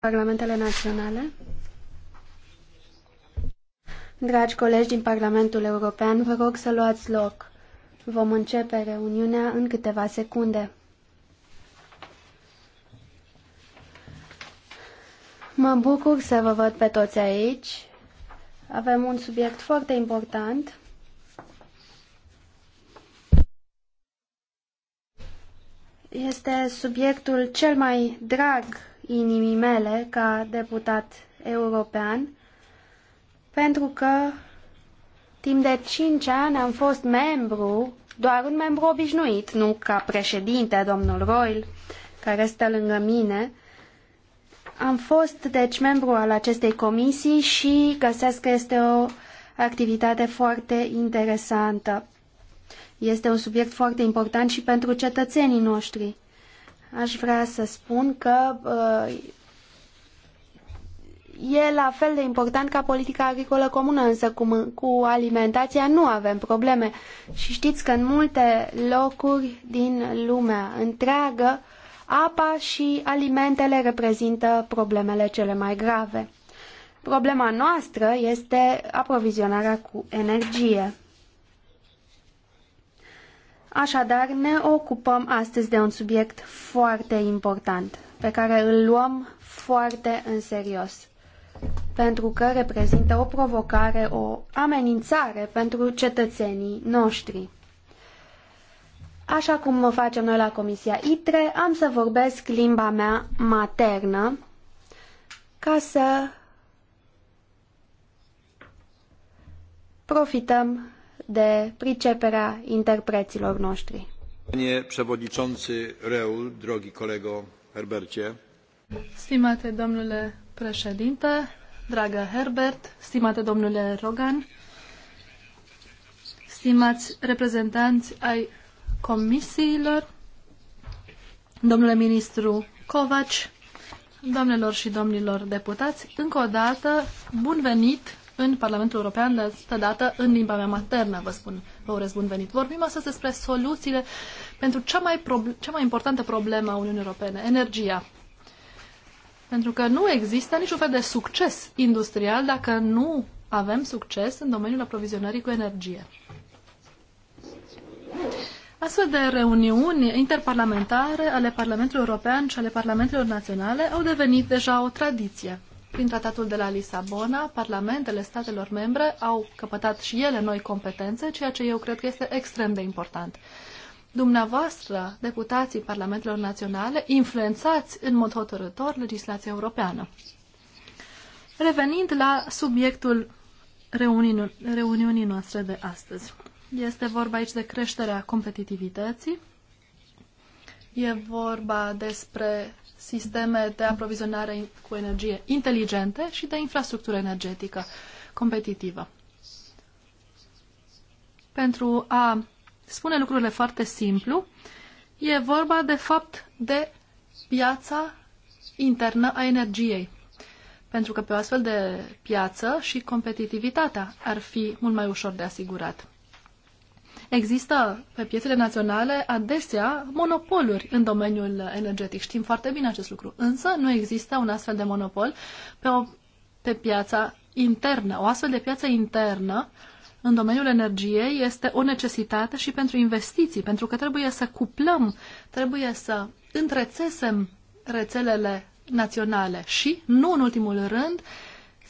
Parlamentele naționale. Dragi colegi din Parlamentul European, vă rog să luați loc. Vom începe reuniunea în câteva secunde. Mă bucur să vă văd pe toți aici. Avem un subiect foarte important. Este subiectul cel mai drag inimii mele ca deputat european, pentru că timp de cinci ani am fost membru, doar un membru obișnuit, nu ca președinte, domnul Royal, care stă lângă mine. Am fost, deci, membru al acestei comisii și găsesc că este o activitate foarte interesantă. Este un subiect foarte important și pentru cetățenii noștri aș vrea să spun că uh, e la fel de important ca politica agricolă comună, însă cu, cu alimentația nu avem probleme. Și știți că în multe locuri din lumea întreagă, apa și alimentele reprezintă problemele cele mai grave. Problema noastră este aprovizionarea cu energie. Așadar, ne ocupăm astăzi de un subiect foarte important, pe care îl luăm foarte în serios, pentru că reprezintă o provocare, o amenințare pentru cetățenii noștri. Așa cum facem noi la Comisia ITRE, am să vorbesc limba mea maternă ca să profităm de priceperea interpreților noștri. Panie przewodniczący Reul, drogi kolego Stimate domnule președinte, dragă Herbert, stimate domnule Rogan, stimați reprezentanți ai comisiilor, domnule ministru Covaci, doamnelor și domnilor deputați, încă o dată, bun venit în Parlamentul European, de asta dată în limba mea maternă, vă spun, vă urez bun venit. Vorbim astăzi despre soluțiile pentru cea mai, cea mai importantă problemă a Uniunii Europene, energia. Pentru că nu există niciun fel de succes industrial dacă nu avem succes în domeniul aprovizionării cu energie. Astfel de reuniuni interparlamentare ale Parlamentului European și ale Parlamentelor Naționale au devenit deja o tradiție. Prin tratatul de la Lisabona, parlamentele statelor membre au căpătat și ele noi competențe, ceea ce eu cred că este extrem de important. Dumneavoastră, deputații parlamentelor naționale, influențați în mod hotărător legislația europeană. Revenind la subiectul reuniunii, reuniunii noastre de astăzi. Este vorba aici de creșterea competitivității, e vorba despre sisteme de aprovizionare cu energie inteligente și de infrastructură energetică competitivă. Pentru a spune lucrurile foarte simplu, e vorba de fapt de piața internă a energiei. Pentru că pe o astfel de piață și competitivitatea ar fi mult mai ușor de asigurat. Există pe piețele naționale adesea monopoluri în domeniul energetic. Știm foarte bine acest lucru. Însă nu există un astfel de monopol pe, o, pe piața internă. O astfel de piață internă în domeniul energiei este o necesitate și pentru investiții, pentru că trebuie să cuplăm, trebuie să întrețesem rețelele naționale și, nu în ultimul rând,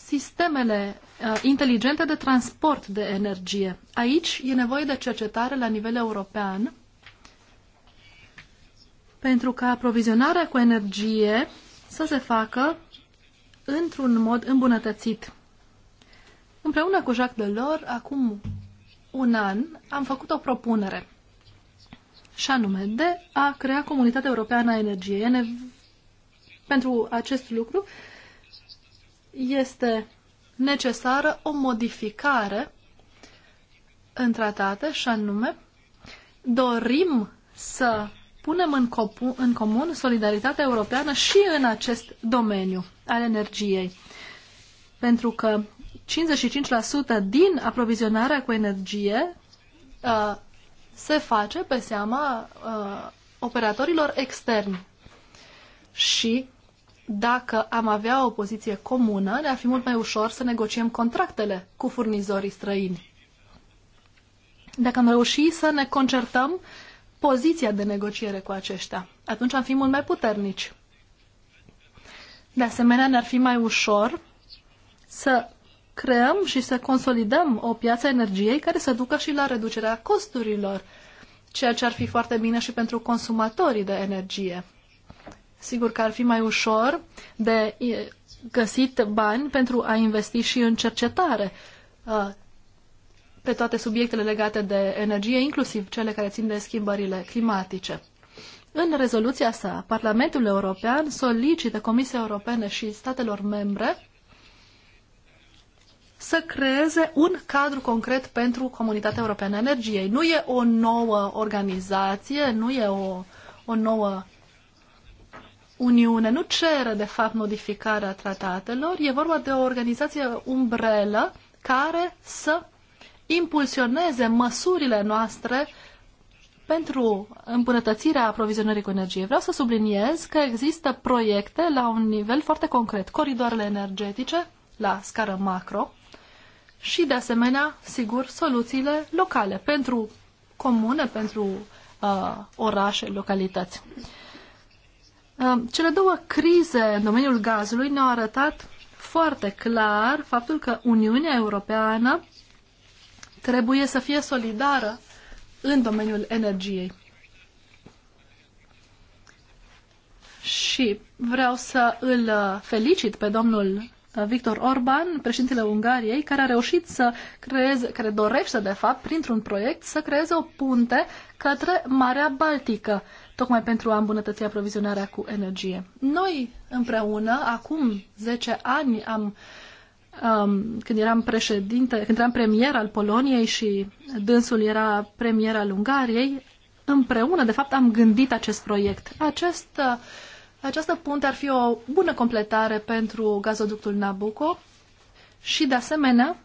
sistemele uh, inteligente de transport de energie. Aici e nevoie de cercetare la nivel european pentru ca aprovizionarea cu energie să se facă într-un mod îmbunătățit. Împreună cu Jacques Delors, acum un an, am făcut o propunere și anume de a crea Comunitatea Europeană a Energiei. pentru acest lucru este necesară o modificare în tratate și anume dorim să punem în, comun, în comun solidaritatea europeană și în acest domeniu al energiei. Pentru că 55% din aprovizionarea cu energie uh, se face pe seama uh, operatorilor externi. Și dacă am avea o poziție comună, ne-ar fi mult mai ușor să negociem contractele cu furnizorii străini. Dacă am reușit să ne concertăm poziția de negociere cu aceștia, atunci am fi mult mai puternici. De asemenea, ne-ar fi mai ușor să creăm și să consolidăm o piață a energiei care să ducă și la reducerea costurilor, ceea ce ar fi foarte bine și pentru consumatorii de energie. Sigur că ar fi mai ușor de găsit bani pentru a investi și în cercetare uh, pe toate subiectele legate de energie, inclusiv cele care țin de schimbările climatice. În rezoluția sa, Parlamentul European solicită Comisiei Europene și statelor membre să creeze un cadru concret pentru Comunitatea Europeană a Energiei. Nu e o nouă organizație, nu e o, o nouă Uniune nu cere, de fapt, modificarea tratatelor, e vorba de o organizație umbrelă care să impulsioneze măsurile noastre pentru îmbunătățirea aprovizionării cu energie. Vreau să subliniez că există proiecte la un nivel foarte concret, coridoarele energetice la scară macro și, de asemenea, sigur, soluțiile locale pentru comune, pentru uh, orașe, localități. Uh, Ehm, cele două crize în domeniul gazului ne-au arătat foarte clar faptul că Uniunea Europeană trebuie să fie solidară în domeniul energiei. Și vreau să îl uh, felicit pe domnul uh, Victor Orban, președintele Ungariei, care a reușit să creeze, care dorește de fapt, printr-un proiect, să creeze o punte către Marea Baltică tocmai pentru a îmbunătăți aprovizionarea cu energie. Noi împreună, acum 10 ani, am, um, când eram președinte, când eram premier al Poloniei și dânsul era premier al Ungariei, împreună, de fapt, am gândit acest proiect. Acest, această punte ar fi o bună completare pentru gazoductul Nabucco și, de asemenea,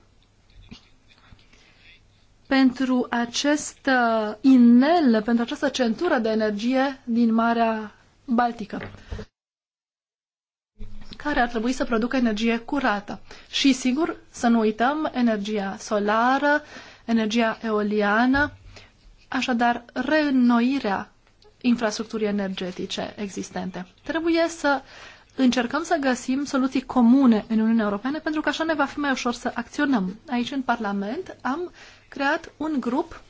pentru acest uh, inel, pentru această centură de energie din Marea Baltică care ar trebui să producă energie curată. Și, sigur, să nu uităm energia solară, energia eoliană, așadar reînnoirea infrastructurii energetice existente. Trebuie să încercăm să găsim soluții comune în Uniunea Europeană pentru că așa ne va fi mai ușor să acționăm. Aici, în Parlament, am creat un grup,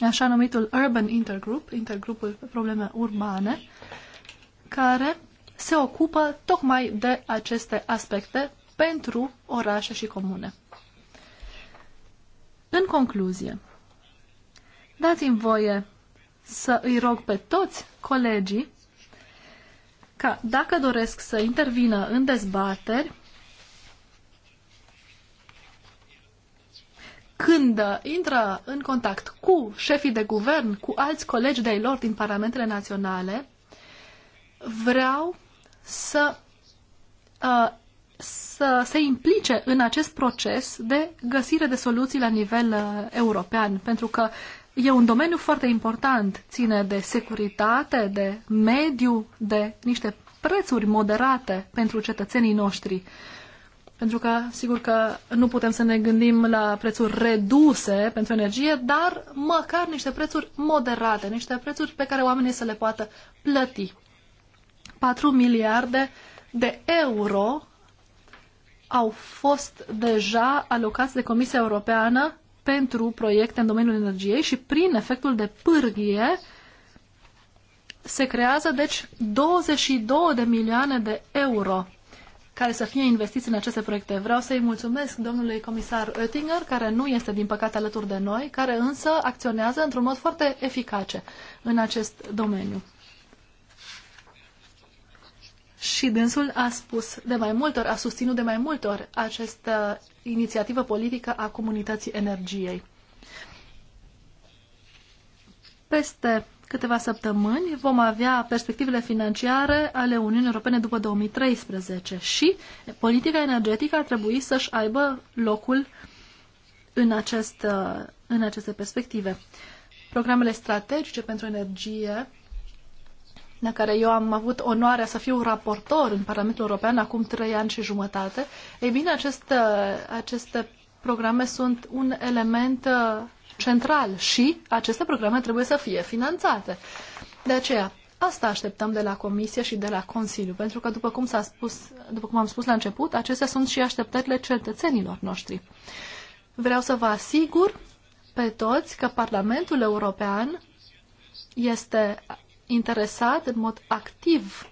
așa numitul Urban Intergroup, intergrupul pe probleme urbane, care se ocupă tocmai de aceste aspecte pentru orașe și comune. În concluzie, dați-mi voie să îi rog pe toți colegii ca, dacă doresc să intervină în dezbateri, când uh, intră în contact cu șefii de guvern, cu alți colegi de-ai lor din parlamentele naționale, vreau să, uh, să se implice în acest proces de găsire de soluții la nivel uh, european, pentru că e un domeniu foarte important, ține de securitate, de mediu, de niște prețuri moderate pentru cetățenii noștri. Uh, pentru că, sigur că nu putem să ne gândim la prețuri reduse pentru energie, dar măcar niște prețuri moderate, niște prețuri pe care oamenii să le poată plăti. 4 miliarde de euro au fost deja alocați de Comisia Europeană pentru proiecte în domeniul energiei și prin efectul de pârghie se creează deci 22 de milioane de euro care să fie investiți în aceste proiecte. Vreau să-i mulțumesc domnului comisar Oettinger, care nu este din păcate alături de noi, care însă acționează într-un mod foarte eficace în acest domeniu. Și dânsul a spus de mai multe ori, a susținut de mai multe ori această inițiativă politică a comunității energiei. Peste câteva săptămâni vom avea perspectivele financiare ale Uniunii Europene după 2013 și politica energetică ar trebui să-și aibă locul în, acest, uh, în aceste perspective. Programele strategice pentru energie, la care eu am avut onoarea să fiu raportor în Parlamentul European acum trei ani și jumătate, ei bine, aceste, aceste programe sunt un element uh, central și aceste programe trebuie să fie finanțate. De aceea, Asta așteptăm de la Comisie și de la Consiliu, pentru că, după cum, s-a spus, după cum am spus la început, acestea sunt și așteptările cetățenilor noștri. Vreau să vă asigur pe toți că Parlamentul European este interesat în mod activ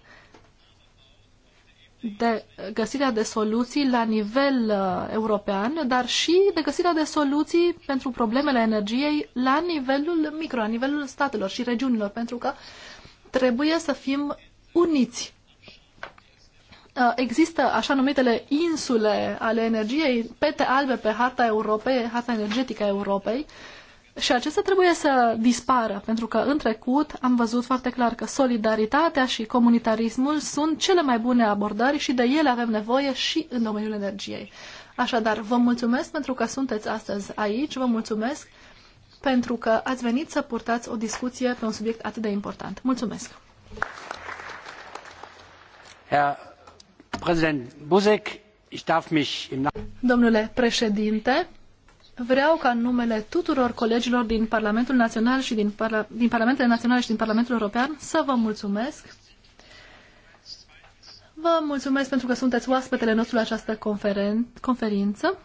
de găsirea de soluții la nivel uh, european, dar și de găsirea de soluții pentru problemele energiei la nivelul micro, la nivelul statelor și regiunilor, pentru că trebuie să fim uniți. Uh, există așa numitele insule ale energiei, pete albe pe harta Europei, harta energetică a Europei, uh, și acestea trebuie să dispară, pentru că în trecut am văzut foarte clar că solidaritatea și comunitarismul sunt cele mai bune abordări și de ele avem nevoie și în domeniul energiei. Așadar, vă mulțumesc pentru că sunteți astăzi aici, vă mulțumesc pentru că ați venit să purtați o discuție pe un subiect atât de important. Mulțumesc! Domnule președinte, vreau ca numele tuturor colegilor din Parlamentul Național și din, Parla din Parlamentele Naționale și din Parlamentul European să vă mulțumesc. Vă mulțumesc pentru că sunteți oaspetele nostru la această conferen conferință,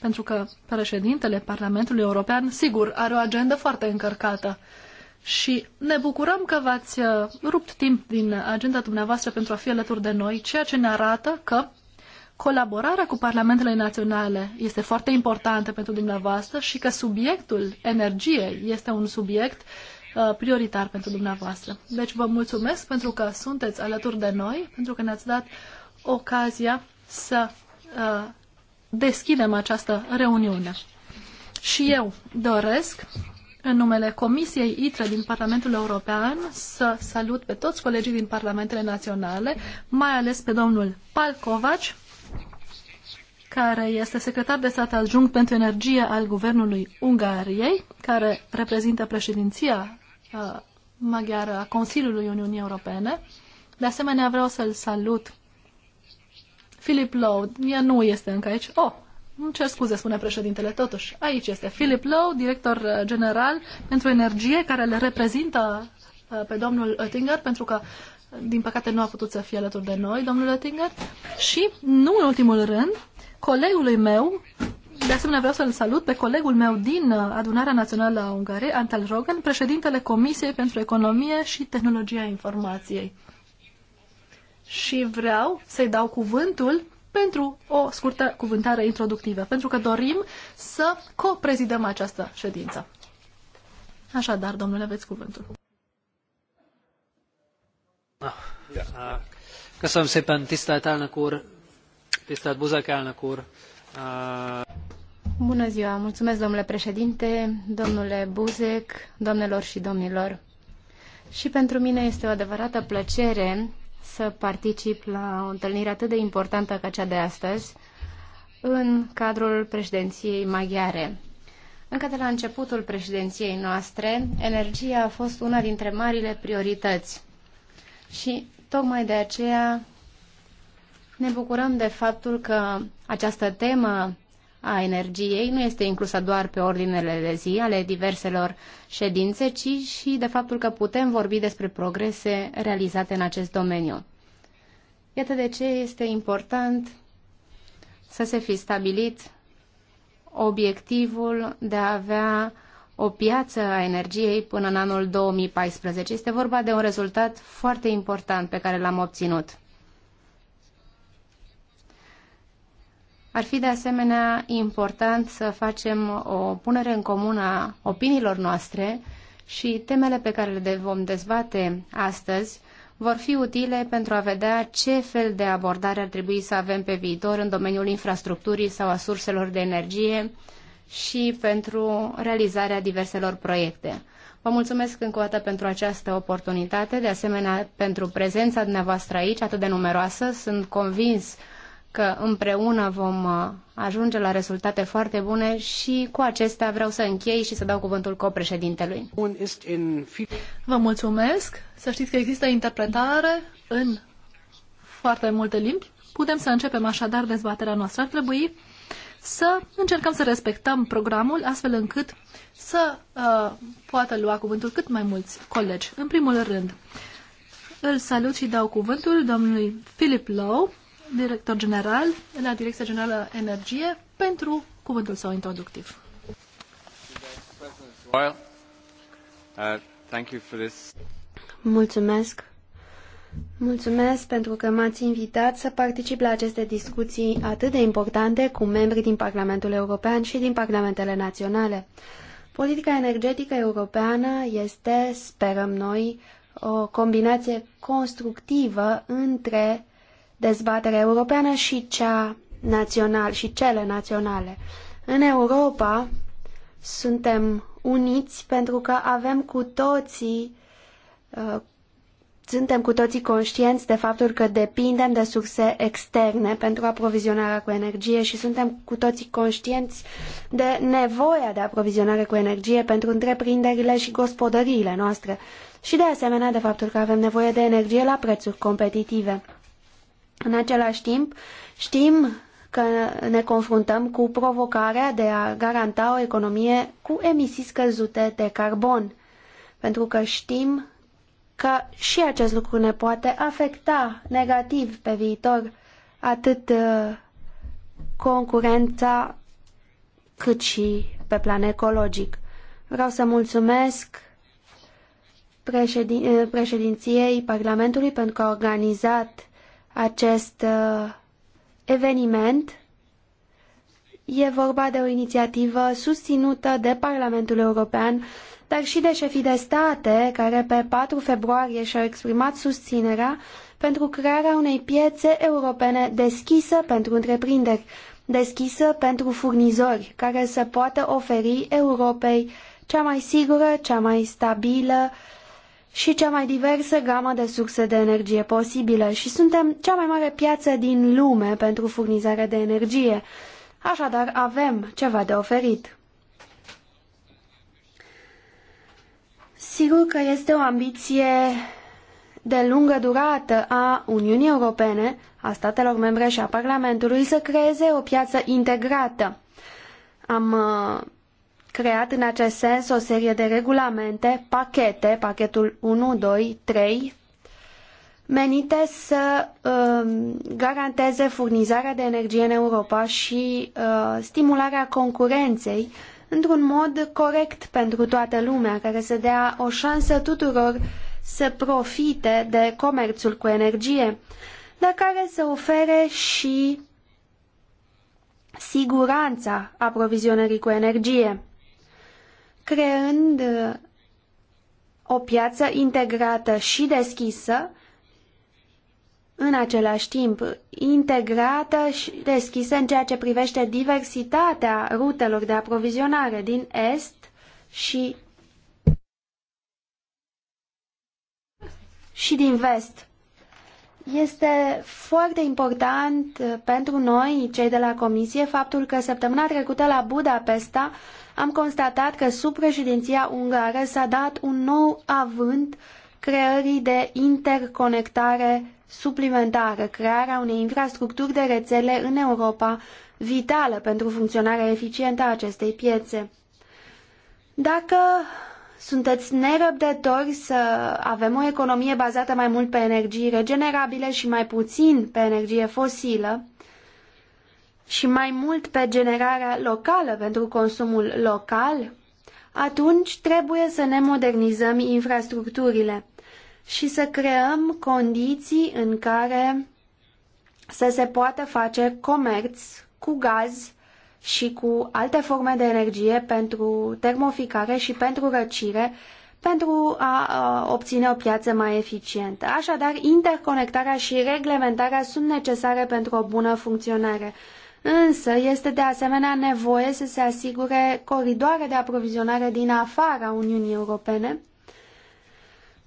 pentru că președintele Parlamentului European, sigur, are o agendă foarte încărcată și ne bucurăm că v-ați uh, rupt timp din agenda dumneavoastră pentru a fi alături de noi, ceea ce ne arată că colaborarea cu parlamentele naționale este foarte importantă pentru dumneavoastră și că subiectul energiei este un subiect uh, prioritar pentru dumneavoastră. Deci vă mulțumesc pentru că sunteți alături de noi, pentru că ne-ați dat ocazia să uh, deschidem această reuniune. Și eu doresc, în numele Comisiei ITRE din Parlamentul European, să salut pe toți colegii din Parlamentele Naționale, mai ales pe domnul Palcovaci, care este secretar de stat adjunct pentru energie al Guvernului Ungariei, care reprezintă președinția uh, maghiară a Consiliului Uniunii Europene. De asemenea, vreau să-l salut. Philip Lowe, ea nu este încă aici. Oh, nu cer scuze, spune președintele, totuși. Aici este Philip Lowe, director uh, general pentru energie, care le reprezintă uh, pe domnul Oettinger, pentru că, din păcate, nu a putut să fie alături de noi, domnul Oettinger. Și, nu în ultimul rând, colegului meu, de asemenea vreau să-l salut pe colegul meu din uh, Adunarea Națională a Ungariei, Antal Rogan, președintele Comisiei pentru Economie și Tehnologia Informației. Și vreau să-i dau cuvântul pentru o scurtă cuvântare introductivă, pentru că dorim să coprezidăm această ședință. Așadar, domnule, aveți cuvântul. Ah, Köszönöm se tisztelt elnök úr, Tisztelt Buzek elnök úr! Uh, Bună ziua! Mulțumesc, domnule președinte, domnule Buzek, domnilor și domnilor! Și pentru mine este o adevărată plăcere să particip la o întâlnire atât de importantă ca cea de astăzi, în cadrul președinției maghiare. Încă de la începutul președinției noastre, energia a fost una dintre marile priorități. Și tocmai de aceea ne bucurăm de faptul că această temă a energiei nu este inclusă doar pe ordinele de zi ale diverselor ședințe, ci și de faptul că putem vorbi despre progrese realizate în acest domeniu. Iată de ce este important să se fi stabilit obiectivul de a avea o piață a energiei până în anul 2014. Este vorba de un rezultat foarte important pe care l-am obținut. Ar fi de asemenea important să facem o punere în comun a opiniilor noastre și temele pe care le vom dezbate astăzi vor fi utile pentru a vedea ce fel de abordare ar trebui să avem pe viitor în domeniul infrastructurii sau a surselor de energie și pentru realizarea diverselor proiecte. Vă mulțumesc încă o dată pentru această oportunitate, de asemenea pentru prezența dumneavoastră aici, atât de numeroasă. Sunt convins că împreună vom uh, ajunge la rezultate foarte bune și cu acestea vreau să închei și să dau cuvântul copreședintelui. Vă mulțumesc. Să știți că există interpretare în foarte multe limbi. Putem să începem așadar dezbaterea noastră. Ar trebui să încercăm să respectăm programul astfel încât să uh, poată lua cuvântul cât mai mulți colegi. În primul rând, îl salut și dau cuvântul domnului Philip Lowe, director general la Direcția Generală Energie pentru cuvântul său introductiv. Mulțumesc. Mulțumesc pentru că m-ați invitat să particip la aceste discuții atât de importante cu membrii din Parlamentul European și din Parlamentele Naționale. Politica energetică europeană este, sperăm noi, o combinație constructivă între dezbaterea europeană și cea națională, și cele naționale. În Europa suntem uniți pentru că avem cu toții uh, suntem cu toții conștienți de faptul că depindem de surse externe pentru aprovizionarea cu energie și suntem cu toții conștienți de nevoia de aprovizionare cu energie pentru întreprinderile și gospodăriile noastre și de asemenea de faptul că avem nevoie de energie la prețuri competitive. În același timp, știm că ne confruntăm cu provocarea de a garanta o economie cu emisii scăzute de carbon, pentru că știm că și acest lucru ne poate afecta negativ pe viitor atât uh, concurența cât și pe plan ecologic. Vreau să mulțumesc președin președinției Parlamentului pentru că a organizat acest uh, eveniment. E vorba de o inițiativă susținută de Parlamentul European, dar și de șefii de state care pe 4 februarie și-au exprimat susținerea pentru crearea unei piețe europene deschisă pentru întreprinderi, deschisă pentru furnizori, care să poată oferi Europei cea mai sigură, cea mai stabilă și cea mai diversă gamă de surse de energie posibilă și suntem cea mai mare piață din lume pentru furnizarea de energie. Așadar, avem ceva de oferit. Sigur că este o ambiție de lungă durată a Uniunii Europene, a statelor membre și a Parlamentului să creeze o piață integrată. Am uh, creat în acest sens o serie de regulamente, pachete, pachetul 1, 2, 3, menite să um, garanteze furnizarea de energie în Europa și uh, stimularea concurenței într-un mod corect pentru toată lumea, care să dea o șansă tuturor să profite de comerțul cu energie, dar care să ofere și siguranța aprovizionării cu energie creând uh, o piață integrată și deschisă, în același timp integrată și deschisă în ceea ce privește diversitatea rutelor de aprovizionare din Est și, și din Vest. Este foarte important uh, pentru noi, cei de la Comisie, faptul că săptămâna trecută la Budapesta am constatat că sub președinția ungară s-a dat un nou avânt creării de interconectare suplimentară, crearea unei infrastructuri de rețele în Europa vitală pentru funcționarea eficientă a acestei piețe. Dacă sunteți nerăbdători să avem o economie bazată mai mult pe energii regenerabile și mai puțin pe energie fosilă și mai mult pe generarea locală pentru consumul local? Atunci trebuie să ne modernizăm infrastructurile și să creăm condiții în care să se poată face comerț cu gaz și cu alte forme de energie pentru termoficare și pentru răcire pentru a, a obține o piață mai eficientă. Așadar, interconectarea și reglementarea sunt necesare pentru o bună funcționare. Însă, este de asemenea nevoie să se asigure coridoare de aprovizionare din afara Uniunii Europene,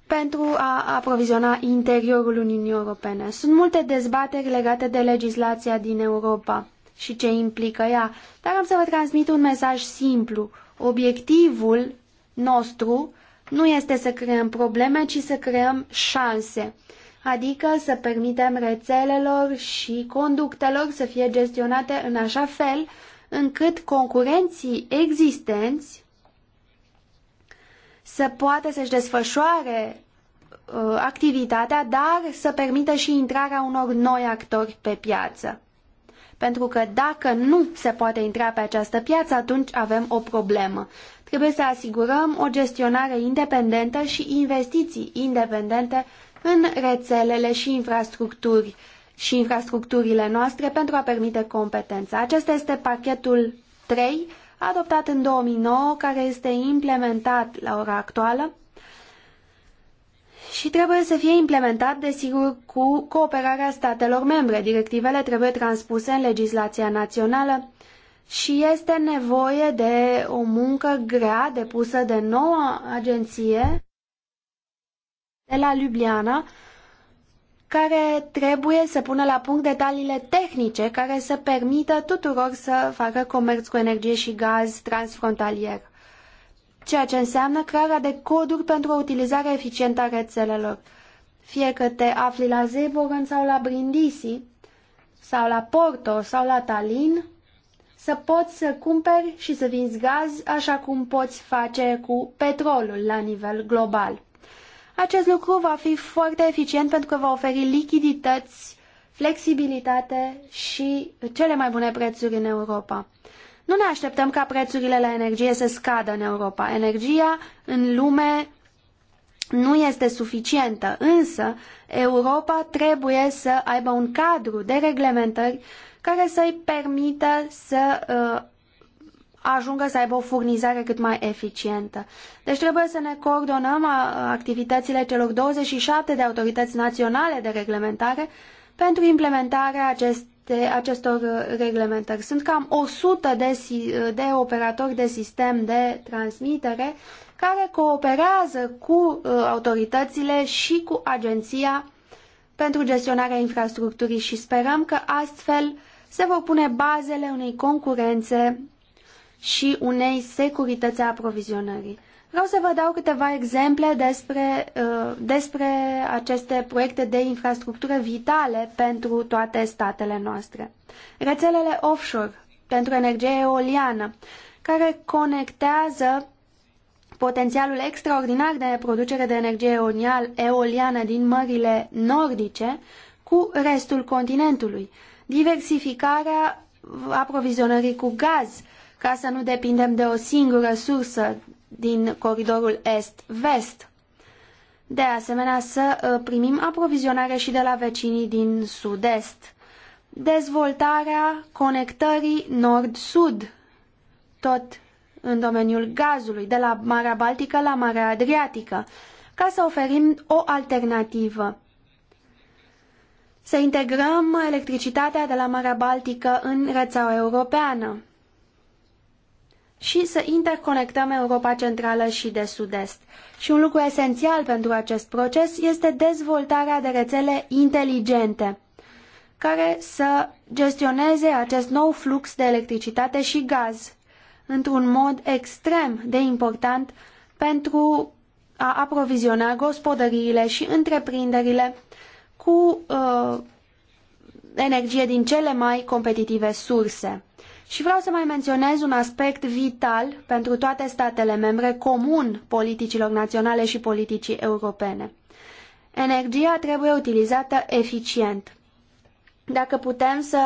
pentru a aproviziona interiorul Uniunii Europene. Sunt multe dezbateri legate de legislația din Europa și ce implică ea, dar am să vă transmit un mesaj simplu. Obiectivul nostru nu este să creăm probleme, ci să creăm șanse, adică să permitem rețelelor și conductelor să fie gestionate în așa fel încât concurenții existenți să poată să-și desfășoare uh, activitatea, dar să permită și intrarea unor noi actori pe piață. Pentru că dacă nu se poate intra pe această piață, atunci avem o problemă. Trebuie să asigurăm o gestionare independentă și investiții independente în rețelele și infrastructuri și infrastructurile noastre pentru a permite competența. Acesta este pachetul 3, adoptat în 2009, care este implementat la ora actuală și trebuie să fie implementat, desigur, cu cooperarea statelor membre. Directivele trebuie transpuse în legislația națională și este nevoie de o muncă grea depusă de noua agenție de la Ljubljana, care trebuie să pună la punct detaliile tehnice care să permită tuturor să facă comerț cu energie și gaz transfrontalier ceea ce înseamnă crearea de coduri pentru o utilizare eficientă a rețelelor. Fie că te afli la Zeeborgen sau la Brindisi, sau la Porto sau la Tallinn, să poți să cumperi și să vinzi gaz așa cum poți face cu petrolul la nivel global. Acest lucru va fi foarte eficient pentru că va oferi lichidități, flexibilitate și cele mai bune prețuri în Europa. Nu ne așteptăm ca prețurile la energie să scadă în Europa. Energia în lume nu este suficientă, însă Europa trebuie să aibă un cadru de reglementări care să-i permită să uh, ajungă să aibă o furnizare cât mai eficientă. Deci trebuie să ne coordonăm uh, activitățile celor 27 de autorități naționale de reglementare pentru implementarea acestor de acestor reglementări. Sunt cam 100 de, de operatori de sistem de transmitere care cooperează cu uh, autoritățile și cu agenția pentru gestionarea infrastructurii și sperăm că astfel se vor pune bazele unei concurențe și unei securități a aprovizionării. Vreau să vă dau câteva exemple despre, uh, despre aceste proiecte de infrastructură vitale pentru toate statele noastre. Rețelele offshore pentru energie eoliană, care conectează potențialul extraordinar de producere de energie eoliană din mările nordice cu restul continentului, diversificarea aprovizionării cu gaz, ca să nu depindem de o singură sursă din coridorul est-vest. De asemenea, să uh, primim aprovizionare și de la vecinii din sud-est. Dezvoltarea conectării nord-sud, tot în domeniul gazului, de la Marea Baltică la Marea Adriatică, ca să oferim o alternativă. Să integrăm electricitatea de la Marea Baltică în rețeaua europeană și să interconectăm Europa Centrală și de Sud-Est. Și un lucru esențial pentru acest proces este dezvoltarea de rețele inteligente care să gestioneze acest nou flux de electricitate și gaz într-un mod extrem de important pentru a aproviziona gospodăriile și întreprinderile cu uh, energie din cele mai competitive surse. Și vreau să mai menționez un aspect vital pentru toate statele membre comun politicilor naționale și politicii europene. Energia trebuie utilizată eficient. Dacă putem să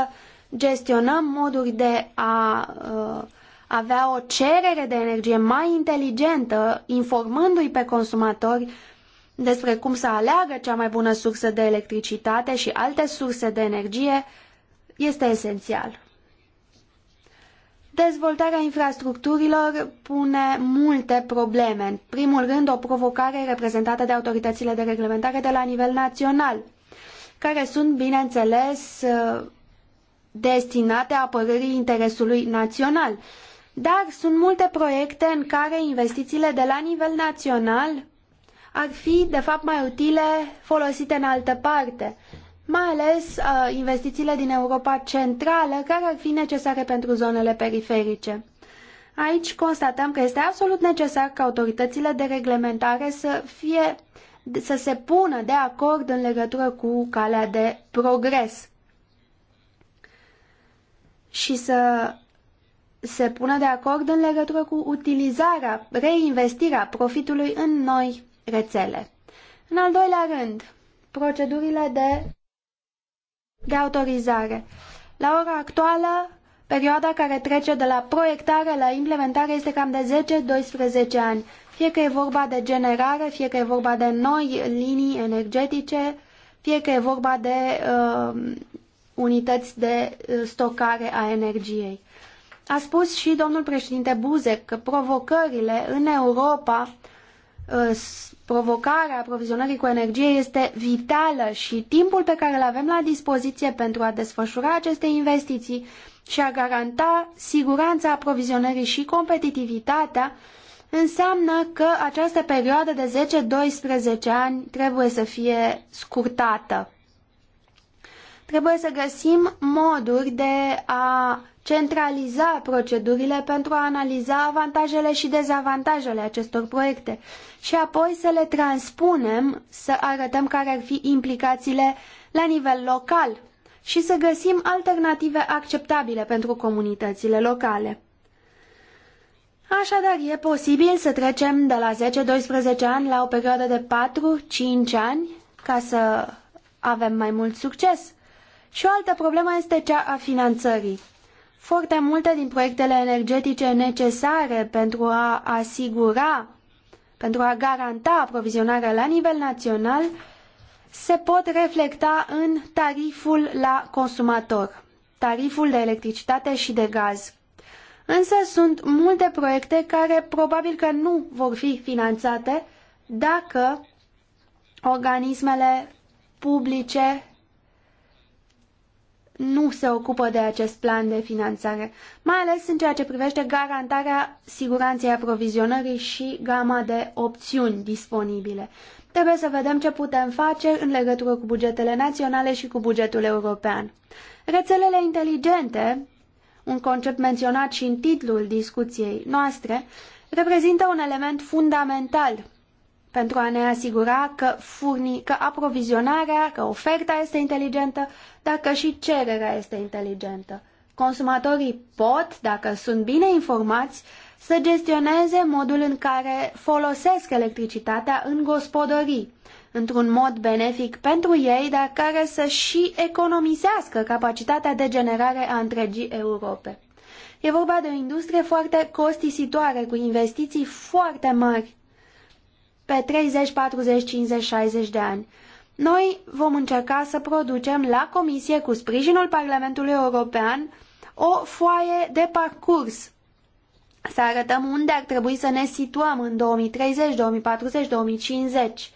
gestionăm moduri de a uh, avea o cerere de energie mai inteligentă, informându-i pe consumatori despre cum să aleagă cea mai bună sursă de electricitate și alte surse de energie, este esențial. Dezvoltarea infrastructurilor pune multe probleme. În primul rând, o provocare reprezentată de autoritățile de reglementare de la nivel național, care sunt, bineînțeles, destinate apărării interesului național. Dar sunt multe proiecte în care investițiile de la nivel național ar fi, de fapt, mai utile folosite în altă parte mai ales uh, investițiile din Europa Centrală, care ar fi necesare pentru zonele periferice. Aici constatăm că este absolut necesar ca autoritățile de reglementare să, fie, să se pună de acord în legătură cu calea de progres și să se pună de acord în legătură cu utilizarea, reinvestirea profitului în noi rețele. În al doilea rând, procedurile de de autorizare. La ora actuală, perioada care trece de la proiectare la implementare este cam de 10-12 ani. Fie că e vorba de generare, fie că e vorba de noi linii energetice, fie că e vorba de uh, unități de uh, stocare a energiei. A spus și domnul președinte Buzek că provocările în Europa Uh, provocarea aprovizionării cu energie este vitală și timpul pe care îl avem la dispoziție pentru a desfășura aceste investiții și a garanta siguranța aprovizionării și competitivitatea înseamnă că această perioadă de 10-12 ani trebuie să fie scurtată. Trebuie să găsim moduri de a centraliza procedurile pentru a analiza avantajele și dezavantajele acestor proiecte și apoi să le transpunem, să arătăm care ar fi implicațiile la nivel local și să găsim alternative acceptabile pentru comunitățile locale. Așadar, e posibil să trecem de la 10-12 ani la o perioadă de 4-5 ani ca să avem mai mult succes. Și o altă problemă este cea a finanțării. Foarte multe din proiectele energetice necesare pentru a asigura, pentru a garanta aprovizionarea la nivel național, se pot reflecta în tariful la consumator, tariful de electricitate și de gaz. Însă sunt multe proiecte care probabil că nu vor fi finanțate dacă organismele publice nu se ocupă de acest plan de finanțare, mai ales în ceea ce privește garantarea siguranței aprovizionării și gama de opțiuni disponibile. Trebuie să vedem ce putem face în legătură cu bugetele naționale și cu bugetul european. Rețelele inteligente, un concept menționat și în titlul discuției noastre, reprezintă un element fundamental pentru a ne asigura că, furni, că aprovizionarea, că oferta este inteligentă, dar că și cererea este inteligentă. Consumatorii pot, dacă sunt bine informați, să gestioneze modul în care folosesc electricitatea în gospodării, într-un mod benefic pentru ei, dar care să și economisească capacitatea de generare a întregii Europe. E vorba de o industrie foarte costisitoare, cu investiții foarte mari pe 30, 40, 50, 60 de ani. Noi vom încerca să producem la Comisie, cu sprijinul Parlamentului European, o foaie de parcurs. Să arătăm unde ar trebui să ne situăm în 2030, 2040, 2050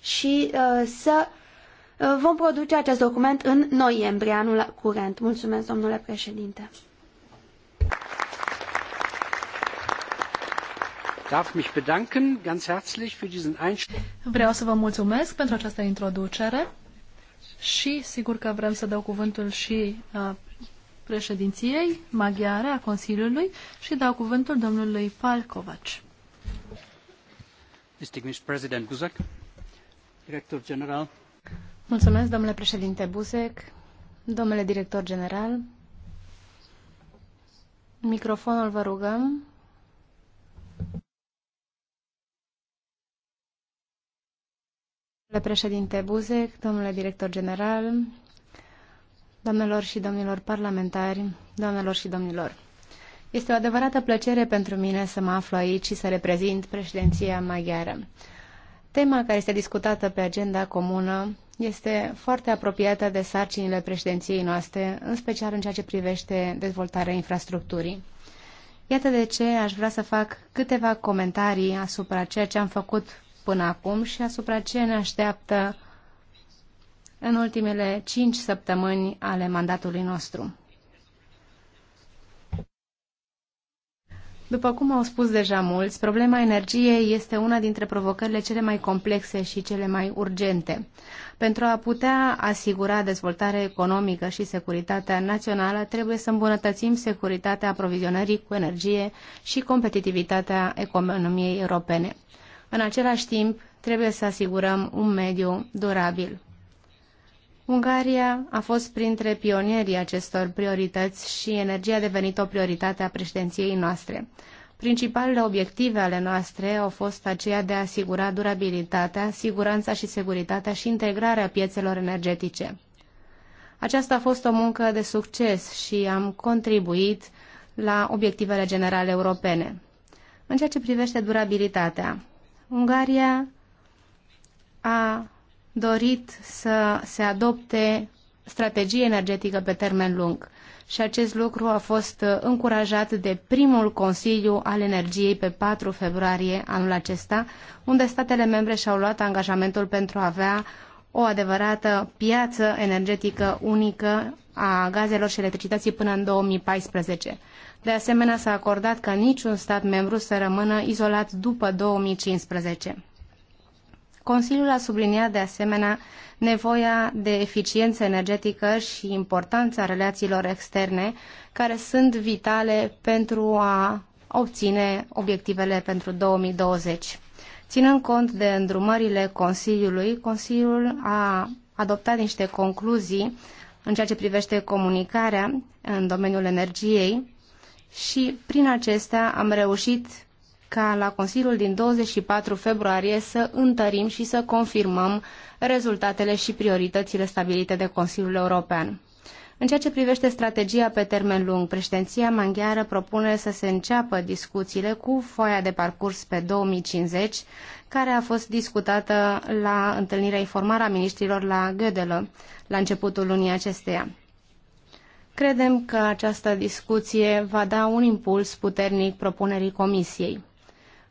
și uh, să uh, vom produce acest document în noiembrie anul curent. Mulțumesc, domnule președinte. darf mich bedanken ganz herzlich für diesen Vreau să vă mulțumesc pentru această introducere și sigur că vrem să dau cuvântul și uh, președinției maghiare a Consiliului și dau cuvântul domnului Palcovac. Distinguished President Buzek, Director General. Mulțumesc, domnule președinte Buzek, domnule director general. Microfonul vă rugăm. Domnule președinte Buzek, domnule director general, doamnelor și domnilor parlamentari, doamnelor și domnilor. Este o adevărată plăcere pentru mine să mă aflu aici și să reprezint președinția maghiară. Tema care este discutată pe agenda comună este foarte apropiată de sarcinile președinției noastre, în special în ceea ce privește dezvoltarea infrastructurii. Iată de ce aș vrea să fac câteva comentarii asupra ceea ce am făcut până acum și asupra ce ne așteaptă în ultimele cinci săptămâni ale mandatului nostru. După cum au spus deja mulți, problema energiei este una dintre provocările cele mai complexe și cele mai urgente. Pentru a putea asigura dezvoltarea economică și securitatea națională, trebuie să îmbunătățim securitatea aprovizionării cu energie și competitivitatea economiei europene. În același timp, trebuie să asigurăm un mediu durabil. Ungaria a fost printre pionierii acestor priorități și energia a devenit o prioritate a președinției noastre. Principalele obiective ale noastre au fost aceea de a asigura durabilitatea, siguranța și securitatea și integrarea piețelor energetice. Aceasta a fost o muncă de succes și am contribuit la obiectivele generale europene. În ceea ce privește durabilitatea, Ungaria a dorit să se adopte strategie energetică pe termen lung și acest lucru a fost încurajat de primul Consiliu al Energiei pe 4 februarie anul acesta, unde statele membre și-au luat angajamentul pentru a avea o adevărată piață energetică unică a gazelor și electricității până în 2014. De asemenea, s-a acordat ca niciun stat membru să rămână izolat după 2015. Consiliul a subliniat de asemenea nevoia de eficiență energetică și importanța relațiilor externe, care sunt vitale pentru a obține obiectivele pentru 2020. Ținând cont de îndrumările Consiliului, Consiliul a adoptat niște concluzii în ceea ce privește comunicarea în domeniul energiei, și prin acestea am reușit ca la Consiliul din 24 februarie să întărim și să confirmăm rezultatele și prioritățile stabilite de Consiliul European. În ceea ce privește strategia pe termen lung, președinția maghiară propune să se înceapă discuțiile cu foaia de parcurs pe 2050, care a fost discutată la întâlnirea informară a ministrilor la Gödelă, la începutul lunii acesteia. Credem că această discuție va da un impuls puternic propunerii Comisiei.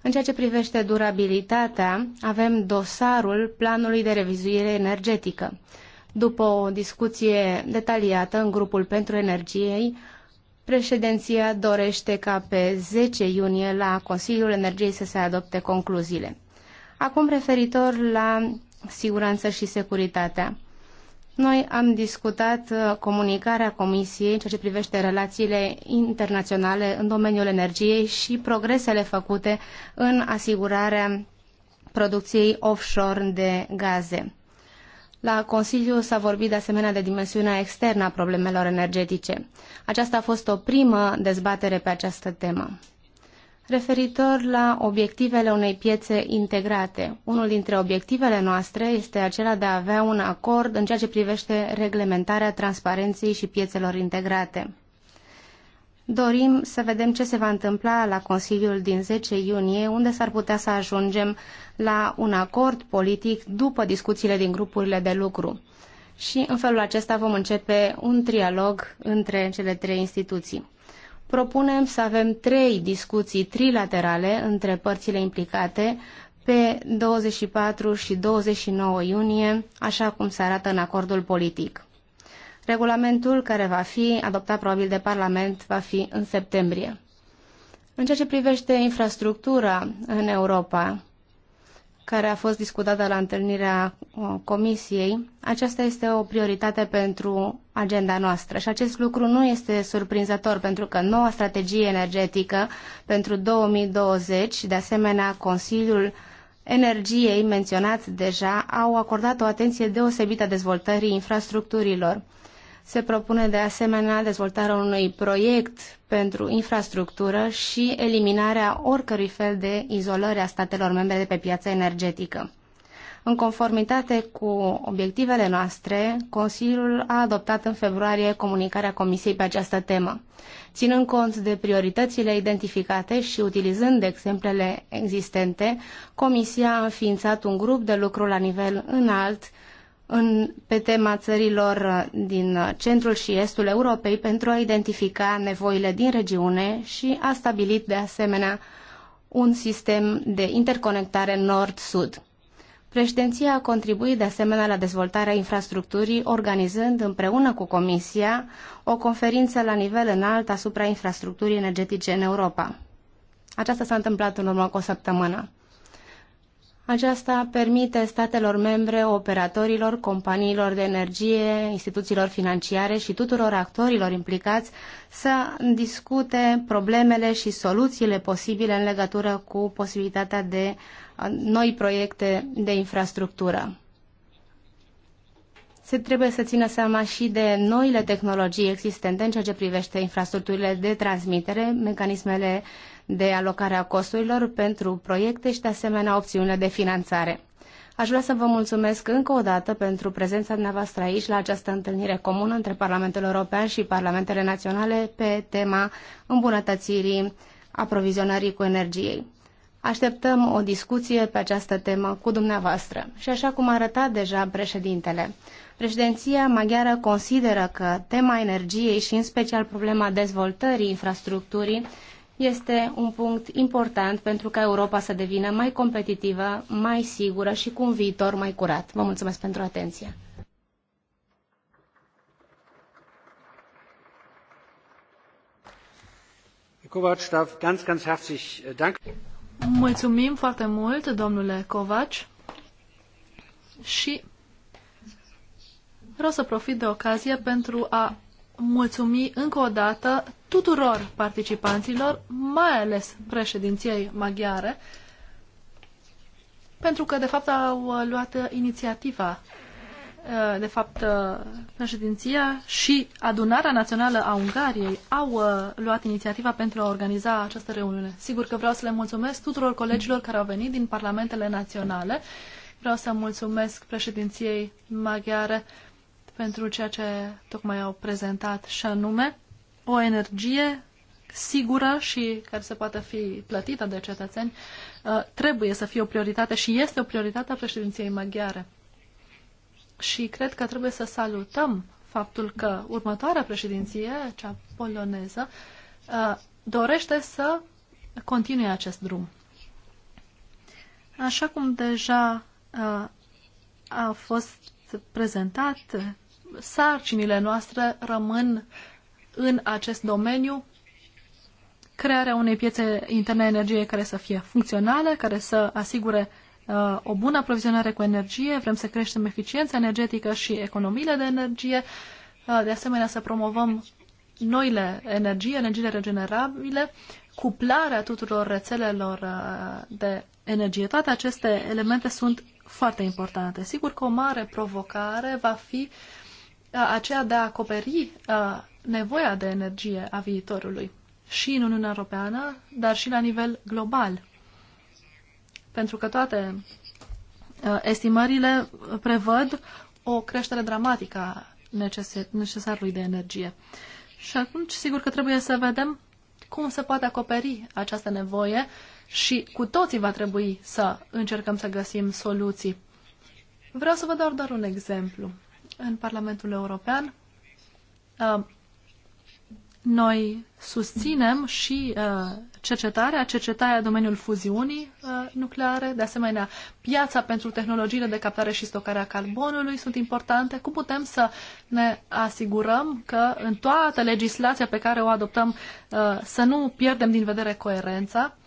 În ceea ce privește durabilitatea, avem dosarul planului de revizuire energetică. După o discuție detaliată în grupul pentru energiei, președinția dorește ca pe 10 iunie la Consiliul Energiei să se adopte concluziile. Acum referitor la siguranță și securitatea. Noi am discutat uh, comunicarea Comisiei în ceea ce privește relațiile internaționale în domeniul energiei și progresele făcute în asigurarea producției offshore de gaze. La Consiliu s-a vorbit de asemenea de dimensiunea externă a problemelor energetice. Aceasta a fost o primă dezbatere pe această temă referitor la obiectivele unei piețe integrate. Unul dintre obiectivele noastre este acela de a avea un acord în ceea ce privește reglementarea transparenței și piețelor integrate. Dorim să vedem ce se va întâmpla la Consiliul din 10 iunie, unde s-ar putea să ajungem la un acord politic după discuțiile din grupurile de lucru. Și în felul acesta vom începe un trialog între cele trei instituții propunem să avem trei discuții trilaterale între părțile implicate pe 24 și 29 iunie, așa cum se arată în acordul politic. Regulamentul care va fi adoptat probabil de Parlament va fi în septembrie. În ceea ce privește infrastructura în Europa, care a fost discutată la întâlnirea uh, comisiei, aceasta este o prioritate pentru agenda noastră și acest lucru nu este surprinzător pentru că noua strategie energetică pentru 2020, de asemenea Consiliul Energiei menționat deja, au acordat o atenție deosebită dezvoltării infrastructurilor. Se propune de asemenea dezvoltarea unui proiect pentru infrastructură și eliminarea oricărui fel de izolări a statelor membre de pe piața energetică. În conformitate cu obiectivele noastre, Consiliul a adoptat în februarie comunicarea Comisiei pe această temă. Ținând cont de prioritățile identificate și utilizând exemplele existente, Comisia a înființat un grup de lucru la nivel înalt în, pe tema țărilor din centrul și estul Europei pentru a identifica nevoile din regiune și a stabilit de asemenea un sistem de interconectare nord-sud. Președinția a contribuit de asemenea la dezvoltarea infrastructurii, organizând împreună cu Comisia o conferință la nivel înalt asupra infrastructurii energetice în Europa. Aceasta s-a întâmplat în urmă cu o săptămână. Aceasta permite statelor membre, operatorilor, companiilor de energie, instituțiilor financiare și tuturor actorilor implicați să discute problemele și soluțiile posibile în legătură cu posibilitatea de noi proiecte de infrastructură. Se trebuie să țină seama și de noile tehnologii existente în ceea ce privește infrastructurile de transmitere, mecanismele uh, de alocare a costurilor pentru proiecte și de asemenea opțiunile de finanțare. Aș vrea să vă mulțumesc încă o dată pentru prezența dumneavoastră aici la această întâlnire comună între Parlamentul European și Parlamentele Naționale pe tema îmbunătățirii aprovizionării cu energie. Așteptăm o discuție pe această temă cu dumneavoastră. Și așa cum arăta deja președintele, președinția maghiară consideră că tema energiei și în special problema dezvoltării infrastructurii este un punct important pentru ca Europa să devină mai competitivă, mai sigură și cu un viitor mai curat. Vă mulțumesc pentru atenție. Äh, Mulțumim foarte mult, domnule Covaci. Și vreau să profit de ocazie pentru a mulțumi încă o dată tuturor participanților, mai ales președinției maghiare, pentru că, de fapt, au uh, luat uh, inițiativa. Uh, de fapt, președinția și adunarea națională a Ungariei au luat inițiativa pentru a organiza această reuniune. Sigur că vreau să le mulțumesc tuturor colegilor care au venit din parlamentele naționale. Vreau să mulțumesc președinției maghiare pentru ceea ce tocmai au prezentat și anume o energie sigură și care se poate fi plătită de cetățeni uh, trebuie să fie o prioritate și este o prioritate a președinției maghiare. Și cred că trebuie să salutăm faptul că următoarea președinție, cea poloneză, uh, dorește să continue acest drum. Așa cum deja uh, a fost prezentat, sarcinile noastre rămân în acest domeniu crearea unei piețe interne a energiei care să fie funcțională, care să asigure uh, o bună aprovizionare cu energie, vrem să creștem eficiența energetică și economiile de energie, uh, de asemenea să promovăm noile energii, energiile regenerabile, cuplarea tuturor rețelelor uh, de energie. Toate aceste elemente sunt foarte importante. Sigur că o mare provocare va fi uh, aceea de a acoperi uh, nevoia de energie a viitorului și în Uniunea Europeană, dar și la nivel global. Pentru că toate uh, estimările prevăd o creștere dramatică a necesarului de energie. Și atunci, sigur că trebuie să vedem cum se poate acoperi această nevoie și cu toții va trebui să încercăm să găsim soluții. Vreau să vă dau doar un exemplu. În Parlamentul European uh, noi susținem și uh, cercetarea, cercetarea domeniul fuziunii uh, nucleare, de asemenea piața pentru tehnologiile de captare și stocare a carbonului sunt importante. Cum putem să ne asigurăm că în toată legislația pe care o adoptăm uh, să nu pierdem din vedere coerența?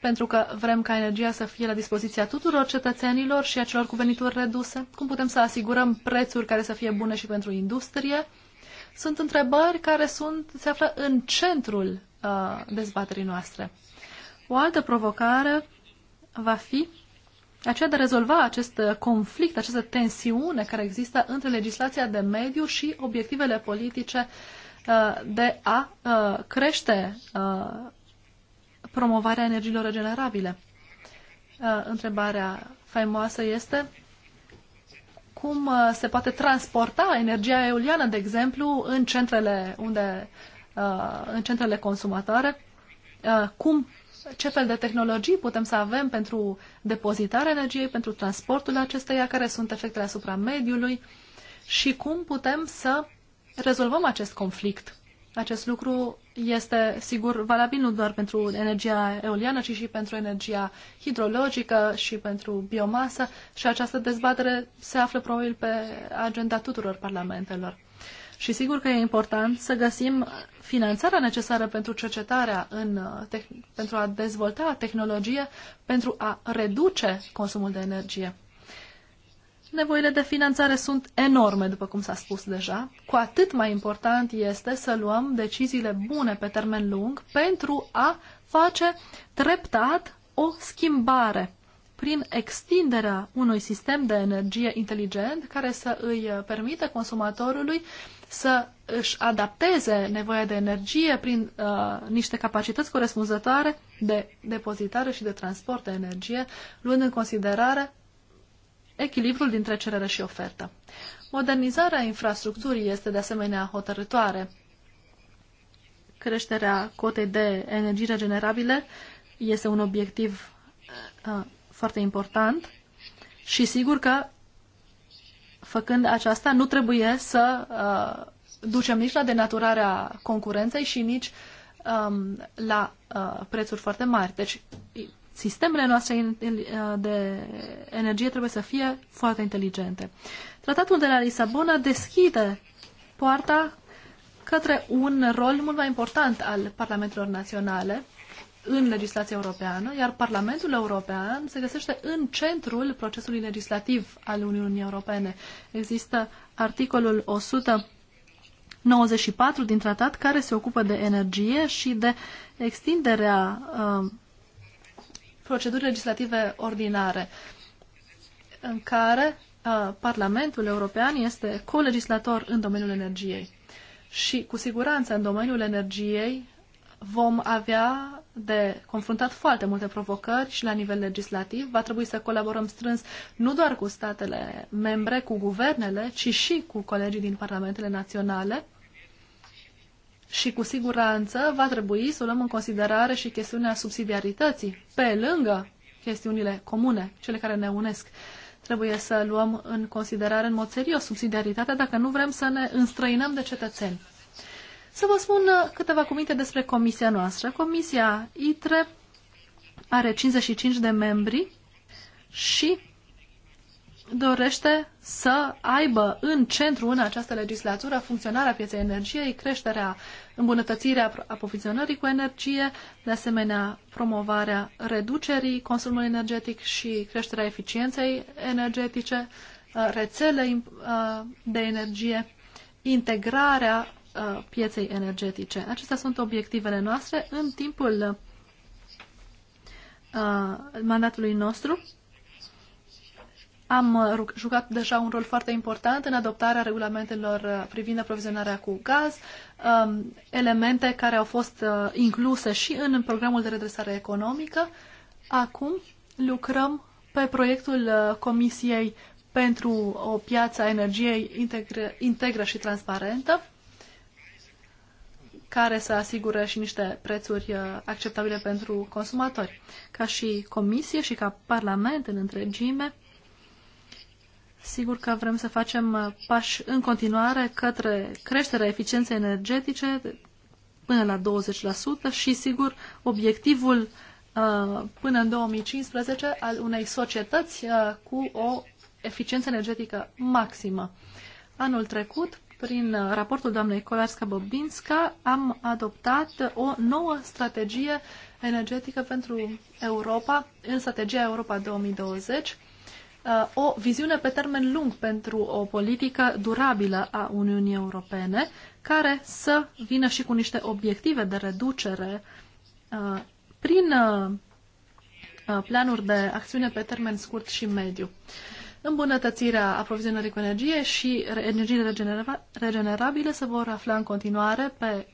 pentru că vrem ca energia să fie la dispoziția tuturor cetățenilor și a celor cu venituri reduse? Cum putem să asigurăm prețuri care să fie bune și pentru industrie? sunt întrebări care sunt, se află în centrul uh, dezbaterii noastre. O altă provocare va fi aceea de a rezolva acest conflict, această tensiune care există între legislația de mediu și obiectivele politice uh, de a uh, crește uh, promovarea energiilor regenerabile. Întrebarea faimoasă este cum uh, se poate transporta energia eoliană, de exemplu, în centrele, unde, uh, în centrele consumatoare, uh, cum, ce fel de tehnologii putem să avem pentru depozitarea energiei, pentru transportul acesteia, care sunt efectele asupra mediului și cum putem să rezolvăm acest conflict acest lucru este, sigur, valabil nu doar pentru energia eoliană, ci și pentru energia hidrologică și pentru biomasă și această dezbatere se află probabil pe agenda tuturor parlamentelor. Și sigur că e important să găsim finanțarea necesară pentru cercetarea, în, uh, pentru a dezvolta tehnologie, pentru a reduce consumul de energie. Nevoile de finanțare sunt enorme, după cum s-a spus deja. Cu atât mai important este să luăm deciziile bune pe termen lung pentru a face treptat o schimbare prin extinderea unui sistem de energie inteligent care să îi permită consumatorului să își adapteze nevoia de energie prin uh, niște capacități corespunzătoare de depozitare și de transport de energie, luând în considerare echilibrul dintre cerere și ofertă. Modernizarea infrastructurii este de asemenea hotărătoare. Creșterea cotei de energii regenerabile este un obiectiv uh, foarte important și sigur că făcând aceasta nu trebuie să uh, ducem nici la denaturarea concurenței și nici um, la uh, prețuri foarte mari. Deci sistemele noastre uh, de energie trebuie să fie foarte inteligente. Tratatul de la Lisabona deschide poarta către un rol mult mai important al parlamentelor naționale în legislația europeană, iar Parlamentul European se găsește în centrul procesului legislativ al Uniunii Europene. Există articolul 94 din tratat care se ocupă de energie și de extinderea uh, proceduri legislative ordinare, în care Parlamentul European este colegislator în domeniul energiei. Și, cu siguranță, în domeniul energiei vom avea de confruntat foarte multe provocări și la nivel legislativ. Va trebui să colaborăm strâns nu doar cu statele membre, cu guvernele, ci și cu colegii din parlamentele naționale și cu siguranță va trebui să luăm în considerare și chestiunea subsidiarității, pe lângă chestiunile comune, cele care ne unesc. Trebuie să luăm în considerare în mod serios subsidiaritatea dacă nu vrem să ne înstrăinăm de cetățeni. Să vă spun câteva cuvinte despre comisia noastră. Comisia ITRE are 55 de membri și dorește să aibă în centru în această legislatură funcționarea pieței energiei, creșterea, îmbunătățirea aprovizionării cu energie, de asemenea promovarea reducerii consumului energetic și creșterea eficienței energetice, uh, rețele uh, de energie, integrarea uh, pieței energetice. Acestea sunt obiectivele noastre în timpul mandatului nostru am uh, jucat deja un rol foarte important în adoptarea regulamentelor uh, privind aprovizionarea cu gaz, um, elemente care au fost uh, incluse și în programul de redresare economică. Acum lucrăm pe proiectul Comisiei pentru o piață a energiei integră, integră și transparentă, care să asigure și niște prețuri acceptabile pentru consumatori. Ca și Comisie și ca Parlament în întregime, Sigur că vrem să facem uh, pași în continuare către creșterea eficienței energetice până la 20% și, sigur, obiectivul uh, până în 2015 al unei societăți uh, cu o eficiență energetică maximă. Anul trecut, prin raportul doamnei Kolarska-Bobinska, am adoptat o nouă strategie energetică pentru Europa, în strategia Europa 2020, Uh, o viziune pe termen lung pentru o politică durabilă a Uniunii Europene, care să vină și cu niște obiective de reducere uh, prin uh, planuri de acțiune pe termen scurt și mediu. Îmbunătățirea aprovizionării cu energie și energiile regenerabile se vor afla în continuare pe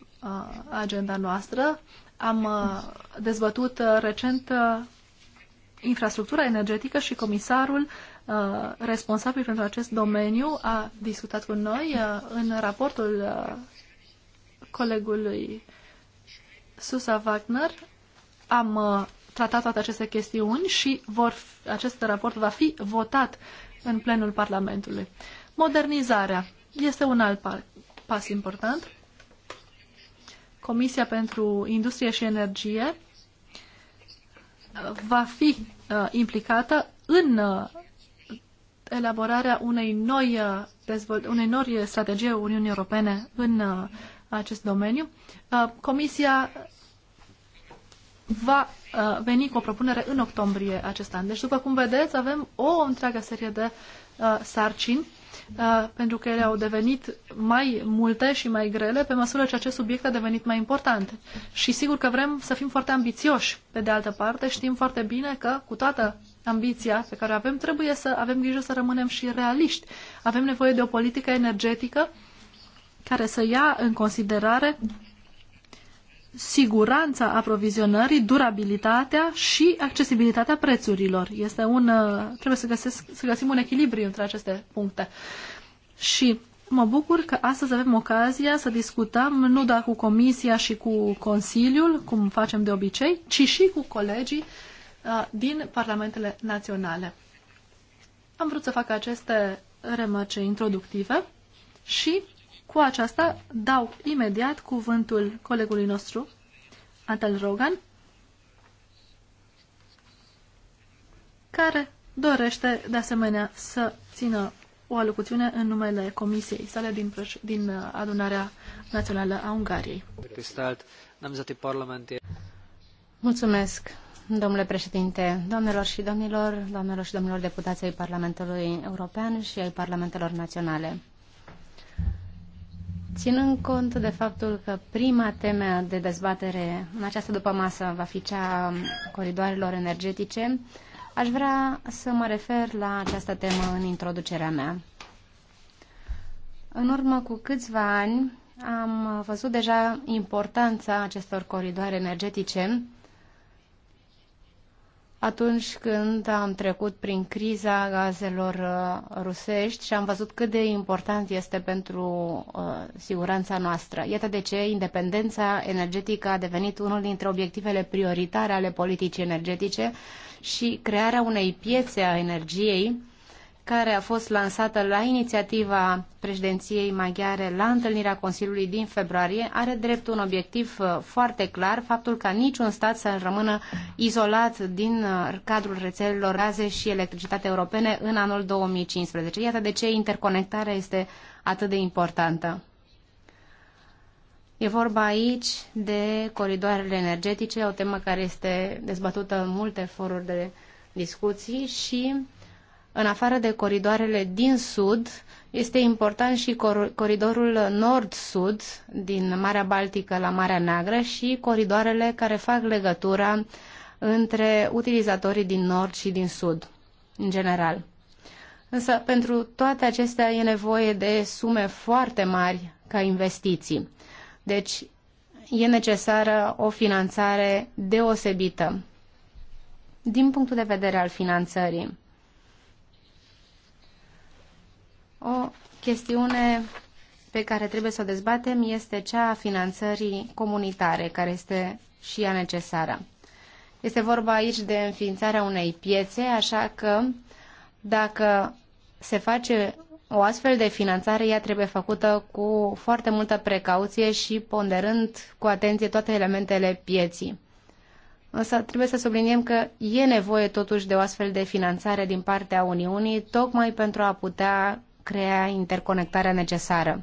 agenda noastră. Am dezbătut recent infrastructura energetică și comisarul uh, responsabil pentru acest domeniu a discutat cu noi uh, în raportul uh, colegului Susa Wagner. Am tratat toate aceste chestiuni și vor, acest raport va fi votat în plenul Parlamentului. Modernizarea este un alt pas important. Comisia pentru Industrie și Energie va fi uh, implicată în uh, elaborarea unei noi, uh, unei noi strategie Uniunii Europene în acest domeniu. Comisia va veni cu o propunere în octombrie acest an. Deci, după cum vedeți, avem o întreagă serie de sarcini Uh, pentru că ele au devenit mai multe și mai grele pe măsură ce acest subiect a devenit mai important. Și sigur că vrem să fim foarte ambițioși. Pe de altă parte, știm foarte bine că cu toată ambiția pe care o avem, trebuie să avem grijă să rămânem și realiști. Avem nevoie de o politică energetică care să ia în considerare siguranța aprovizionării, durabilitatea și accesibilitatea prețurilor. Este un, uh, trebuie să, găsesc, să găsim un echilibru între aceste puncte. Și mă bucur că astăzi avem ocazia să discutăm nu doar cu Comisia și cu Consiliul, cum facem de obicei, ci și cu colegii uh, din Parlamentele Naționale. Am vrut să fac aceste remarce introductive și cu aceasta dau imediat cuvântul colegului nostru, Antal Rogan, care dorește de asemenea să țină o alocuțiune în numele Comisiei sale din, din adunarea națională a Ungariei. Mulțumesc, domnule președinte, domnilor și domnilor, domnilor și domnilor deputații ai Parlamentului European și ai Parlamentelor Naționale. Ținând cont de faptul că prima temă de dezbatere în această masă va fi cea coridoarelor energetice, aș vrea să mă refer la această temă în introducerea mea. În urmă cu câțiva ani am văzut deja importanța acestor coridoare energetice atunci când am trecut prin criza gazelor uh, rusești și am văzut cât de important este pentru uh, siguranța noastră. Iată de ce independența energetică a devenit unul dintre obiectivele prioritare ale politicii energetice și crearea unei piețe a energiei care a fost lansată la inițiativa președinției maghiare la întâlnirea Consiliului din februarie, are drept un obiectiv uh, foarte clar, faptul ca niciun stat să rămână izolat din uh, cadrul rețelelor gaze și electricitate europene în anul 2015. Iată de ce interconectarea este atât de importantă. E vorba aici de coridoarele energetice, o temă care este dezbătută în multe foruri de discuții și în afară de coridoarele din sud, este important și cor coridorul nord-sud, din Marea Baltică la Marea Neagră, și coridoarele care fac legătura între utilizatorii din nord și din sud, în general. Însă, pentru toate acestea e nevoie de sume foarte mari ca investiții. Deci, e necesară o finanțare deosebită. Din punctul de vedere al finanțării, O chestiune pe care trebuie să o dezbatem este cea a finanțării comunitare, care este și ea necesară. Este vorba aici de înființarea unei piețe, așa că dacă se face o astfel de finanțare, ea trebuie făcută cu foarte multă precauție și ponderând cu atenție toate elementele pieții. Însă trebuie să subliniem că e nevoie totuși de o astfel de finanțare din partea Uniunii, tocmai pentru a putea crea interconectarea necesară.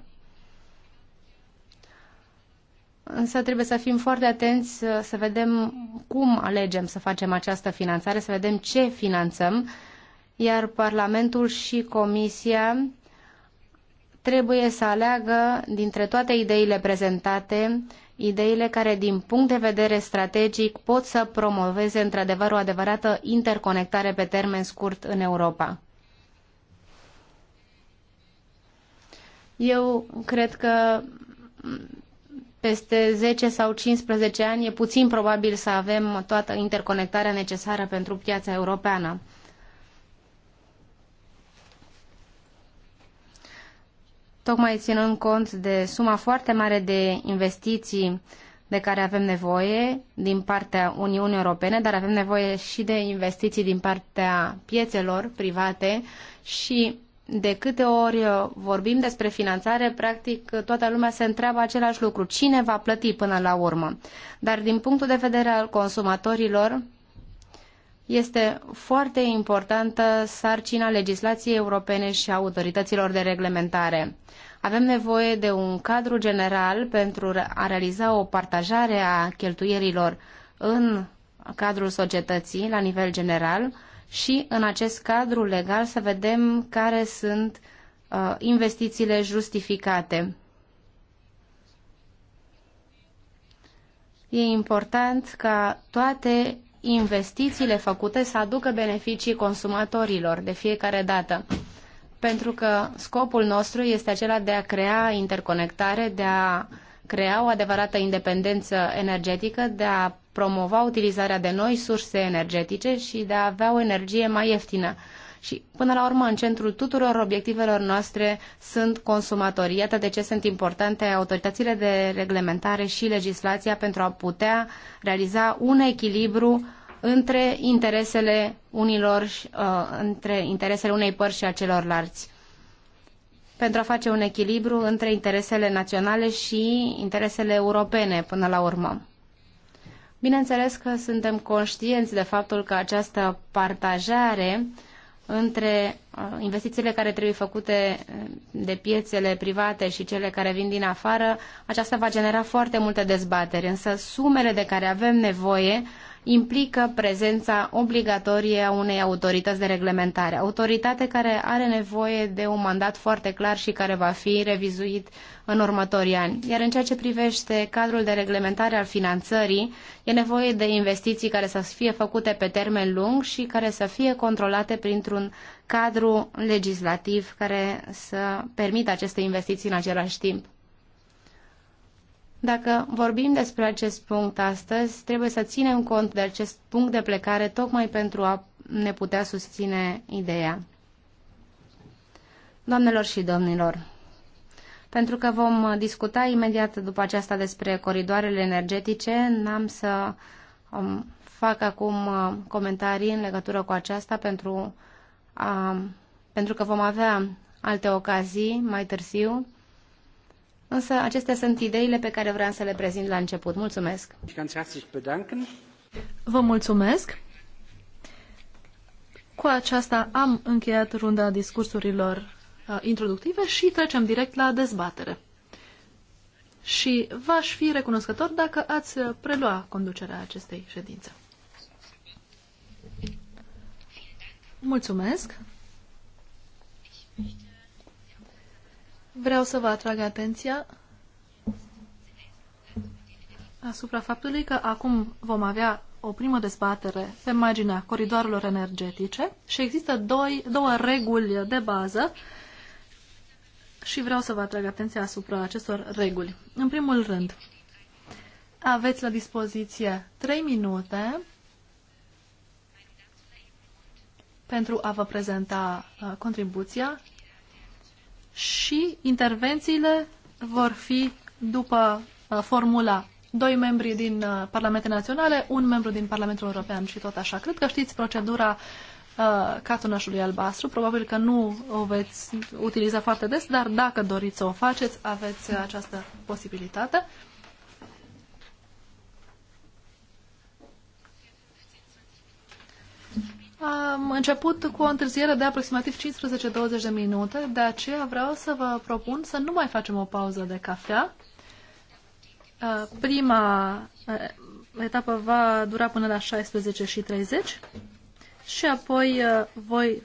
Însă trebuie să fim foarte atenți să vedem cum alegem să facem această finanțare, să vedem ce finanțăm, iar Parlamentul și Comisia trebuie să aleagă dintre toate ideile prezentate ideile care, din punct de vedere strategic, pot să promoveze într-adevăr o adevărată interconectare pe termen scurt în Europa. Eu cred că peste 10 sau 15 ani e puțin probabil să avem toată interconectarea necesară pentru piața europeană. Tocmai ținând cont de suma foarte mare de investiții de care avem nevoie din partea Uniunii Europene, dar avem nevoie și de investiții din partea piețelor private și de câte ori uh, vorbim despre finanțare, practic uh, toată lumea se întreabă același lucru. Cine va plăti până la urmă? Dar din punctul de vedere al consumatorilor, este foarte importantă sarcina legislației europene și a autorităților de reglementare. Avem nevoie de un cadru general pentru a realiza o partajare a cheltuierilor în cadrul societății la nivel general, și în acest cadru legal să vedem care sunt uh, investițiile justificate. E important ca toate investițiile făcute să aducă beneficii consumatorilor de fiecare dată. Pentru că scopul nostru este acela de a crea interconectare, de a crea o adevărată independență energetică, de a promova utilizarea de noi surse energetice și de a avea o energie mai ieftină. Și, până la urmă, în centrul tuturor obiectivelor noastre sunt consumatorii. Iată de ce sunt importante autoritățile de reglementare și legislația pentru a putea realiza un echilibru între interesele unilor, uh, între interesele unei părți și a celorlalți pentru a face un echilibru între interesele naționale și interesele europene până la urmă. Bineînțeles că suntem conștienți de faptul că această partajare între uh, investițiile care trebuie făcute uh, de piețele private și cele care vin din afară, aceasta va genera foarte multe dezbateri, însă sumele de care avem nevoie implică prezența obligatorie a unei autorități de reglementare, autoritate care are nevoie de un mandat foarte clar și care va fi revizuit în următorii ani. Iar în ceea ce privește cadrul de reglementare al finanțării, e nevoie de investiții care să fie făcute pe termen lung și care să fie controlate printr-un cadru legislativ care să permită aceste investiții în același timp. Dacă vorbim despre acest punct astăzi, trebuie să ținem cont de acest punct de plecare tocmai pentru a ne putea susține ideea. Doamnelor și domnilor, pentru că vom discuta imediat după aceasta despre coridoarele energetice, n-am să um, fac acum uh, comentarii în legătură cu aceasta pentru, a, pentru că vom avea alte ocazii mai târziu. Însă acestea sunt ideile pe care vreau să le prezint la început. Mulțumesc! Vă mulțumesc! Cu aceasta am încheiat runda discursurilor uh, introductive și trecem direct la dezbatere. Și v-aș fi recunoscător dacă ați prelua conducerea acestei ședințe. Mulțumesc! Vreau să vă atrag atenția asupra faptului că acum vom avea o primă dezbatere pe marginea coridoarelor energetice și există doi, două reguli de bază și vreau să vă atrag atenția asupra acestor reguli. În primul rând, aveți la dispoziție 3 minute pentru a vă prezenta uh, contribuția și intervențiile vor fi după uh, formula doi membri din uh, Parlamente Naționale, un membru din Parlamentul European și tot așa. Cred că știți procedura uh, catunașului albastru. Probabil că nu o veți utiliza foarte des, dar dacă doriți să o faceți, aveți această posibilitate. Am început cu o întârziere de aproximativ 15-20 de minute, de aceea vreau să vă propun să nu mai facem o pauză de cafea. Uh, prima uh, etapă va dura până la 16.30 și 30 și apoi uh, voi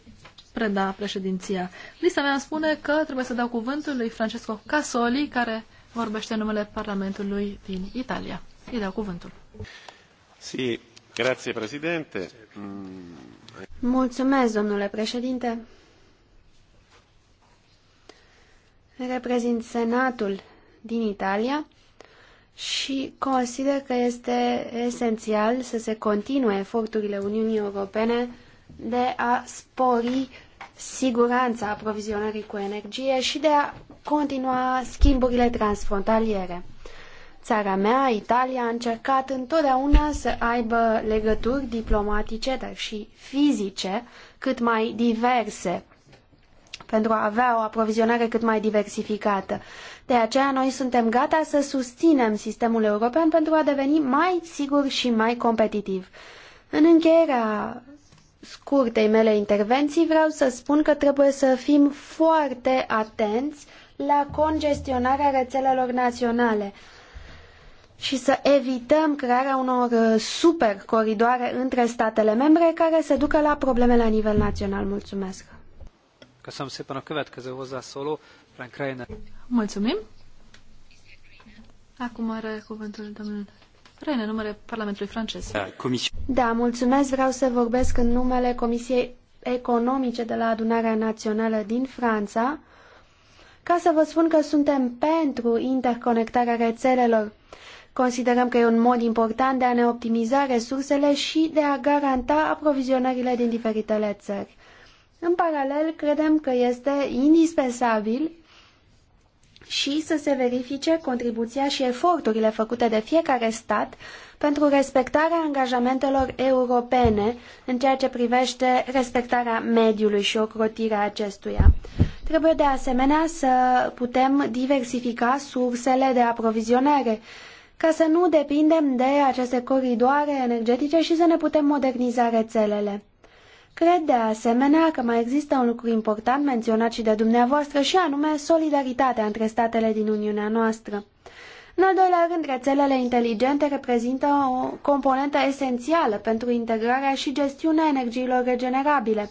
preda președinția. Lista mea spune că trebuie să dau cuvântul lui Francesco Casoli, care vorbește în numele Parlamentului din Italia. Îi dau cuvântul. Sì, grazie Presidente. Mm. Mulțumesc, domnule președinte. Reprezint Senatul din Italia și consider că este esențial să se continue eforturile Uniunii Europene de a spori siguranța aprovizionării cu energie și de a continua schimburile transfrontaliere. Țara mea, Italia, a încercat întotdeauna să aibă legături diplomatice, dar și fizice, cât mai diverse, pentru a avea o aprovizionare cât mai diversificată. De aceea noi suntem gata să susținem sistemul european pentru a deveni mai sigur și mai competitiv. În încheierea scurtei mele intervenții vreau să spun că trebuie să fim foarte atenți la congestionarea rețelelor naționale și să evităm crearea unor uh, super coridoare între statele membre care să ducă la probleme la nivel național. Mulțumesc! Köszönöm szépen a következő hozzászóló, Frank Reiner. Mulțumim! Acum are cuvântul domnul Reiner, numele Parlamentului francez. Da, da, mulțumesc! Vreau să vorbesc în numele Comisiei Economice de la Adunarea Națională din Franța ca să vă spun că suntem pentru interconectarea rețelelor Considerăm că e un mod important de a ne optimiza resursele și de a garanta aprovizionările din diferitele țări. În paralel, credem că este indispensabil și să se verifice contribuția și eforturile făcute de fiecare stat pentru respectarea angajamentelor europene în ceea ce privește respectarea mediului și ocrotirea acestuia. Trebuie de asemenea să putem diversifica sursele de aprovizionare ca să nu depindem de aceste coridoare energetice și să ne putem moderniza rețelele. Cred de asemenea că mai există un lucru important menționat și de dumneavoastră și anume solidaritatea între statele din Uniunea noastră. În al doilea rând, rețelele inteligente reprezintă o componentă esențială pentru integrarea și gestiunea energiilor regenerabile,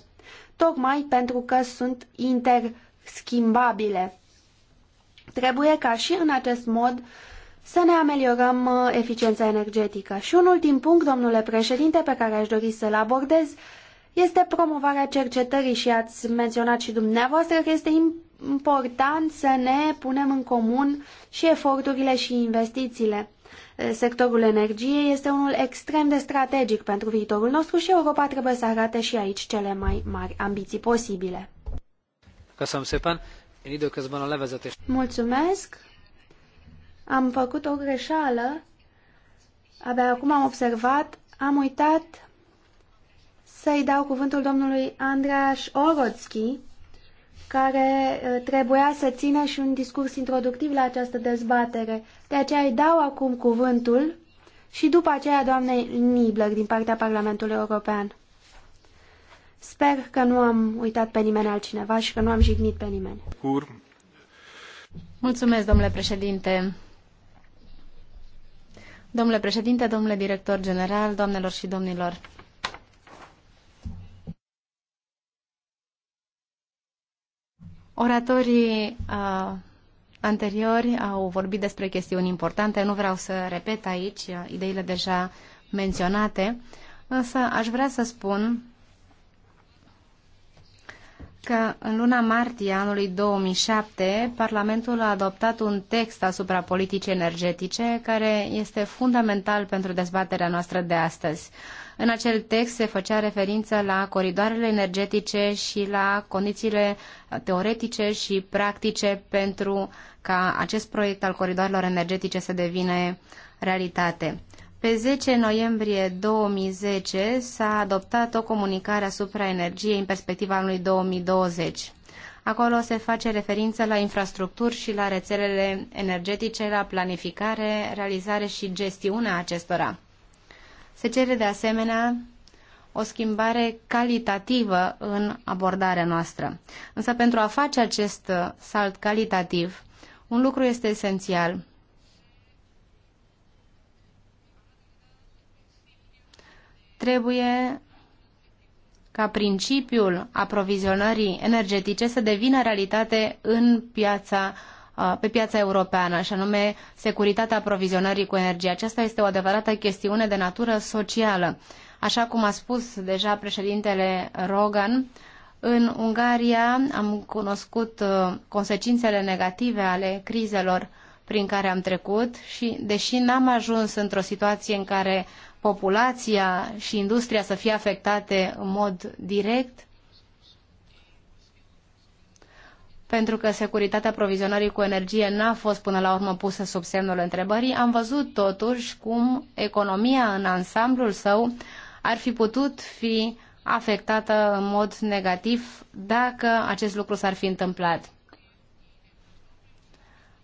tocmai pentru că sunt interschimbabile. Trebuie ca și în acest mod să ne ameliorăm uh, eficiența energetică. Și un ultim punct, domnule președinte, pe care aș dori să-l abordez, este promovarea cercetării și ați menționat și dumneavoastră că este important să ne punem în comun și eforturile și investițiile. Uh, sectorul energiei este unul extrem de strategic pentru viitorul nostru și Europa trebuie să arate și aici cele mai mari ambiții posibile. Mulțumesc! Am făcut o greșeală, abia acum am observat, am uitat să-i dau cuvântul domnului Andreas Orotski, care uh, trebuia să țină și un discurs introductiv la această dezbatere. De aceea îi dau acum cuvântul și după aceea doamnei Nibler din partea Parlamentului European. Sper că nu am uitat pe nimeni altcineva și că nu am jignit pe nimeni. Mulțumesc, domnule președinte. Domnule președinte, domnule director general, doamnelor și domnilor. Oratorii uh, anteriori au vorbit despre chestiuni importante, nu vreau să repet aici ideile deja menționate, însă aș vrea să spun că în luna martie anului 2007 Parlamentul a adoptat un text asupra politicii energetice care este fundamental pentru dezbaterea noastră de astăzi. În acel text se făcea referință la coridoarele energetice și la condițiile teoretice și practice pentru ca acest proiect al coridoarelor energetice să devină realitate. Pe 10 noiembrie 2010 s-a adoptat o comunicare asupra energiei în perspectiva anului 2020. Acolo se face referință la infrastructuri și la rețelele energetice, la planificare, realizare și gestiunea acestora. Se cere de asemenea o schimbare calitativă în abordarea noastră. Însă pentru a face acest salt calitativ, un lucru este esențial – trebuie ca principiul aprovizionării energetice să devină realitate în piața pe piața europeană, și anume securitatea aprovizionării cu energie. Aceasta este o adevărată chestiune de natură socială. Așa cum a spus deja președintele Rogan, în Ungaria am cunoscut consecințele negative ale crizelor prin care am trecut și, deși n-am ajuns într-o situație în care populația și industria să fie afectate în mod direct? Pentru că securitatea provizionării cu energie n-a fost până la urmă pusă sub semnul întrebării, am văzut totuși cum economia în ansamblul său ar fi putut fi afectată în mod negativ dacă acest lucru s-ar fi întâmplat.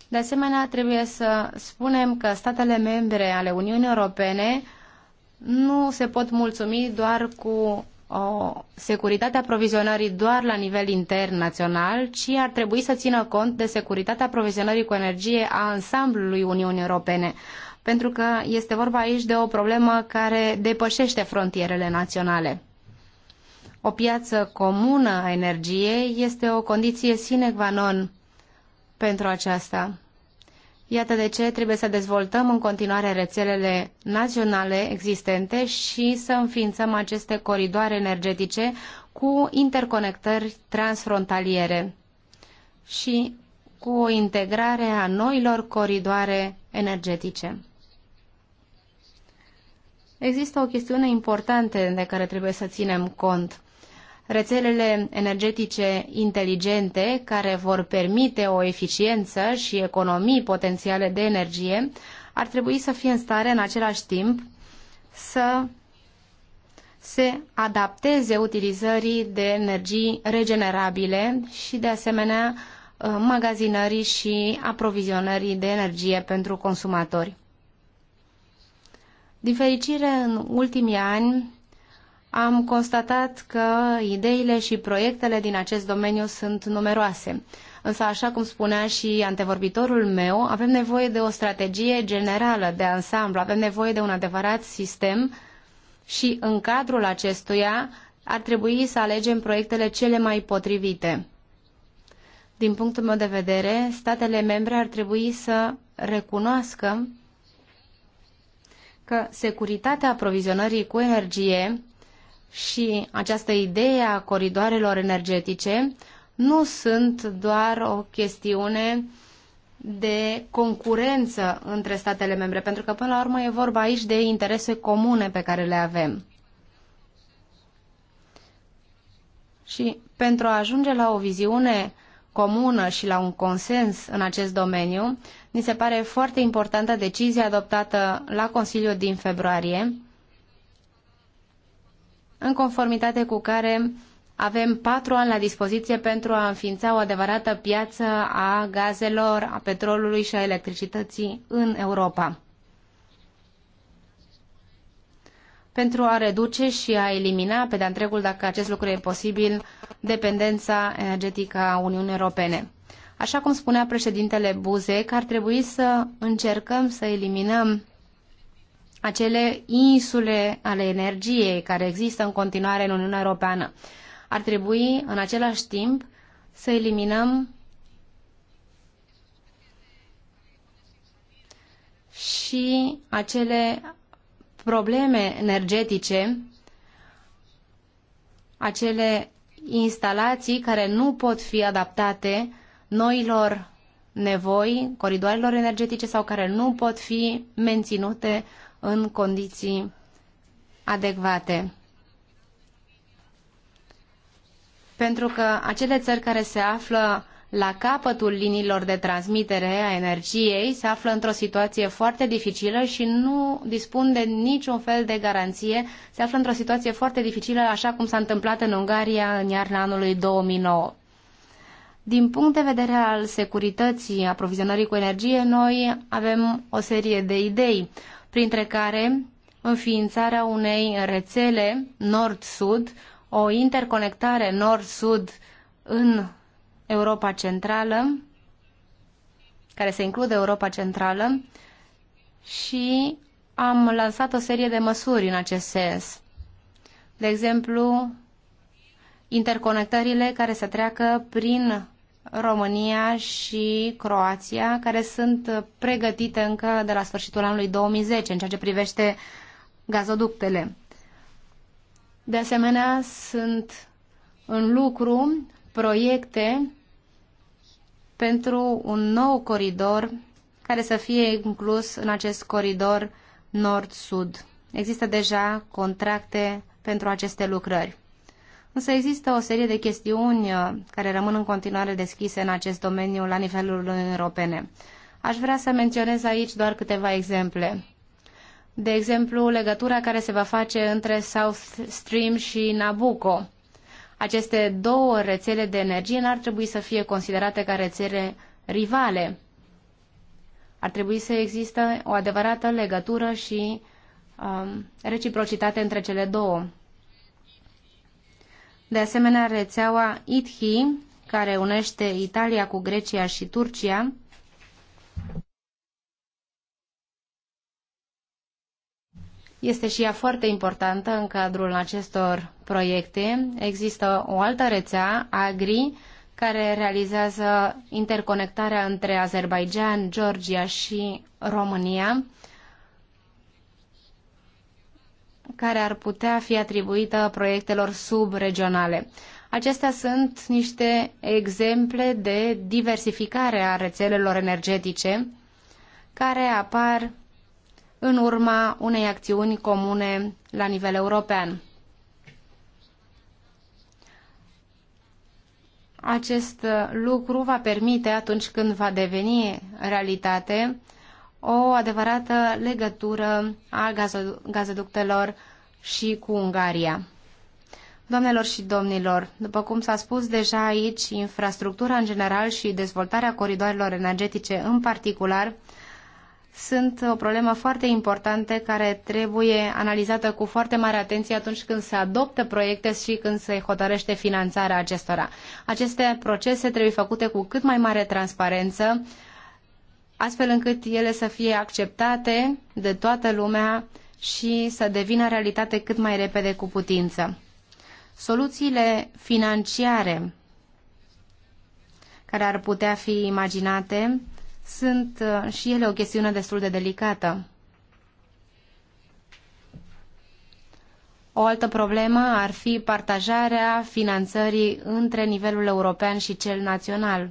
De asemenea, trebuie să spunem că statele membre ale Uniunii Europene nu se pot mulțumi doar cu o securitatea aprovizionării doar la nivel internațional, ci ar trebui să țină cont de securitatea aprovizionării cu energie a ansamblului Uniunii Europene, pentru că este vorba aici de o problemă care depășește frontierele naționale. O piață comună a energiei este o condiție sine qua non pentru aceasta. Iată de ce trebuie să dezvoltăm în continuare rețelele naționale existente și să înființăm aceste coridoare energetice cu interconectări transfrontaliere și cu o integrare a noilor coridoare energetice. Există o chestiune importantă de care trebuie să ținem cont rețelele energetice inteligente care vor permite o eficiență și economii potențiale de energie ar trebui să fie în stare în același timp să se adapteze utilizării de energii regenerabile și de asemenea magazinării și aprovizionării de energie pentru consumatori. Din fericire, în ultimii ani, am constatat că ideile și proiectele din acest domeniu sunt numeroase. Însă, așa cum spunea și antevorbitorul meu, avem nevoie de o strategie generală de ansamblu, avem nevoie de un adevărat sistem și în cadrul acestuia ar trebui să alegem proiectele cele mai potrivite. Din punctul meu de vedere, statele membre ar trebui să recunoască că securitatea aprovizionării cu energie și această idee a coridoarelor energetice nu sunt doar o chestiune de concurență între statele membre, pentru că până la urmă e vorba aici de interese comune pe care le avem. Și pentru a ajunge la o viziune comună și la un consens în acest domeniu, ni se pare foarte importantă decizia adoptată la Consiliu din februarie, în conformitate cu care avem patru ani la dispoziție pentru a înființa o adevărată piață a gazelor, a petrolului și a electricității în Europa. pentru a reduce și a elimina, pe de întregul, dacă acest lucru e posibil, dependența energetică a Uniunii Europene. Așa cum spunea președintele Buzek, ar trebui să încercăm să eliminăm acele insule ale energiei care există în continuare în Uniunea Europeană. Ar trebui, în același timp, să eliminăm și acele probleme energetice, acele instalații care nu pot fi adaptate noilor nevoi, coridoarelor energetice sau care nu pot fi menținute în condiții adecvate. Pentru că acele țări care se află la capătul liniilor de transmitere a energiei se află într-o situație foarte dificilă și nu dispun de niciun fel de garanție. Se află într-o situație foarte dificilă, așa cum s-a întâmplat în Ungaria în iarna anului 2009. Din punct de vedere al securității aprovizionării cu energie, noi avem o serie de idei printre care înființarea unei rețele nord-sud, o interconectare nord-sud în Europa Centrală, care se include Europa Centrală, și am lansat o serie de măsuri în acest sens. De exemplu, interconectările care se treacă prin România și Croația, care sunt pregătite încă de la sfârșitul anului 2010 în ceea ce privește gazoductele. De asemenea, sunt în lucru proiecte pentru un nou coridor care să fie inclus în acest coridor nord-sud. Există deja contracte pentru aceste lucrări. Însă există o serie de chestiuni uh, care rămân în continuare deschise în acest domeniu la nivelul Uniunii Europene. Aș vrea să menționez aici doar câteva exemple. De exemplu, legătura care se va face între South Stream și Nabucco. Aceste două rețele de energie n-ar trebui să fie considerate ca rețele rivale. Ar trebui să existe o adevărată legătură și um, reciprocitate între cele două. De asemenea, rețeaua ITHI, care unește Italia cu Grecia și Turcia, este și ea foarte importantă în cadrul acestor proiecte. Există o altă rețea, AGRI, care realizează interconectarea între Azerbaijan, Georgia și România care ar putea fi atribuită proiectelor subregionale. Acestea sunt niște exemple de diversificare a rețelelor energetice care apar în urma unei acțiuni comune la nivel european. Acest lucru va permite, atunci când va deveni realitate, o adevărată legătură a gazoductelor și cu Ungaria. Doamnelor și domnilor, după cum s-a spus deja aici, infrastructura în general și dezvoltarea coridoarelor energetice în particular sunt o problemă foarte importantă care trebuie analizată cu foarte mare atenție atunci când se adoptă proiecte și când se hotărăște finanțarea acestora. Aceste procese trebuie făcute cu cât mai mare transparență, astfel încât ele să fie acceptate de toată lumea și să devină realitate cât mai repede cu putință. Soluțiile financiare care ar putea fi imaginate sunt uh, și ele o chestiune destul de delicată. O altă problemă ar fi partajarea finanțării între nivelul european și cel național.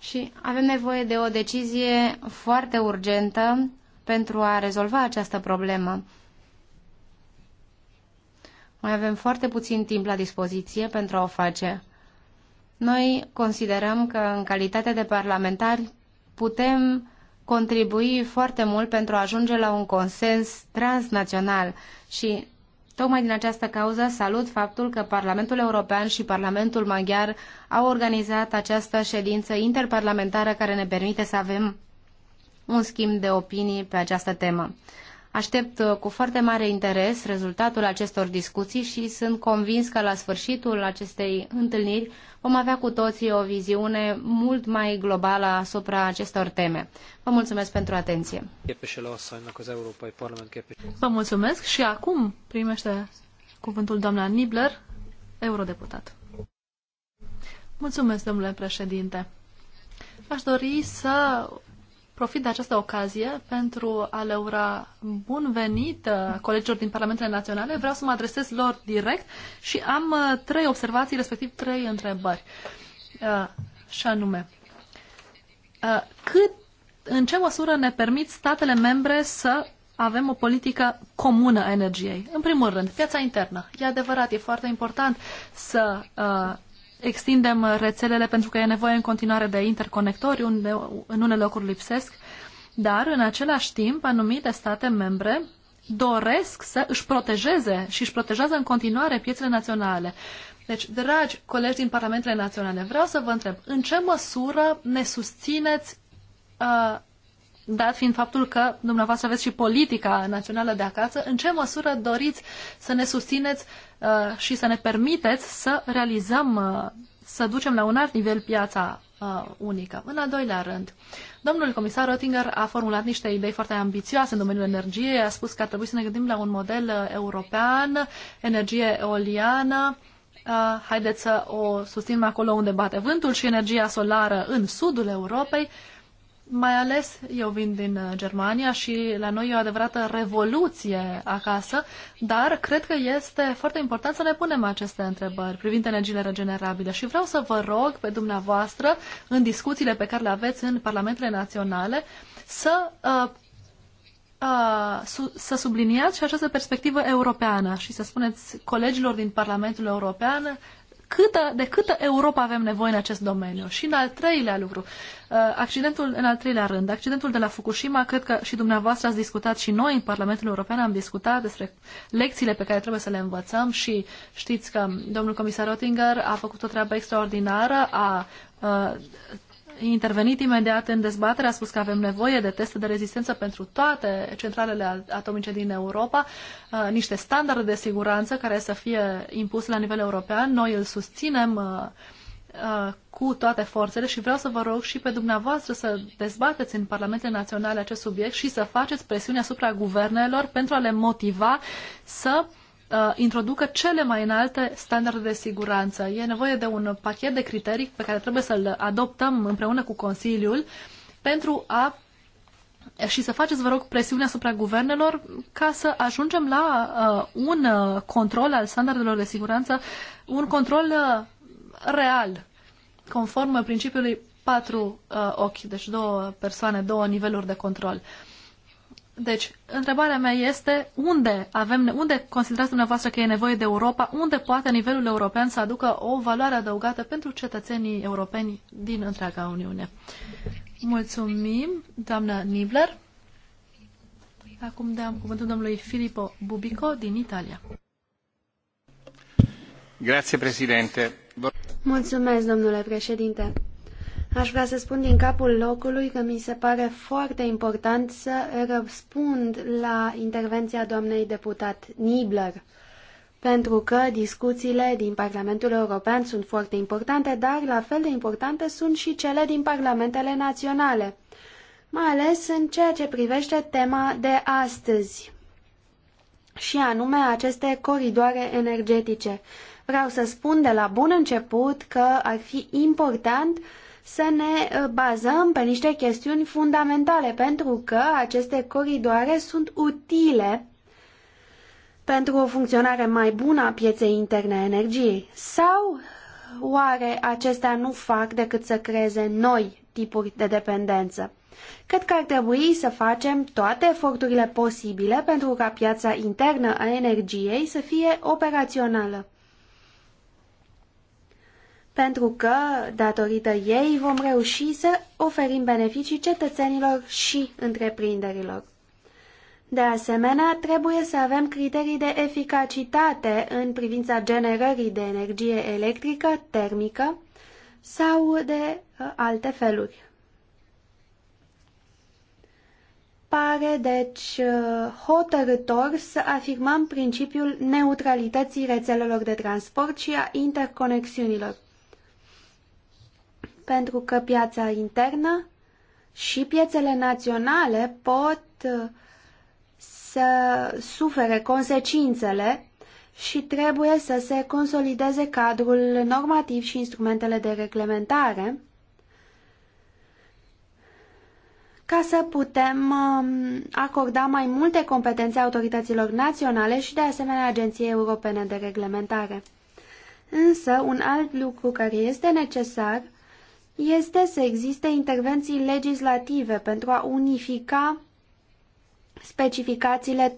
Și avem nevoie de o decizie foarte urgentă pentru a rezolva această problemă. Mai avem foarte puțin timp la dispoziție pentru a o face. Noi considerăm că, în calitate de parlamentari, putem contribui foarte mult pentru a ajunge la un consens transnațional și Tocmai din această cauză salut faptul că Parlamentul European și Parlamentul Maghiar au organizat această ședință interparlamentară care ne permite să avem un schimb de opinii pe această temă. Aștept uh, cu foarte mare interes rezultatul acestor discuții și sunt convins că la sfârșitul acestei întâlniri vom avea cu toții o viziune mult mai globală asupra acestor teme. Vă mulțumesc pentru atenție. Vă mulțumesc și acum primește cuvântul doamna Nibler, eurodeputat. Mulțumesc, domnule președinte. Aș dori să Profit de această ocazie pentru a le ura bun venit uh, colegilor din Parlamentele Naționale. Vreau să mă adresez lor direct și am uh, trei observații, respectiv trei întrebări. Uh, și anume, cât, în ce măsură ne permit statele membre să avem o politică comună a energiei. În primul rând, piața internă. E adevărat, e foarte important să extindem rețelele pentru că e nevoie în continuare de interconectori, unde în unele locuri lipsesc, dar în același timp anumite state membre doresc să își protejeze și își protejează în continuare piețele naționale. Deci, dragi colegi din Parlamentele Naționale, vreau să vă întreb, în ce măsură ne susțineți uh, dat fiind faptul că dumneavoastră aveți și politica națională de acasă, în ce măsură doriți să ne susțineți uh, și să ne permiteți să realizăm, uh, să ducem la un alt nivel piața uh, unică. În al doilea rând, domnul comisar Oettinger a formulat niște idei foarte ambițioase în domeniul energiei, a spus că ar trebui să ne gândim la un model uh, european, energie eoliană, uh, haideți să o susținem acolo unde bate vântul și energia solară în sudul Europei mai ales eu vin din uh, Germania și la noi e o adevărată revoluție acasă, dar cred că este foarte important să ne punem aceste întrebări privind energiile regenerabile și vreau să vă rog pe dumneavoastră, în discuțiile pe care le aveți în parlamentele naționale, să uh, uh, su să subliniați și această perspectivă europeană și să spuneți colegilor din Parlamentul European câtă, de câtă Europa avem nevoie în acest domeniu. Și în al treilea lucru, uh, accidentul, în al treilea rând, accidentul de la Fukushima, cred că și dumneavoastră ați discutat și noi în Parlamentul European am discutat despre lecțiile pe care trebuie să le învățăm și știți că domnul comisar Oettinger a făcut o treabă extraordinară, a, a uh, intervenit imediat în dezbatere, a spus că avem nevoie de teste de rezistență pentru toate centralele atomice din Europa, uh, niște standarde de siguranță care să fie impuse la nivel european. Noi îl susținem uh, uh, cu toate forțele și vreau să vă rog și pe dumneavoastră să dezbateți în Parlamentele Naționale acest subiect și să faceți presiune asupra guvernelor pentru a le motiva să uh, Uh, introducă cele mai înalte standarde de siguranță. E nevoie de un pachet de criterii pe care trebuie să-l adoptăm împreună cu Consiliul pentru a și să faceți, vă rog, presiune asupra guvernelor ca să ajungem la uh, un control al standardelor de siguranță, un control uh, real, conform principiului patru uh, ochi, deci două persoane, două niveluri de control. Uh, deci, întrebarea mea este unde avem, unde considerați dumneavoastră că e nevoie de Europa, unde poate nivelul european să aducă o valoare adăugată pentru cetățenii europeni din întreaga Uniune. Mulțumim, doamna Nibler. Acum dăm cuvântul domnului Filippo Bubico din Italia. Grazie, președinte. Mulțumesc, domnule președinte. Aș vrea să spun din capul locului că mi se pare foarte important să răspund la intervenția doamnei deputat Nibler, pentru că discuțiile din Parlamentul European sunt foarte importante, dar la fel de importante sunt și cele din parlamentele naționale, mai ales în ceea ce privește tema de astăzi, și anume aceste coridoare energetice. Vreau să spun de la bun început că ar fi important să ne uh, bazăm pe niște chestiuni fundamentale, pentru că aceste coridoare sunt utile pentru o funcționare mai bună a pieței interne a energiei. Sau oare acestea nu fac decât să creeze noi tipuri de dependență? Cred că ar trebui să facem toate eforturile posibile pentru ca piața internă a energiei să fie operațională pentru că, datorită ei, vom reuși să oferim beneficii cetățenilor și întreprinderilor. De asemenea, trebuie să avem criterii de eficacitate în privința generării de energie electrică, termică sau de uh, alte feluri. Pare, deci, uh, hotărător să afirmăm principiul neutralității rețelelor de transport și a interconexiunilor pentru că piața internă și piețele naționale pot să sufere consecințele și trebuie să se consolideze cadrul normativ și instrumentele de reglementare ca să putem um, acorda mai multe competențe autorităților naționale și de asemenea Agenției Europene de Reglementare. Însă, un alt lucru care este necesar este să existe intervenții legislative pentru a unifica specificațiile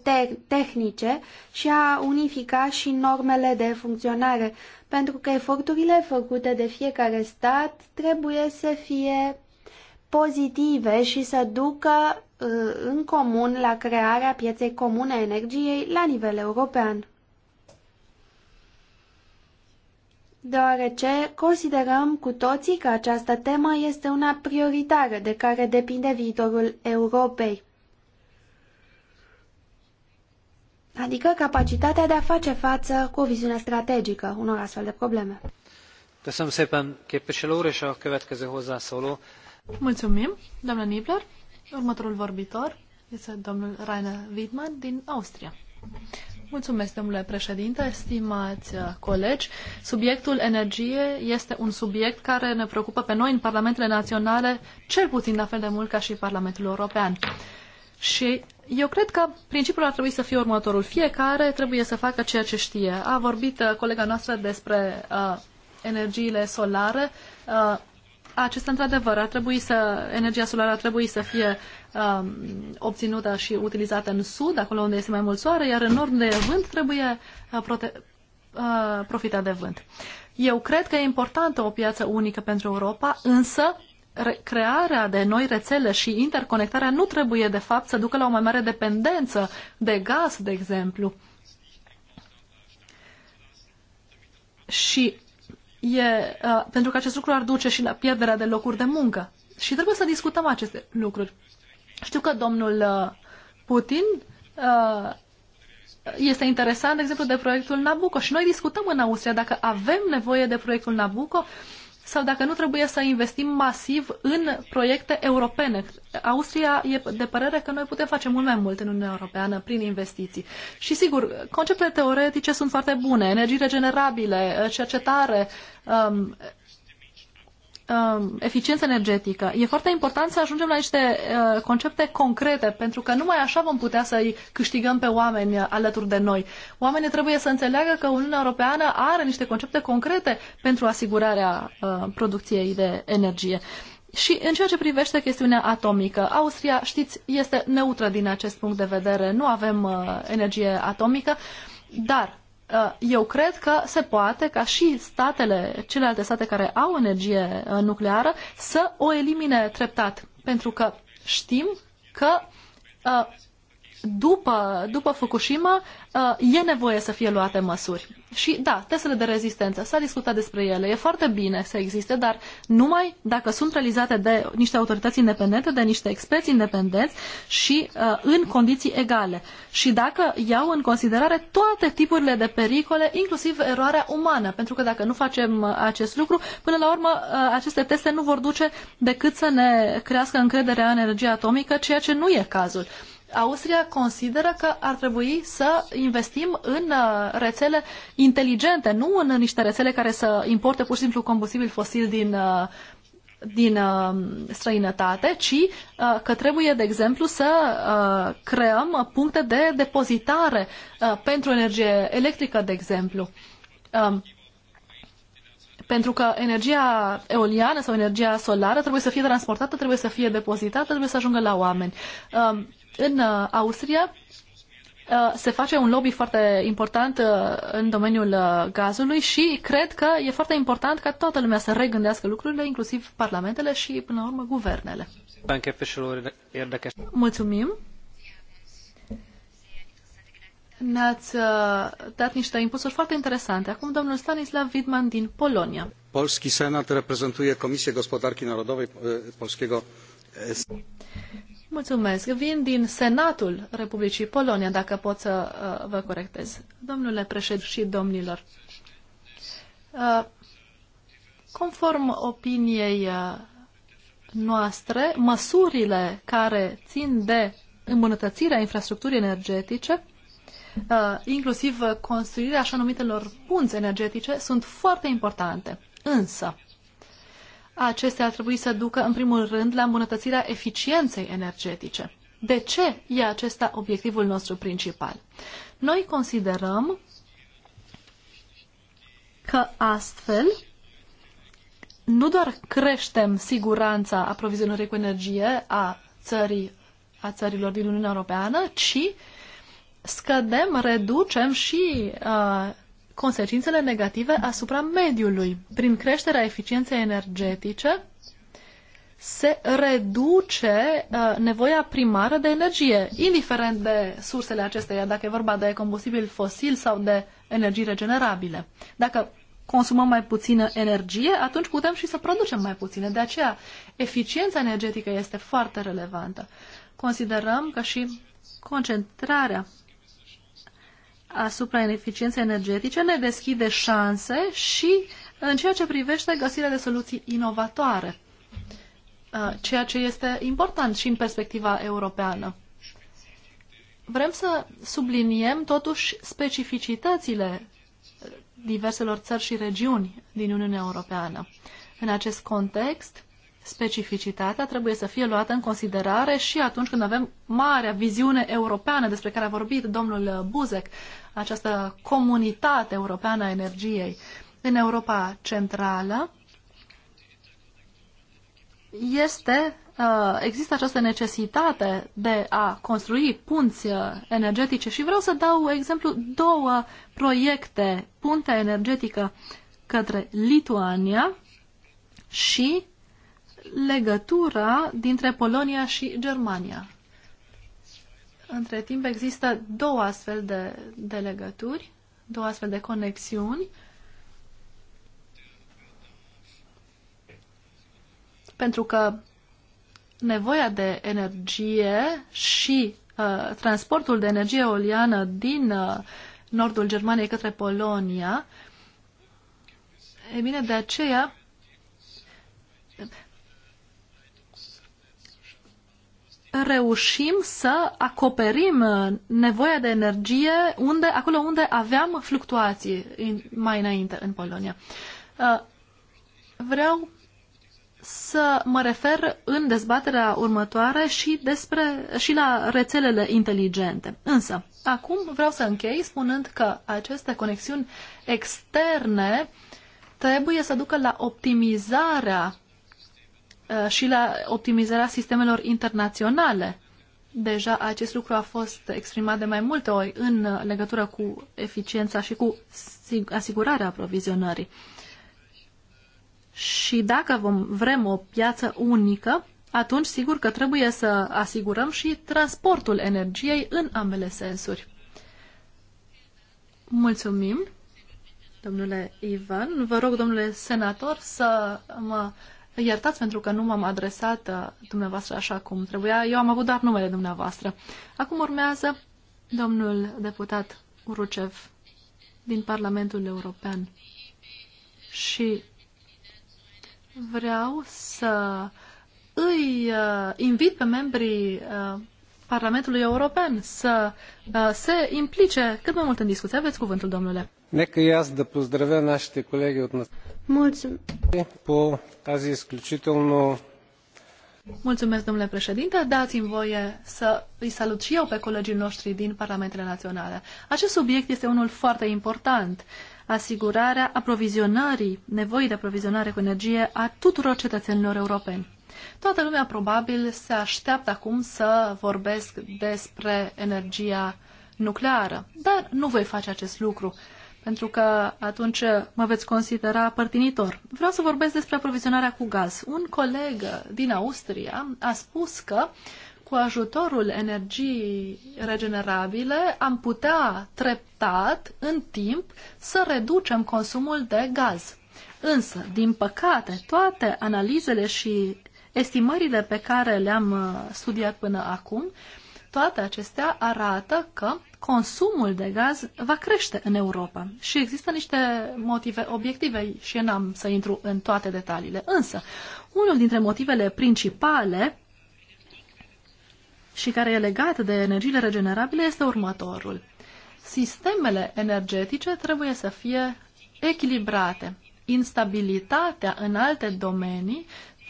tehnice și a unifica și normele de funcționare, pentru că eforturile făcute de fiecare stat trebuie să fie pozitive și să ducă uh, în comun la crearea pieței comune a energiei la nivel european. deoarece considerăm cu toții că această temă este una prioritară de care depinde viitorul Europei. Adică capacitatea de a face față cu o viziune strategică unor astfel de probleme. a Mulțumim, doamna Nibler. Următorul vorbitor este domnul Rainer Widmann din Austria. Mulțumesc, domnule președinte, stimați uh, colegi. Subiectul energie este un subiect care ne preocupă pe noi în parlamentele naționale cel puțin la fel de mult ca și Parlamentul European. Și eu cred că principiul ar trebui să fie următorul. Fiecare trebuie să facă ceea ce știe. A vorbit uh, colega noastră despre uh, energiile solare. Uh, acesta, într-adevăr, ar trebui să, energia solară ar trebui să fie Um, obținută și utilizată în sud, acolo unde este mai mult soare, iar în nord unde e vânt trebuie uh, prote- uh, de vânt. Eu cred că e importantă o piață unică pentru Europa, însă crearea de noi rețele și interconectarea nu trebuie, de fapt, să ducă la o mai mare dependență de gaz, de exemplu. Și e, uh, pentru că acest lucru ar duce și la pierderea de locuri de muncă. Și trebuie să discutăm aceste lucruri. Știu că domnul uh, Putin uh, este interesant, de exemplu, de proiectul Nabucco și noi discutăm în Austria dacă avem nevoie de proiectul Nabucco sau dacă nu trebuie să investim masiv în proiecte europene. Austria e de părere că noi putem face mult mai mult în Uniunea Europeană prin investiții. Și sigur, conceptele teoretice sunt foarte bune, energii regenerabile, cercetare, um, Um, eficiență energetică. E foarte important să ajungem la niște uh, concepte concrete, pentru că numai așa vom putea să-i câștigăm pe oameni alături de noi. Oamenii trebuie să înțeleagă că Uniunea Europeană are niște concepte concrete pentru asigurarea uh, producției de energie. Și în ceea ce privește chestiunea atomică, Austria, știți, este neutră din acest punct de vedere. Nu avem uh, energie atomică, dar Uh, eu cred că se poate ca și statele, celelalte state care au energie uh, nucleară să o elimine treptat, pentru că știm că uh, după, după Fukushima uh, e nevoie să fie luate măsuri. Și da, testele de rezistență, s-a discutat despre ele, e foarte bine să existe, dar numai dacă sunt realizate de niște autorități independente, de niște experți independenți și uh, în condiții egale. Și dacă iau în considerare toate tipurile de pericole, inclusiv eroarea umană, pentru că dacă nu facem uh, acest lucru, până la urmă uh, aceste teste nu vor duce decât să ne crească încrederea în energia atomică, ceea ce nu e cazul. Austria consideră că ar trebui să investim în uh, rețele inteligente, nu în niște rețele care să importe pur și simplu combustibil fosil din uh, din uh, străinătate, ci uh, că trebuie, de exemplu, să uh, creăm puncte de depozitare uh, pentru energie electrică, de exemplu. uh, pentru că energia eoliană sau energia solară trebuie să fie transportată, trebuie să fie depozitată, trebuie să ajungă la oameni. uh, în uh, Austria uh, se face un lobby foarte important uh, în domeniul gazului și cred că e foarte important ca toată lumea să regândească lucrurile, inclusiv parlamentele și, până la urmă, guvernele. Mulțumim! Ne-ați dat niște impulsuri foarte interesante. Acum domnul Stanislav Widman din Polonia. Polski Senat reprezentuje Komisję Gospodarki Narodowej Polskiego Mulțumesc. Vin din Senatul Republicii Polonia, dacă pot să uh, vă corectez. Domnule președinte și domnilor, uh, conform opiniei uh, noastre, măsurile care țin de îmbunătățirea infrastructurii energetice, uh, inclusiv construirea așa numitelor punți energetice, sunt foarte importante. Însă, acestea ar trebui să ducă, în primul rând, la îmbunătățirea eficienței energetice. De ce e acesta obiectivul nostru principal? Noi considerăm că astfel nu doar creștem siguranța aprovizionării cu energie a, țării, a țărilor din Uniunea Europeană, ci scădem, reducem și uh, consecințele negative asupra mediului. Prin creșterea eficienței energetice se reduce uh, nevoia primară de energie, indiferent de sursele acesteia, dacă e vorba de combustibil fosil sau de energii regenerabile. Dacă consumăm mai puțină energie, atunci putem și să producem mai puține. De aceea, eficiența energetică este foarte relevantă. Considerăm că și concentrarea asupra ineficienței energetice ne deschide șanse și în ceea ce privește găsirea de soluții inovatoare, uh, ceea ce este important și în perspectiva europeană. Vrem să subliniem totuși specificitățile diverselor țări și regiuni din Uniunea Europeană. În acest context, specificitatea trebuie să fie luată în considerare și atunci când avem marea viziune europeană despre care a vorbit domnul Buzek, această comunitate europeană a energiei în Europa Centrală, este, uh, există această necesitate de a construi punți uh, energetice și vreau să dau exemplu două proiecte, puntea energetică către Lituania și legătura dintre Polonia și Germania. Între timp există două astfel de, de legături, două astfel de conexiuni. Pentru că nevoia de energie și uh, transportul de energie eoliană din uh, nordul Germaniei către Polonia, e bine, de aceea reușim să acoperim uh, nevoia de energie unde, acolo unde aveam fluctuații mai înainte în Polonia. Uh, vreau să mă refer în dezbaterea următoare și, despre, și la rețelele inteligente. Însă, acum vreau să închei spunând că aceste conexiuni externe trebuie să ducă la optimizarea Uh, și la optimizarea sistemelor internaționale. Deja acest lucru a fost exprimat de mai multe ori în uh, legătură cu eficiența și cu asigurarea aprovizionării. Și dacă vom, vrem o piață unică, atunci sigur că trebuie să asigurăm și transportul energiei în ambele sensuri. Mulțumim, domnule Ivan. Vă rog, domnule senator, să mă Iertați pentru că nu m-am adresat uh, dumneavoastră așa cum trebuia. Eu am avut doar numele dumneavoastră. Acum urmează domnul deputat Urucev din Parlamentul European. Și vreau să îi uh, invit pe membrii uh, Parlamentului European să se implice cât mai mult în discuție. Aveți cuvântul, domnule. Нека и аз да поздравя нашите колеги от Mulțumesc, domnule președinte. Dați-mi voie să îi salut și eu pe colegii noștri din Parlamentele Naționale. Acest subiect este unul foarte important. Asigurarea aprovizionării, nevoii de aprovizionare cu energie a tuturor cetățenilor europeni. Toată lumea probabil se așteaptă acum să vorbesc despre energia nucleară, dar nu voi face acest lucru pentru că atunci mă veți considera părtinitor. Vreau să vorbesc despre aprovizionarea cu gaz. Un coleg din Austria a spus că cu ajutorul energiei regenerabile am putea treptat în timp să reducem consumul de gaz. Însă, din păcate, toate analizele și estimările pe care le-am uh, studiat până acum, toate acestea arată că consumul de gaz va crește în Europa și există niște motive obiective și eu n-am să intru în toate detaliile. Însă, unul dintre motivele principale și care e legat de energiile regenerabile este următorul. Sistemele energetice trebuie să fie echilibrate instabilitatea în alte domenii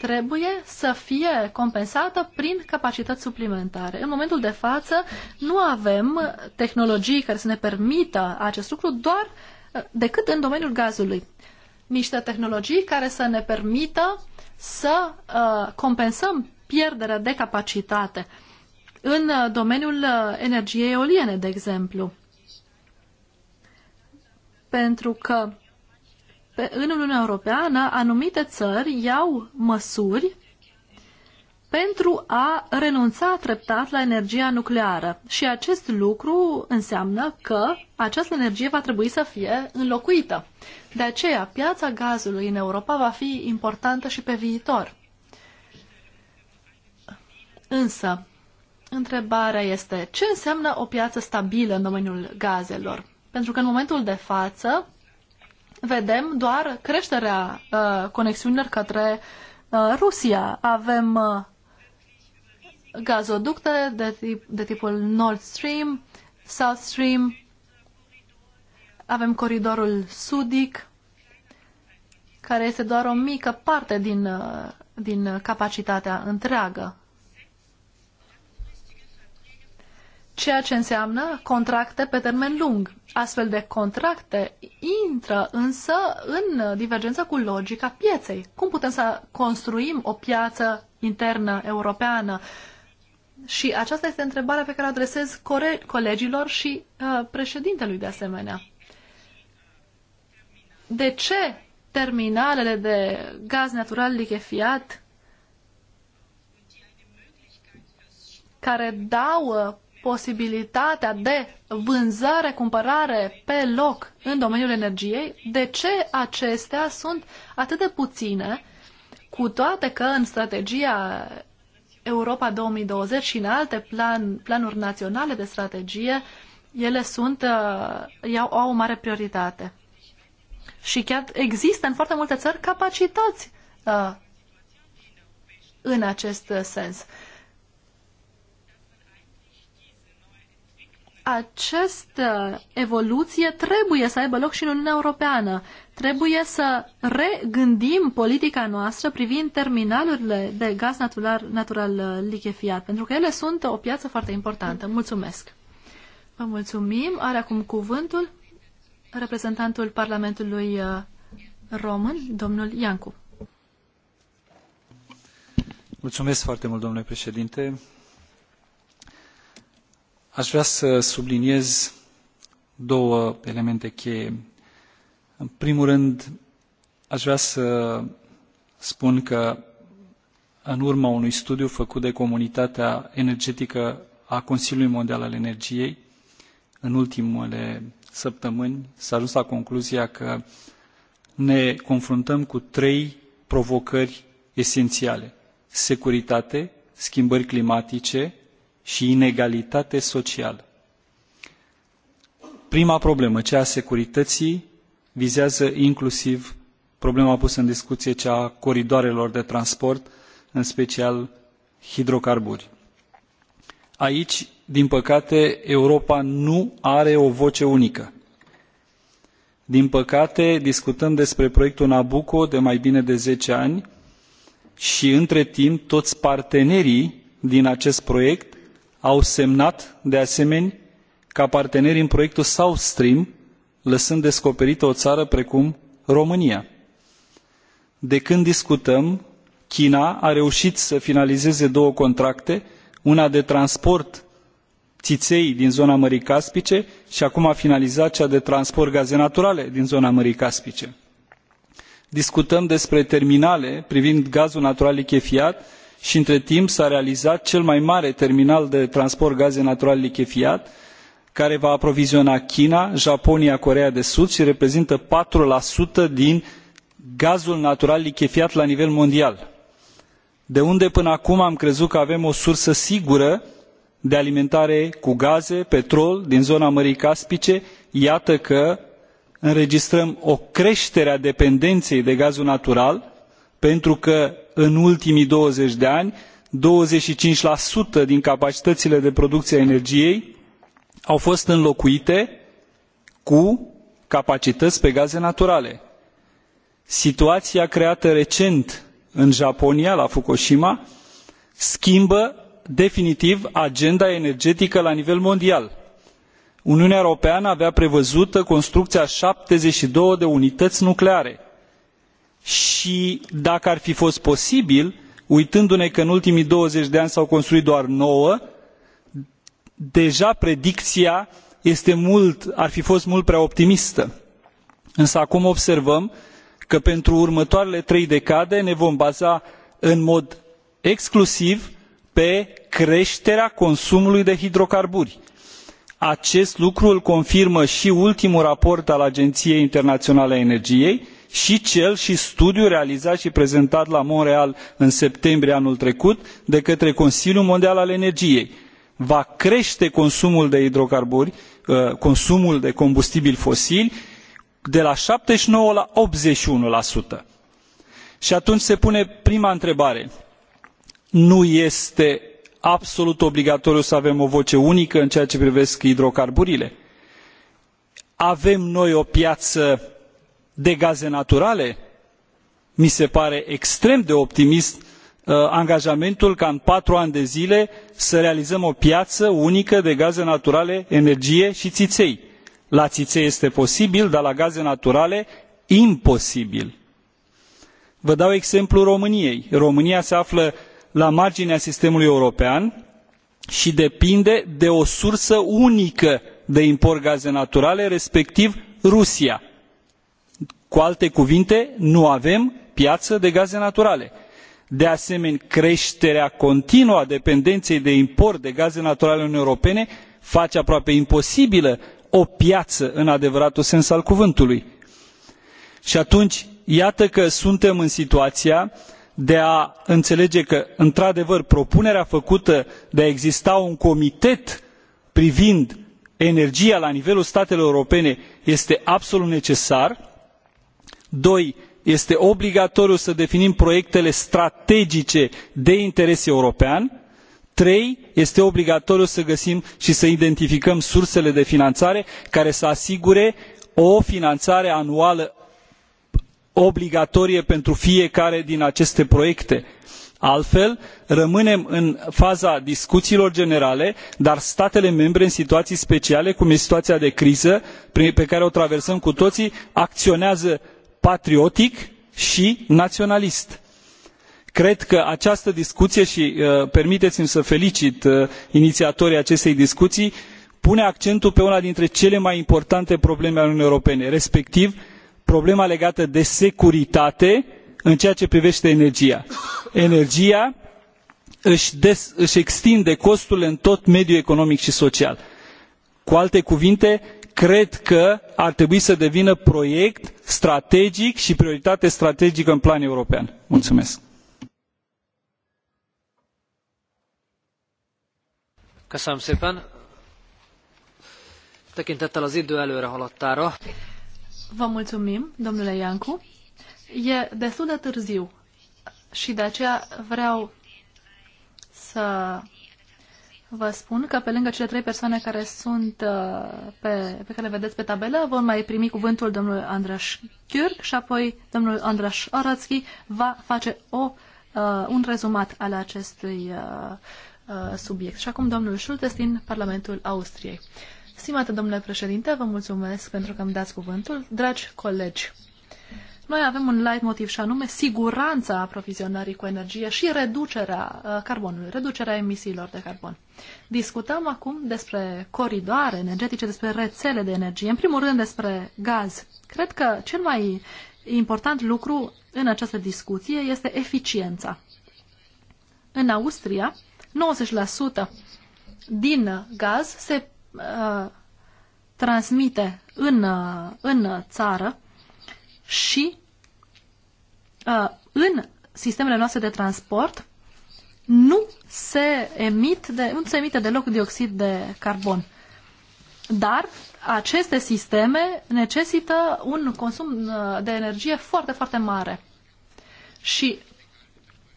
trebuie să fie compensată prin capacități suplimentare. În momentul de față nu avem tehnologii care să ne permită acest lucru doar uh, decât în domeniul gazului. Niște tehnologii care să ne permită să uh, compensăm pierderea de capacitate în uh, domeniul uh, energiei eoliene, de exemplu. Pentru că pe, în Uniunea Europeană anumite țări iau măsuri pentru a renunța treptat la energia nucleară. Și acest lucru înseamnă că această energie va trebui să fie înlocuită. De aceea, piața gazului în Europa va fi importantă și pe viitor. Însă, întrebarea este ce înseamnă o piață stabilă în domeniul gazelor? Pentru că în momentul de față, vedem doar creșterea uh, conexiunilor către uh, Rusia. Avem uh, gazoducte de, tip, de tipul Nord Stream, South Stream, avem coridorul sudic, care este doar o mică parte din, uh, din capacitatea întreagă ceea ce înseamnă contracte pe termen lung. Astfel de contracte intră însă în divergență cu logica pieței. Cum putem să construim o piață internă europeană? Și aceasta este întrebarea pe care o adresez colegilor și uh, președintelui de asemenea. De ce terminalele de gaz natural lichefiat care dau uh, posibilitatea de vânzare, cumpărare pe loc în domeniul energiei, de ce acestea sunt atât de puține, cu toate că în strategia Europa 2020 și în alte plan, planuri naționale de strategie, ele sunt, uh, iau, au o mare prioritate. Și chiar există în foarte multe țări capacități uh, în acest sens. această evoluție trebuie să aibă loc și în Uniunea Europeană. Trebuie să regândim politica noastră privind terminalurile de gaz natural, natural uh, lichefiat, pentru că ele sunt o piață foarte importantă. Mulțumesc! Vă mulțumim. Are acum cuvântul reprezentantul Parlamentului uh, Român, domnul Iancu. Mulțumesc foarte mult, domnule președinte. Aș vrea să subliniez două elemente cheie. În primul rând, aș vrea să spun că în urma unui studiu făcut de comunitatea energetică a Consiliului Mondial al Energiei, în ultimele săptămâni, s-a ajuns la concluzia că ne confruntăm cu trei provocări esențiale. Securitate, schimbări climatice și inegalitate socială. Prima problemă, cea a securității, vizează inclusiv problema pusă în discuție, cea a coridoarelor de transport, în special hidrocarburi. Aici, din păcate, Europa nu are o voce unică. Din păcate, discutăm despre proiectul Nabucco de mai bine de zece ani și, între timp, toți partenerii din acest proiect au semnat de asemenea ca parteneri în proiectul south stream lăsând descoperită o țară precum românia. de când discutăm china a reușit să finalizeze două contracte una de transport țiței din zona mării caspice și acum a finalizat cea de transport gaze naturale din zona mării caspice. discutăm despre terminale privind gazul natural lichefiat și între timp s-a realizat cel mai mare terminal de transport gaze naturale lichefiat, care va aproviziona China, Japonia, Coreea de Sud și reprezintă 4% din gazul natural lichefiat la nivel mondial. De unde până acum am crezut că avem o sursă sigură de alimentare cu gaze, petrol din zona Mării Caspice, iată că înregistrăm o creștere a dependenței de gazul natural, pentru că în ultimii douăzeci de ani douăzeci și cinci din capacităile de producție a energiei au fost înlocuite cu capacităi pe gaze naturale. situația creată recent în japonia la fukushima schimbă definitiv agenda energetică la nivel mondial. uniunea europeană avea prevăzută construcția a șaptezeci și doi de unități nucleare și dacă ar fi fost posibil, uitându ne că în ultimii 20 de ani s-au construit doar 9, deja predicția este mult, ar fi fost mult prea optimistă. Însă acum observăm că pentru următoarele trei decade ne vom baza în mod exclusiv pe creșterea consumului de hidrocarburi. Acest lucru îl confirmă și ultimul raport al Agenției Internaționale a Energiei, și cel și studiul realizat și prezentat la Montreal în septembrie anul trecut de către Consiliul Mondial al Energiei va crește consumul de hidrocarburi, uh, consumul de combustibili fosili de la 79 la 81%. Și atunci se pune prima întrebare. Nu este absolut obligatoriu să avem o voce unică în ceea ce privesc hidrocarburile? Avem noi o piață de gaze naturale mi se pare extrem de optimist uh, angajamentul ca în patru ani de zile să realizăm o piață unică de gaze naturale energie și țiței. la țiței este posibil dar la gaze naturale imposibil. vă dau exemplul româniei românia se află la marginea sistemului european și depinde de o sursă unică de import gaze naturale respectiv rusia cu alte cuvinte nu avem piață de gaze naturale. de asemenea creșterea continuă a dependenței de import de gaze naturale în uniunea face aproape imposibilă o piață în adevăratul sens al cuvântului. și atunci iată că suntem în situația de a înțelege că într adevăr propunerea făcută de a exista un comitet privind energia la nivelul statelor europene este absolut necesară doi este obligatoriu să definim proiectele strategice de interes european trei este obligatoriu să găsim și să identificăm sursele de finanțare care să asigure o finanțare anuală obligatorie pentru fiecare din aceste proiecte altfel rămânem în faza discuțiilor generale dar statele membre în situații speciale cum este situația de criză pe care o traversăm cu toții acționează patriotic și naționalist. Cred că această discuție și uh, permiteți-mi să felicit uh, inițiatorii acestei discuții pune accentul pe una dintre cele mai importante probleme ale Uniunii Europene, respectiv problema legată de securitate în ceea ce privește energia. Energia își, des, își extinde costurile în tot mediul economic și social. Cu alte cuvinte, cred că ar trebui să devină proiect strategic și prioritate strategică în plan european. Mulțumesc. Köszönöm szépen. Tekintettel az idő előre haladtára. Vă mulțumim, domnule Iancu. E destul de târziu și de aceea vreau să vă spun că pe lângă cele trei persoane care sunt uh, pe, pe care le vedeți pe tabelă, vor mai primi cuvântul domnul Andraș Kürk și apoi domnul Andraș Orățchi va face o, uh, un rezumat al acestui uh, uh, subiect. Și acum domnul Schultes din Parlamentul Austriei. Stimate domnule președinte, vă mulțumesc pentru că îmi dați cuvântul. Dragi colegi, noi avem un light motiv și anume siguranța aprovizionării cu energie și reducerea uh, carbonului, reducerea emisiilor de carbon. Discutăm acum despre coridoare energetice, despre rețele de energie, în primul rând despre gaz. Cred că cel mai important lucru în această discuție este eficiența. În Austria, 90% din gaz se uh, transmite în, uh, în țară și uh, în sistemele noastre de transport nu se, emit de, nu se emite deloc dioxid de carbon. Dar aceste sisteme necesită un consum uh, de energie foarte, foarte mare. Și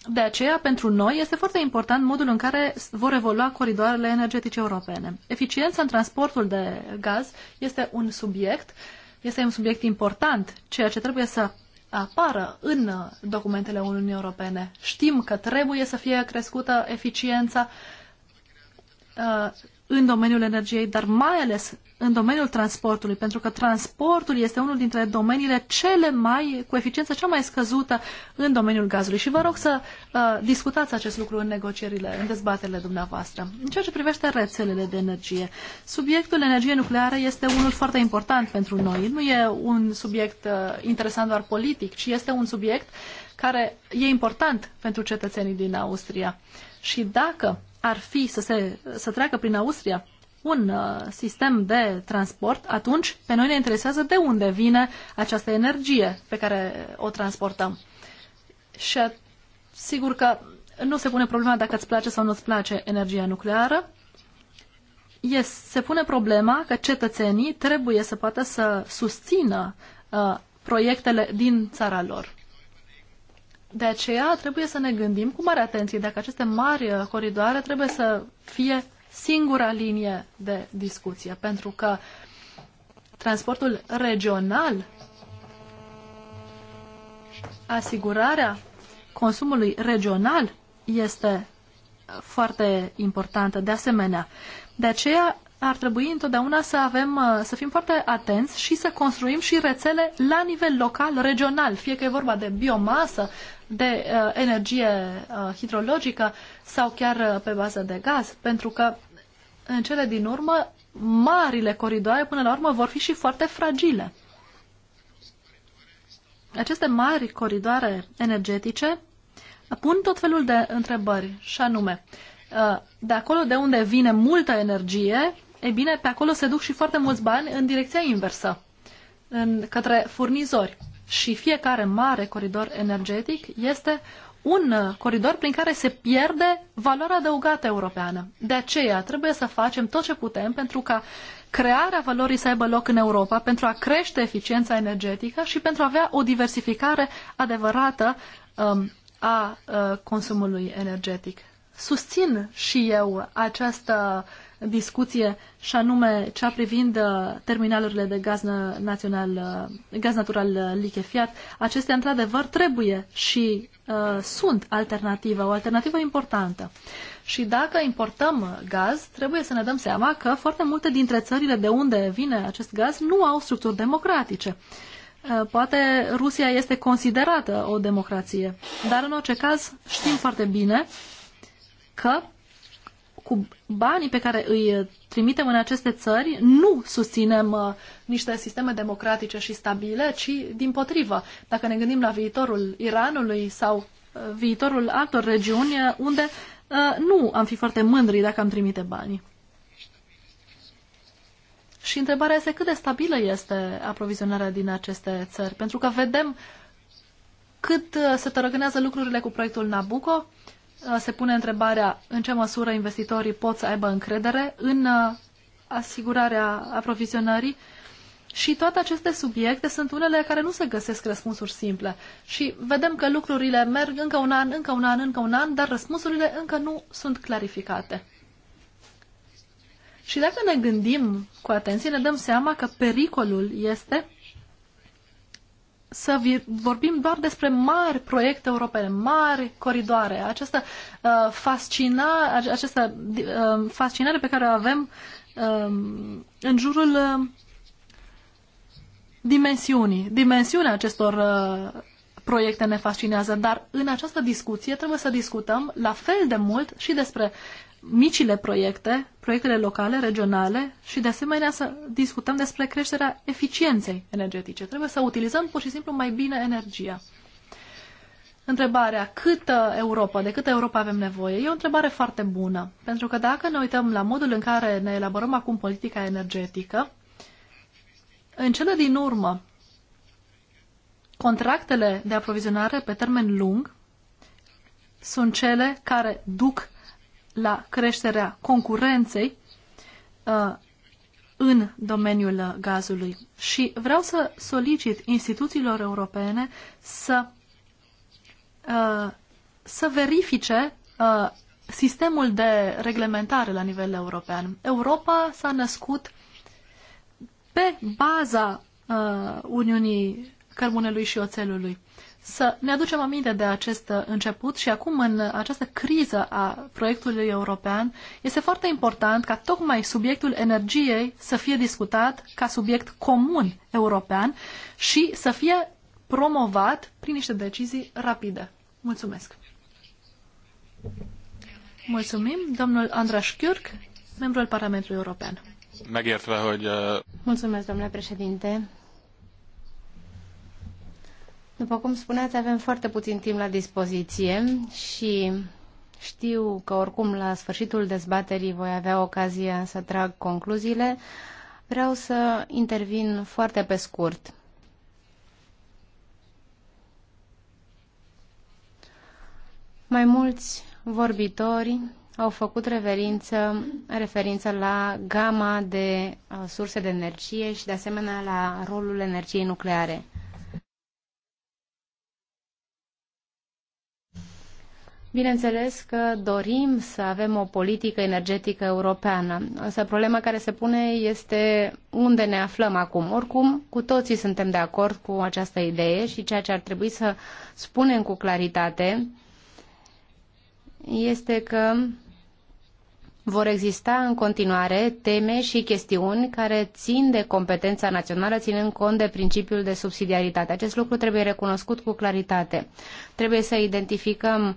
de aceea, pentru noi, este foarte important modul în care vor evolua coridoarele energetice europene. Eficiența în transportul de gaz este un subiect este un subiect important, ceea ce trebuie să apară în documentele Uniunii Europene. Știm că trebuie să fie crescută eficiența, uh, în domeniul energiei, dar mai ales în domeniul transportului, pentru că transportul este unul dintre domeniile cele mai, cu eficiență cea mai scăzută în domeniul gazului. Și vă rog să uh, discutați acest lucru în negocierile, în dezbaterile dumneavoastră. În ceea ce privește rețelele de energie, subiectul energiei nucleare este unul foarte important pentru noi. Nu e un subiect uh, interesant doar politic, ci este un subiect care e important pentru cetățenii din Austria. Și dacă ar fi să, se, să treacă prin Austria un uh, sistem de transport, atunci pe noi ne interesează de unde vine această energie pe care o transportăm. Și sigur că nu se pune problema dacă îți place sau nu îți place energia nucleară. Yes, se pune problema că cetățenii trebuie să poată să susțină uh, proiectele din țara lor. De aceea trebuie să ne gândim cu mare atenție dacă aceste mari uh, coridoare trebuie să fie singura linie de discuție, pentru că transportul regional, asigurarea consumului regional este foarte importantă de asemenea. De aceea ar trebui întotdeauna să avem, uh, să fim foarte atenți și să construim și rețele la nivel local, regional, fie că e vorba de biomasă, de uh, energie uh, hidrologică sau chiar uh, pe bază de gaz, pentru că în cele din urmă marile coridoare până la urmă vor fi și foarte fragile. Aceste mari coridoare energetice pun tot felul de întrebări și anume, uh, de acolo de unde vine multă energie, e bine, pe acolo se duc și foarte mulți bani în direcția inversă, în, către furnizori. Și fiecare mare coridor energetic este un uh, coridor prin care se pierde valoarea adăugată europeană. De aceea trebuie să facem tot ce putem pentru ca crearea valorii să aibă loc în Europa, pentru a crește eficiența energetică și pentru a avea o diversificare adevărată um, a uh, consumului energetic. Susțin și eu această uh, discuție, și anume cea privind uh, terminalurile de gaz, național, uh, gaz natural uh, lichefiat. Acestea, într-adevăr, trebuie și uh, sunt alternativă, o alternativă importantă. Și dacă importăm gaz, trebuie să ne dăm seama că foarte multe dintre țările de unde vine acest gaz nu au structuri democratice. Poate Rusia este considerată o democrație, dar în orice caz știm foarte bine că cu banii pe care îi trimitem în aceste țări, nu susținem uh, niște sisteme democratice și stabile, ci din potrivă. Dacă ne gândim la viitorul Iranului sau uh, viitorul altor regiuni uh, unde nu am fi foarte mândri dacă am trimite banii. Și întrebarea este cât de stabilă este aprovizionarea din aceste țări, pentru că vedem cât se tărăgânează lucrurile cu proiectul Nabucco, Uh, se pune întrebarea în ce măsură investitorii pot să aibă încredere în uh, asigurarea aprovizionării și toate aceste subiecte sunt unele care nu se găsesc răspunsuri simple. Și vedem că lucrurile merg încă un an, încă un an, încă un an, dar răspunsurile încă nu sunt clarificate. Și dacă ne gândim cu atenție, ne dăm seama că pericolul este să vorbim doar despre mari proiecte europene, mari coridoare. Această, uh, fascina, această uh, fascinare pe care o avem uh, în jurul uh, dimensiunii. Dimensiunea acestor uh, proiecte ne fascinează, dar în această discuție trebuie să discutăm la fel de mult și despre micile proiecte, proiectele locale, regionale și de asemenea să discutăm despre creșterea eficienței energetice. Trebuie să utilizăm pur și simplu mai bine energia. Întrebarea câtă Europa, de câtă Europa avem nevoie, e o întrebare foarte bună. Pentru că dacă ne uităm la modul în care ne elaborăm acum politica energetică, în cele din urmă, contractele de aprovizionare pe termen lung sunt cele care duc la creșterea concurenței uh, în domeniul gazului. Și vreau să solicit instituțiilor europene să, uh, să verifice uh, sistemul de reglementare la nivel european. Europa s-a născut pe baza Uniunii Cărbunelui și Oțelului să ne aducem aminte de acest început și acum în această criză a proiectului european este foarte important ca tocmai subiectul energiei să fie discutat ca subiect comun european și să fie promovat prin niște decizii rapide. Mulțumesc! Mulțumim, domnul Andras Kürk, membru al Parlamentului European. Uh, Mulțumesc, domnule președinte. După cum spuneați, avem foarte puțin timp la dispoziție și știu că oricum la sfârșitul dezbaterii voi avea ocazia să trag concluziile. Vreau să intervin foarte pe scurt. Mai mulți vorbitori au făcut referință, referință la gama de uh, surse de energie și de asemenea la rolul energiei nucleare. Bineînțeles că dorim să avem o politică energetică europeană, însă problema care se pune este unde ne aflăm acum. Oricum, cu toții suntem de acord cu această idee și ceea ce ar trebui să spunem cu claritate este că vor exista în continuare teme și chestiuni care țin de competența națională, ținând cont de principiul de subsidiaritate. Acest lucru trebuie recunoscut cu claritate. Trebuie să identificăm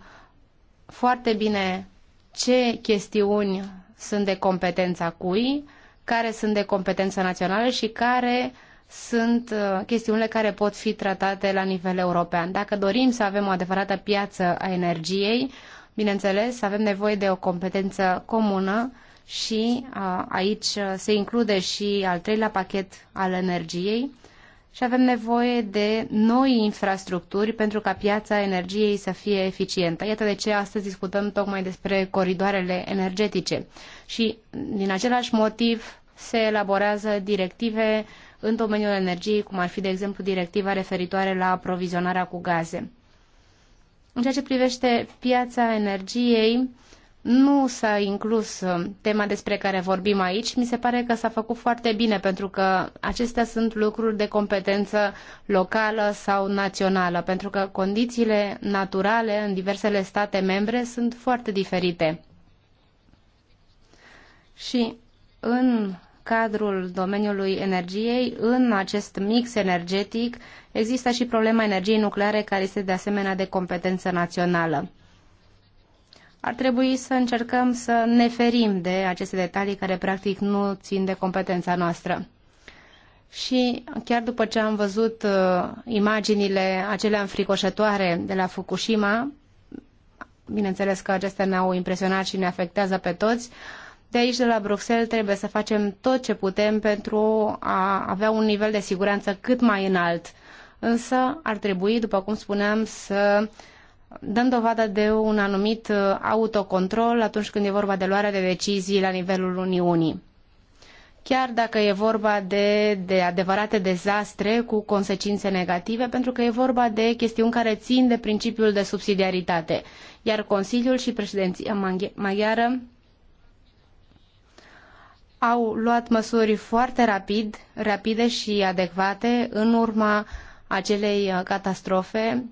foarte bine ce chestiuni sunt de competența cui, care sunt de competență națională și care sunt uh, chestiunile care pot fi tratate la nivel european. Dacă dorim să avem o adevărată piață a energiei, bineînțeles, avem nevoie de o competență comună și uh, aici se include și al treilea pachet al energiei și avem nevoie de noi infrastructuri pentru ca piața energiei să fie eficientă. Iată de ce astăzi discutăm tocmai despre coridoarele energetice. Și din același motiv se elaborează directive în domeniul energiei, cum ar fi, de exemplu, directiva referitoare la aprovizionarea cu gaze. În ceea ce privește piața energiei, nu s-a inclus uh, tema despre care vorbim aici. Mi se pare că s-a făcut foarte bine, pentru că acestea sunt lucruri de competență locală sau națională, pentru că condițiile naturale în diversele state membre sunt foarte diferite. Și în cadrul domeniului energiei, în acest mix energetic, există și problema energiei nucleare, care este de asemenea de competență națională ar trebui să încercăm să ne ferim de aceste detalii care practic nu țin de competența noastră. Și chiar după ce am văzut uh, imaginile acelea înfricoșătoare de la Fukushima, bineînțeles că acestea ne-au impresionat și ne afectează pe toți, de aici, de la Bruxelles, trebuie să facem tot ce putem pentru a avea un nivel de siguranță cât mai înalt. Însă ar trebui, după cum spuneam, să uh, dăm dovadă de un anumit uh, autocontrol atunci când e vorba de luarea de decizii la nivelul Uniunii. Chiar dacă e vorba de, de adevărate dezastre cu consecințe negative, pentru că e vorba de chestiuni care țin de principiul de subsidiaritate. Iar Consiliul și președinția maghiară au luat măsuri foarte rapid, rapide și adecvate în urma acelei uh, catastrofe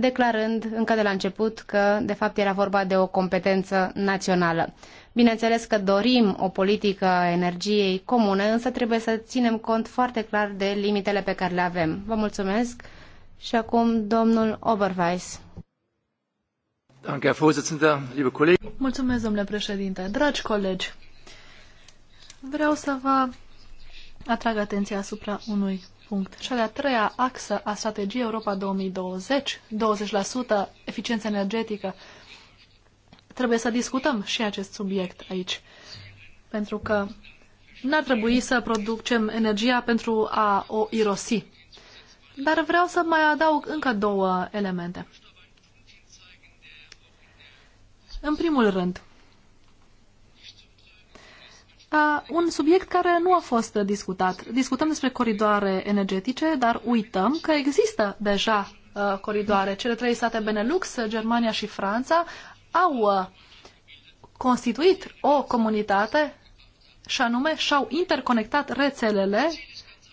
declarând încă de la început că, de fapt, era vorba de o competență națională. Bineînțeles că dorim o politică a energiei comune, însă trebuie să ținem cont foarte clar de limitele pe care le avem. Vă mulțumesc și acum domnul Oberweis. Mulțumesc, domnule președinte. Dragi colegi, vreau să vă atrag atenția asupra unui punct. Cea de-a treia axă a strategiei Europa 2020, 20% eficiență energetică. Trebuie să discutăm și acest subiect aici. Pentru că n-ar trebui să producem energia pentru a o irosi. Dar vreau să mai adaug încă două elemente. În primul rând, uh, un subiect care nu a fost discutat. Discutăm despre coridoare energetice, dar uităm că există deja uh, coridoare. Cele trei state Benelux, Germania și Franța au uh, constituit o comunitate și anume și-au interconectat rețelele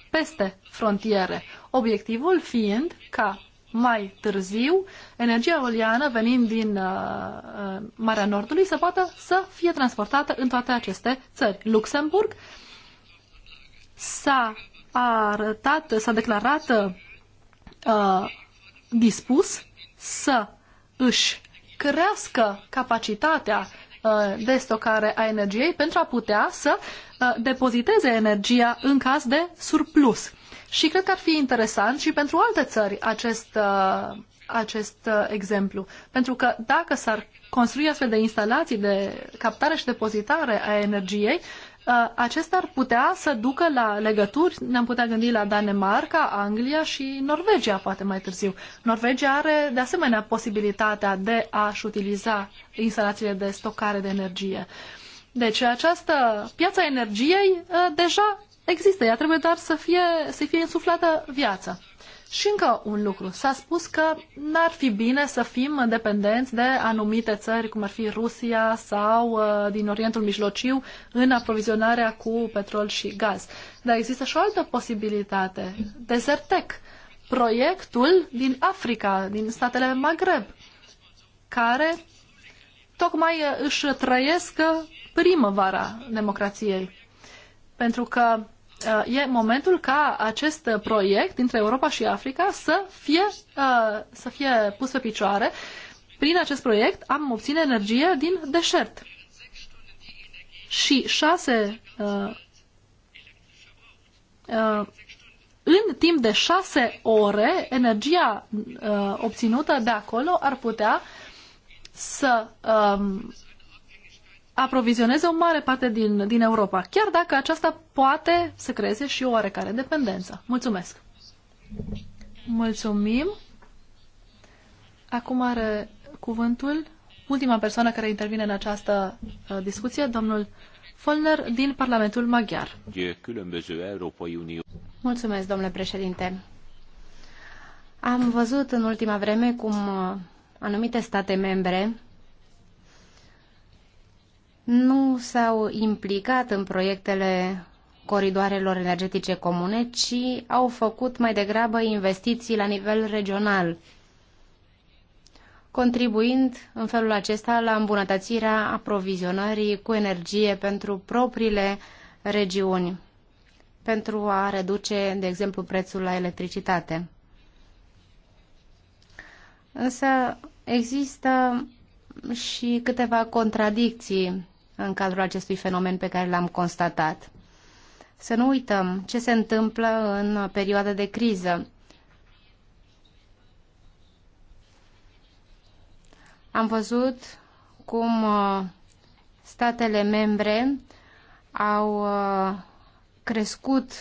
peste frontiere. Obiectivul fiind ca mai târziu, energia eoliană venind din uh, uh Marea Nordului să poată să fie transportată în toate aceste țări. Luxemburg s-a arătat, s-a declarat uh, dispus să își crească capacitatea uh, de stocare a energiei pentru a putea să uh, depoziteze energia în caz de surplus. Și cred că ar fi interesant și pentru alte țări acest, uh, acest uh, exemplu. Pentru că dacă s-ar construi astfel de instalații de captare și depozitare a energiei, uh, acestea ar putea să ducă la legături, ne-am putea gândi la Danemarca, Anglia și Norvegia, poate mai târziu. Norvegia are, de asemenea, posibilitatea de a-și utiliza instalațiile de stocare de energie. Deci această piața energiei deja există, ea trebuie doar să fie, să fie însuflată viața. Și încă un lucru. S-a spus că n-ar fi bine să fim dependenți de anumite țări, cum ar fi Rusia sau uh, din Orientul Mijlociu, în aprovizionarea cu petrol și gaz. Dar există și o altă posibilitate. Desertec, proiectul din Africa, din statele Maghreb, care tocmai uh, își trăiesc uh, primăvara democrației. Pentru că Uh, e momentul ca acest proiect dintre Europa și Africa să fie, uh, să fie pus pe picioare. Prin acest proiect am obține energie din deșert. Și șase uh, în timp de șase ore, energia obținută de acolo ar putea să um, aprovizioneze o mare parte din, din Europa, chiar dacă aceasta poate să creeze și o oarecare dependență. Mulțumesc! Mulțumim! Acum are cuvântul ultima persoană care intervine în această uh, discuție, domnul Follner din Parlamentul Maghiar. Mulțumesc, domnule președinte. Am văzut în ultima vreme cum uh, anumite state membre nu s-au implicat în proiectele coridoarelor energetice comune, ci au făcut mai degrabă investiții la nivel regional, contribuind în felul acesta la îmbunătățirea aprovizionării cu energie pentru propriile regiuni, pentru a reduce, de exemplu, prețul la electricitate. Însă există și câteva contradicții în cadrul acestui fenomen pe care l-am constatat. Să nu uităm ce se întâmplă în perioada de criză. Am văzut cum uh, statele membre au uh, crescut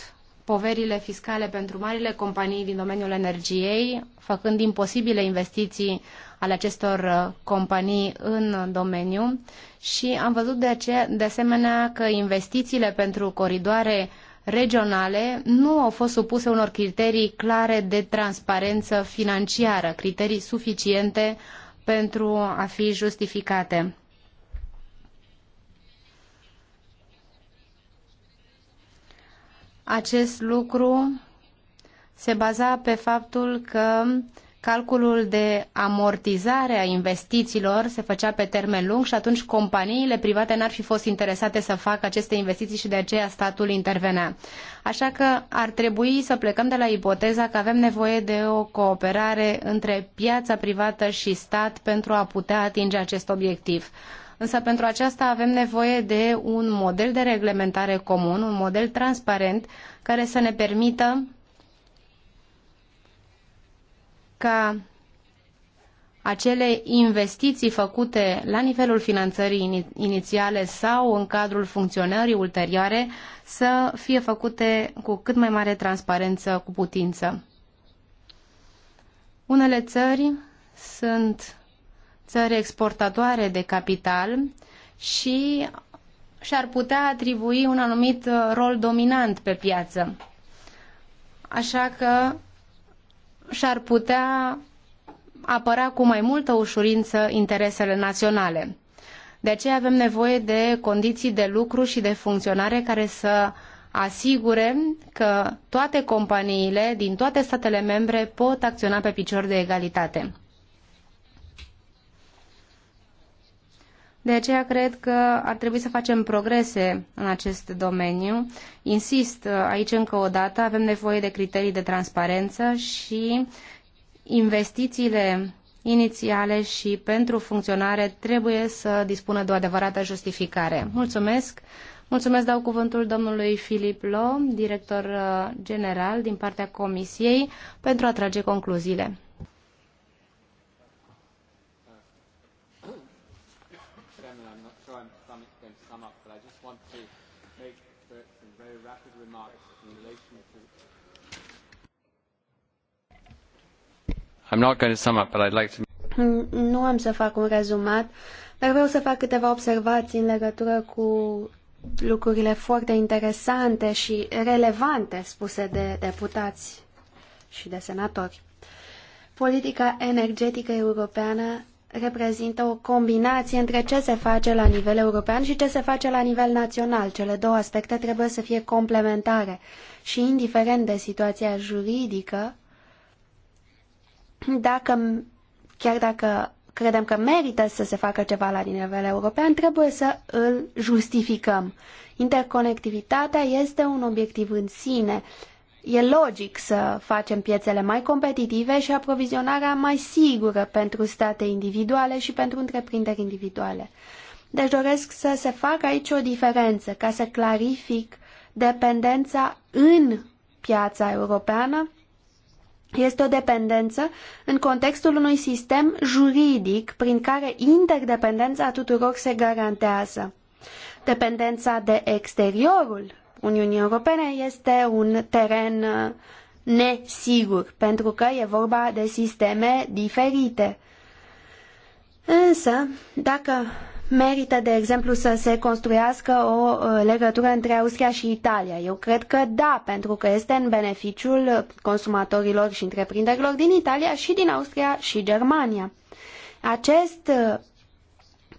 poverile fiscale pentru marile companii din domeniul energiei, făcând imposibile investiții ale acestor uh, companii în domeniu și am văzut de, ce, de asemenea că investițiile pentru coridoare regionale nu au fost supuse unor criterii clare de transparență financiară, criterii suficiente pentru a fi justificate. Acest lucru se baza pe faptul că calculul de amortizare a investițiilor se făcea pe termen lung și atunci companiile private n-ar fi fost interesate să facă aceste investiții și de aceea statul intervenea. Așa că ar trebui să plecăm de la ipoteza că avem nevoie de o cooperare între piața privată și stat pentru a putea atinge acest obiectiv. Însă pentru aceasta avem nevoie de un model de reglementare comun, un model transparent care să ne permită ca acele investiții făcute la nivelul finanțării inițiale sau în cadrul funcționării ulterioare să fie făcute cu cât mai mare transparență cu putință. Unele țări sunt țări exportatoare de capital și și-ar putea atribui un anumit uh, rol dominant pe piață. Așa că și-ar putea apăra cu mai multă ușurință interesele naționale. De aceea avem nevoie de condiții de lucru și de funcționare care să asigure că toate companiile din toate statele membre pot acționa pe picior de egalitate. De aceea cred că ar trebui să facem progrese în acest domeniu. Insist uh, aici încă o dată, avem nevoie de criterii de transparență și investițiile inițiale și pentru funcționare trebuie să dispună de o adevărată justificare. Mulțumesc! Mulțumesc, dau cuvântul domnului Filip Lo, director uh, general din partea Comisiei, pentru a trage concluziile. I'm not going to sum up, but I'd like to... Nu am să fac un rezumat, dar vreau să fac câteva observații în legătură cu lucrurile foarte interesante și relevante spuse de deputați și de senatori. Politica energetică europeană reprezintă o combinație între ce se face la nivel european și ce se face la nivel național. Cele două aspecte trebuie să fie complementare și, indiferent de situația juridică, dacă, chiar dacă credem că merită să se facă ceva la nivel european, trebuie să îl justificăm. Interconectivitatea este un obiectiv în sine. E logic să facem piețele mai competitive și aprovizionarea mai sigură pentru state individuale și pentru întreprinderi individuale. Deci doresc să se facă aici o diferență ca să clarific dependența în piața europeană este o dependență în contextul unui sistem juridic prin care interdependența tuturor se garantează. Dependența de exteriorul Uniunii Europene este un teren uh, nesigur, pentru că e vorba de sisteme diferite. Însă, dacă Merită, de exemplu, să se construiască o uh, legătură între Austria și Italia? Eu cred că da, pentru că este în beneficiul consumatorilor și întreprinderilor din Italia și din Austria și Germania. Acest uh,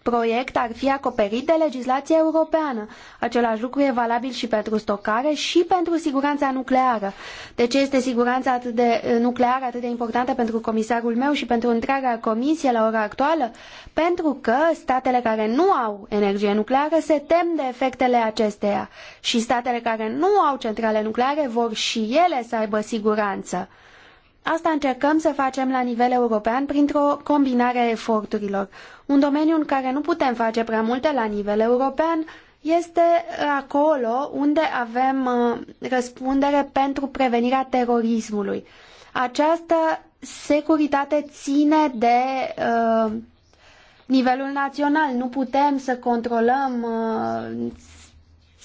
proiect ar fi acoperit de legislația europeană. Același lucru e valabil și pentru stocare și pentru siguranța nucleară. De ce este siguranța atât de eh, nucleară atât de importantă pentru comisarul meu și pentru întreaga comisie la ora actuală? Pentru că statele care nu au energie nucleară se tem de efectele acesteia și statele care nu au centrale nucleare vor și ele să aibă siguranță. Asta încercăm să facem la nivel european printr-o combinare a eforturilor. Un domeniu în care nu putem face prea multe la nivel european este acolo unde avem uh, răspundere pentru prevenirea terorismului. Această securitate ține de uh, nivelul național. Nu putem să controlăm uh,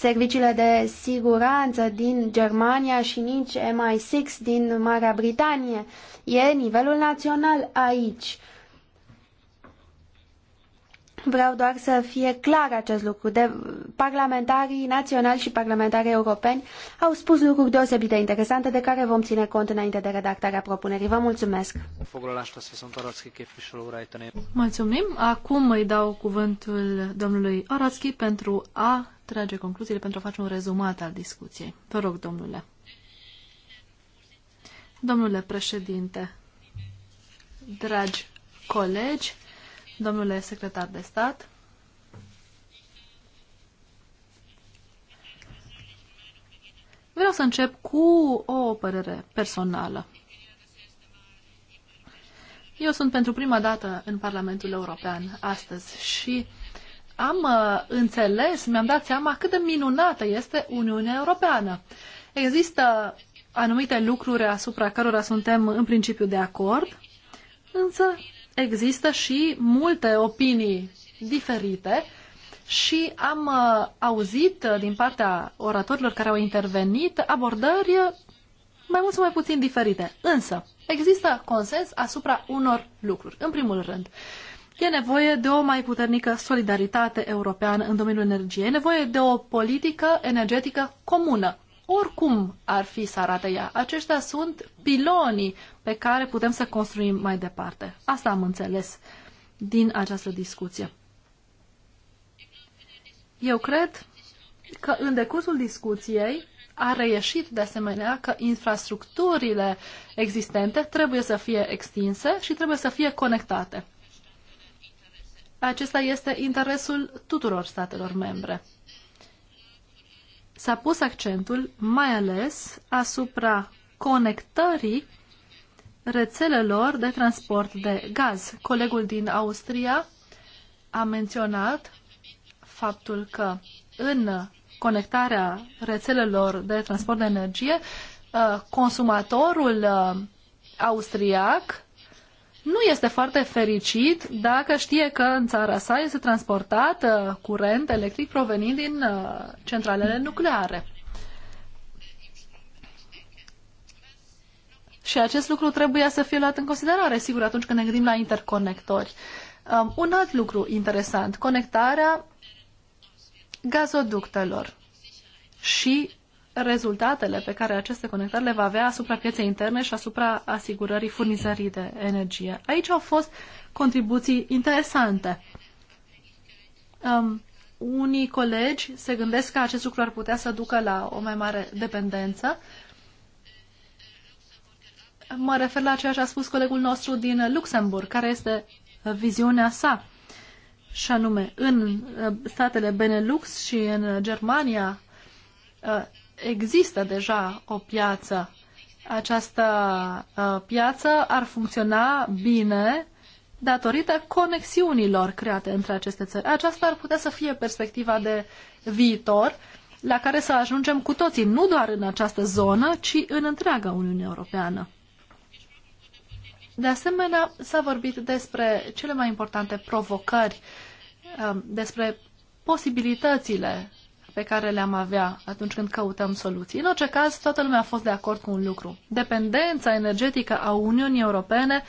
serviciile de siguranță din Germania și nici MI6 din Marea Britanie. E nivelul național aici. Vreau doar să fie clar acest lucru. De parlamentarii naționali și parlamentarii europeni au spus lucruri deosebit de interesante de care vom ține cont înainte de redactarea propunerii. Vă mulțumesc! Mulțumim! Acum îi dau cuvântul domnului Orotski pentru a trage concluziile pentru a face un rezumat al discuției. Vă rog, domnule. Domnule președinte, dragi colegi, domnule secretar de stat, vreau să încep cu o părere personală. Eu sunt pentru prima dată în Parlamentul European astăzi și am uh, înțeles, mi-am dat seama cât de minunată este Uniunea Europeană. Există anumite lucruri asupra cărora suntem în principiu de acord, însă există și multe opinii diferite și am uh, auzit uh, din partea oratorilor care au intervenit abordări mai mult sau mai puțin diferite. Însă, există consens asupra unor lucruri. În primul rând, uh, E nevoie de o mai puternică solidaritate europeană în domeniul energiei. E nevoie de o politică energetică comună. Oricum ar fi să arate ea. Aceștia sunt pilonii pe care putem să construim mai departe. Asta am înțeles din această discuție. Eu cred că în decursul discuției a reieșit de asemenea că infrastructurile existente trebuie să fie extinse și trebuie să fie conectate acesta este interesul tuturor statelor membre. S-a pus accentul mai ales asupra conectării rețelelor de transport de gaz. Colegul din Austria a menționat faptul că în conectarea rețelelor de transport de energie, uh, consumatorul uh, austriac nu este foarte fericit dacă știe că în țara sa este transportat uh, curent electric provenind din uh, centralele nucleare. Și acest lucru trebuie să fie luat în considerare, sigur, atunci când ne gândim la interconectori. Um, un alt lucru interesant, conectarea gazoductelor și rezultatele pe care aceste conectări le va avea asupra pieței interne și asupra asigurării furnizării de energie. Aici au fost contribuții interesante. Um, unii colegi se gândesc că acest lucru ar putea să ducă la o mai mare dependență. Mă refer la ceea ce a spus colegul nostru din Luxemburg, care este viziunea sa. Și anume, în statele Benelux și în Germania există deja o piață. Această uh, piață ar funcționa bine datorită conexiunilor create între aceste țări. Aceasta ar putea să fie perspectiva de viitor la care să ajungem cu toții, nu doar în această zonă, ci în întreaga Uniune Europeană. De asemenea, s-a vorbit despre cele mai importante provocări, uh, despre posibilitățile pe care le-am avea atunci când căutăm soluții. În orice caz, toată lumea a fost de acord cu un lucru. Dependența energetică a Uniunii Europene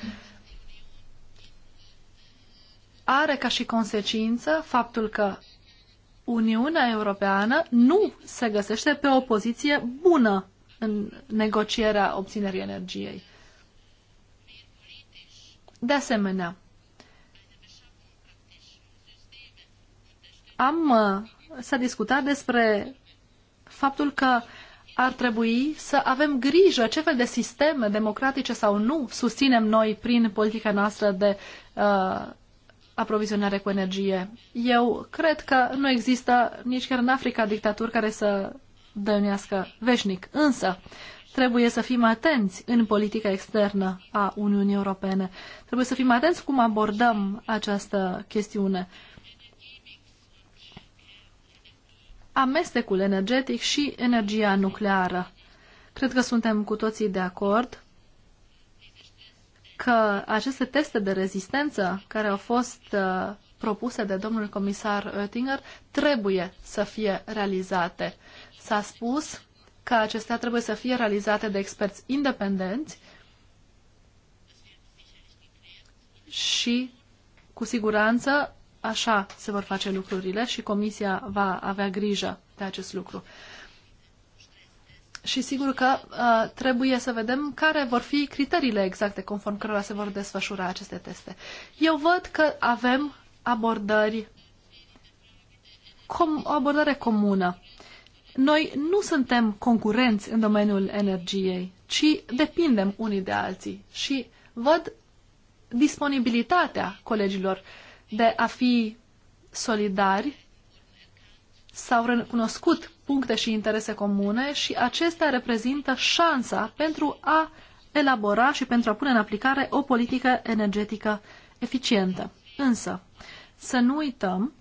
are ca și consecință faptul că Uniunea Europeană nu se găsește pe o poziție bună în negocierea obținerii energiei. De asemenea, am uh, s-a discutat despre faptul că ar trebui să avem grijă ce fel de sisteme democratice sau nu susținem noi prin politica noastră de uh, aprovizionare cu energie. Eu cred că nu există nici chiar în Africa dictaturi care să dăunească veșnic. Însă, trebuie să fim atenți în politica externă a Uniunii Europene. Trebuie să fim atenți cum abordăm această chestiune. Uh, amestecul energetic și energia nucleară. Cred că suntem cu toții de acord că aceste teste de rezistență care au fost uh, propuse de domnul comisar Oettinger trebuie să fie realizate. S-a spus că acestea trebuie să fie realizate de experți independenți și, cu siguranță, așa se vor face lucrurile și Comisia va avea grijă de acest lucru. Și sigur că uh, trebuie să vedem care vor fi criteriile exacte conform cărora se vor desfășura aceste teste. Eu văd că avem abordări, com, o abordare comună. Noi nu suntem concurenți în domeniul energiei, ci depindem unii de alții și văd disponibilitatea colegilor uh, de a fi solidari, s-au recunoscut puncte și interese comune și acestea reprezintă șansa pentru a elabora și pentru a pune în aplicare o politică energetică eficientă. Însă, să nu uităm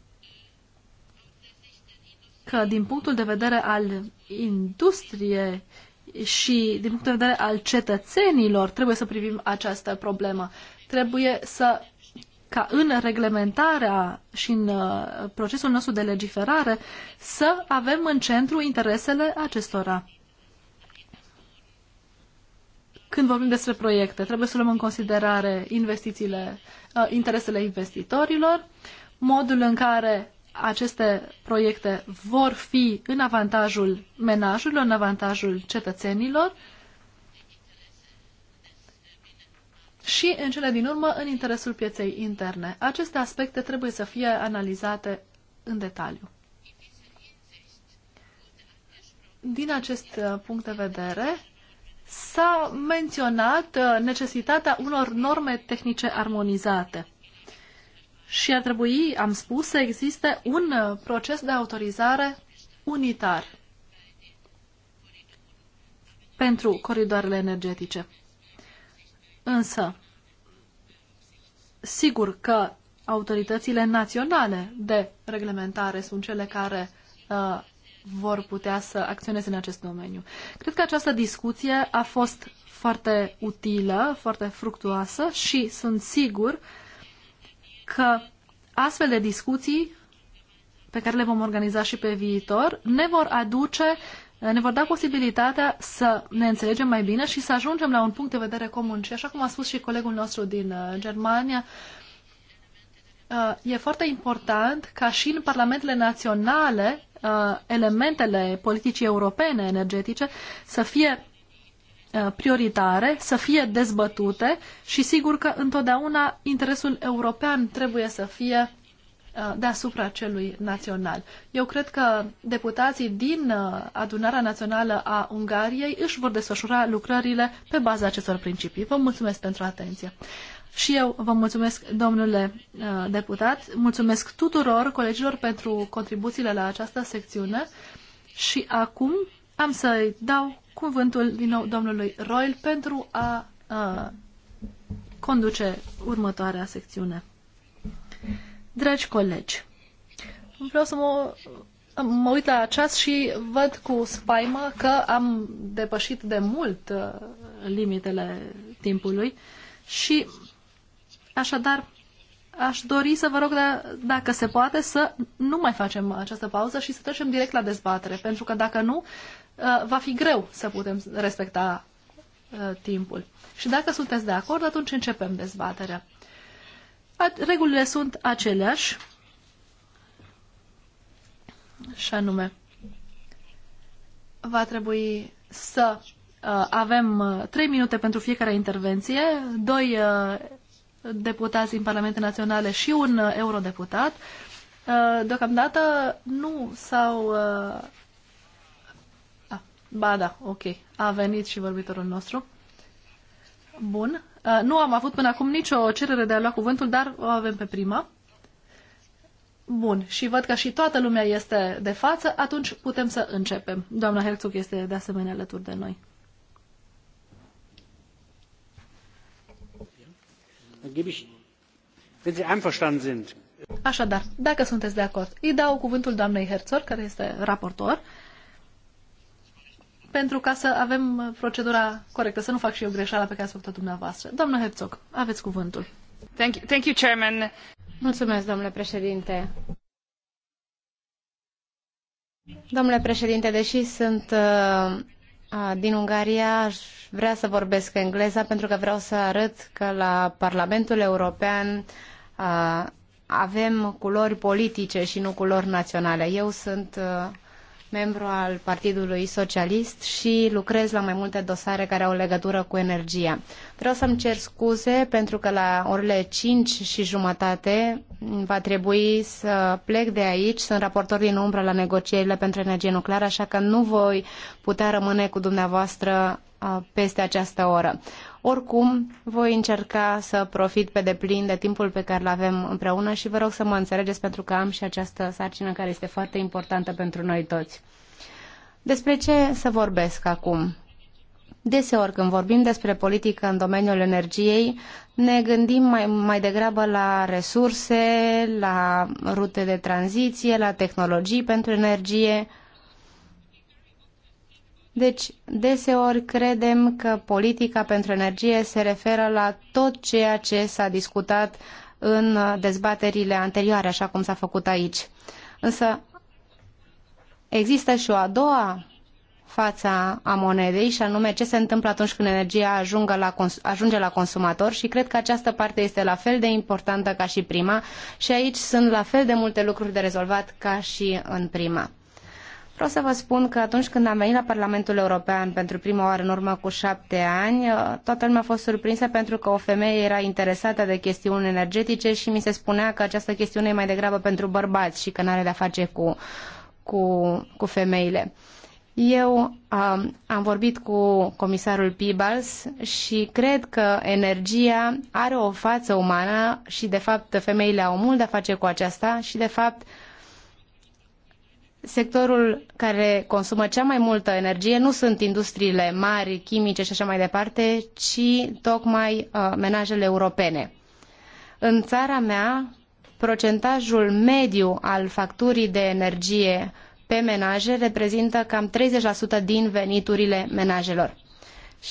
că din punctul de vedere al industriei și din punctul de vedere al cetățenilor trebuie să privim această problemă. Trebuie să ca în reglementarea și în uh, procesul nostru de legiferare să avem în centru interesele acestora. Când vorbim despre proiecte, trebuie să luăm în considerare investițiile, uh, interesele investitorilor, modul în care aceste proiecte vor fi în avantajul menajurilor, în avantajul cetățenilor, și, în cele din urmă, în interesul pieței interne. Aceste aspecte trebuie să fie analizate în detaliu. Din acest uh, punct de vedere, s-a menționat uh, necesitatea unor norme tehnice armonizate. Și ar trebui, am spus, să existe un uh, proces de autorizare unitar pentru coridoarele energetice. Însă, sigur că autoritățile naționale de reglementare sunt cele care uh, vor putea să acționeze în acest domeniu. Cred că această discuție a fost foarte utilă, foarte fructuoasă și sunt sigur că astfel de discuții pe care le vom organiza și pe viitor ne vor aduce ne vor da posibilitatea să ne înțelegem mai bine și să ajungem la un punct de vedere comun. Și așa cum a spus și colegul nostru din uh, Germania, uh, e foarte important ca și în parlamentele naționale uh, elementele politicii europene energetice să fie prioritare, să fie dezbătute și sigur că întotdeauna interesul european trebuie să fie Uh, deasupra celui național. Eu cred că deputații din uh, Adunarea Națională a Ungariei își vor desfășura lucrările pe baza acestor principii. Vă mulțumesc pentru atenție. Și eu vă mulțumesc, domnule uh, deputat, mulțumesc tuturor colegilor pentru contribuțiile la această secțiune și acum am să-i dau cuvântul din nou domnului Royal pentru a, a conduce următoarea secțiune. Dragi colegi, vreau să mă, mă uit la ceas și văd cu spaima că am depășit de mult uh, limitele timpului și așadar aș dori să vă rog, da, dacă se poate, să nu mai facem această pauză și să trecem direct la dezbatere, pentru că dacă nu, uh, va fi greu să putem respecta uh, timpul. Și dacă sunteți de acord, atunci începem dezbaterea regulile sunt aceleași, și anume, va trebui să uh, avem uh, 3 minute pentru fiecare intervenție, doi uh, deputați din Parlamente Naționale și un uh, eurodeputat. Uh, deocamdată nu s-au... Uh... Ah, ba da, ok, a venit și vorbitorul nostru. Bun, Uh, nu am avut până acum nicio cerere de a lua cuvântul, dar o avem pe prima. Bun, și văd că și toată lumea este de față, atunci putem să începem. Doamna Herzog este de asemenea alături de noi. Așadar, dacă sunteți de acord, îi dau cuvântul doamnei Herzog, care este raportor, pentru ca să avem uh, procedura corectă, să nu fac și eu greșeala pe care ați făcut-o dumneavoastră. Doamnă Herzog, aveți cuvântul. Thank you, thank you Chairman. Mulțumesc, domnule președinte. Domnule președinte, deși sunt uh, din Ungaria, aș vrea să vorbesc engleza pentru că vreau să arăt că la Parlamentul European uh, avem culori politice și nu culori naționale. Eu sunt uh, membru al Partidului Socialist și lucrez la mai multe dosare care au legătură cu energia. Vreau să-mi cer scuze pentru că la orele 5 și jumătate va trebui să plec de aici. Sunt raportor din umbră la negocierile pentru energie nucleară, așa că nu voi putea rămâne cu dumneavoastră uh, peste această oră. Oricum, voi încerca să profit pe deplin de timpul pe care îl avem împreună și vă rog să mă înțelegeți pentru că am și această sarcină care este foarte importantă pentru noi toți. Despre ce să vorbesc acum? Deseori când vorbim despre politică în domeniul energiei, ne gândim mai, mai degrabă la resurse, la rute de tranziție, la tehnologii pentru energie, deci, deseori credem că politica pentru energie se referă la tot ceea ce s-a discutat în dezbaterile anterioare, așa cum s-a făcut aici. Însă, există și o a doua fața a monedei și anume ce se întâmplă atunci când energia la ajunge la consumator și cred că această parte este la fel de importantă ca și prima și aici sunt la fel de multe lucruri de rezolvat ca și în prima. Vreau să vă spun că atunci când am venit la Parlamentul European pentru prima oară în urmă cu șapte ani, uh, toată lumea a fost surprinsă pentru că o femeie era interesată de chestiuni energetice și mi se spunea că această chestiune e mai degrabă pentru bărbați și că nu are de-a face cu, cu, cu femeile. Eu um, am vorbit cu comisarul Pibals și cred că energia are o față umană și, de fapt, femeile au mult de a face cu aceasta și, de fapt, uh, sectorul care consumă cea mai multă energie nu sunt industriile mari, chimice și așa mai departe, ci tocmai uh, menajele europene. În țara mea, procentajul mediu al facturii de energie pe menaje reprezintă cam 30% din veniturile menajelor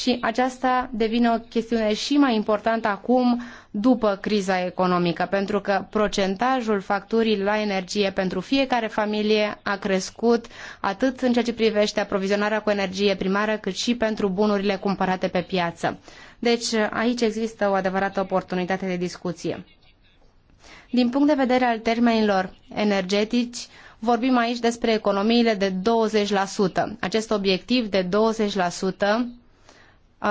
și aceasta devine o chestiune și mai importantă acum după criza economică, pentru că procentajul facturii la energie pentru fiecare familie a crescut atât în ceea ce privește aprovizionarea cu energie primară, cât și pentru bunurile cumpărate pe piață. Deci aici există o adevărată oportunitate de discuție. Din punct de vedere al termenilor energetici, vorbim aici despre economiile de 20%. Acest obiectiv de 20%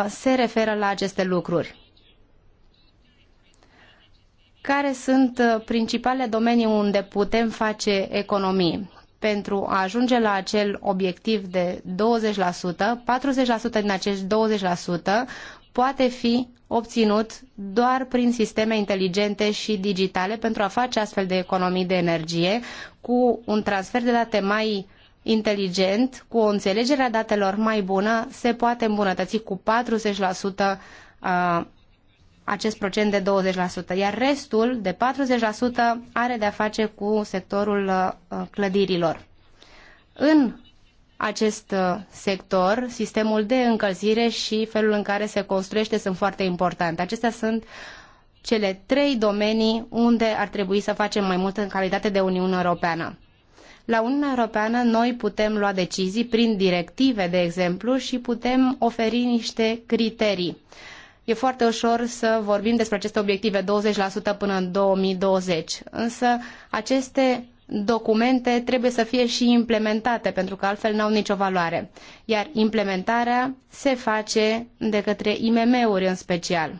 se referă la aceste lucruri. Care sunt uh, principalele domenii unde putem face economii? Pentru a ajunge la acel obiectiv de 20%, 40% din acești 20% poate fi obținut doar prin sisteme inteligente și digitale pentru a face astfel de economii de energie cu un transfer de date mai inteligent, cu o înțelegere a datelor mai bună, se poate îmbunătăți cu 40% acest procent de 20%, iar restul de 40% are de-a face cu sectorul clădirilor. În acest sector, sistemul de încălzire și felul în care se construiește sunt foarte importante. Acestea sunt cele trei domenii unde ar trebui să facem mai mult în calitate de Uniune Europeană. La Uniunea Europeană noi putem lua decizii prin directive, de exemplu, și putem oferi niște criterii. E foarte ușor să vorbim despre aceste obiective 20% până în 2020, însă aceste documente trebuie să fie și implementate, pentru că altfel n-au nicio valoare. Iar implementarea se face de către IMM-uri în special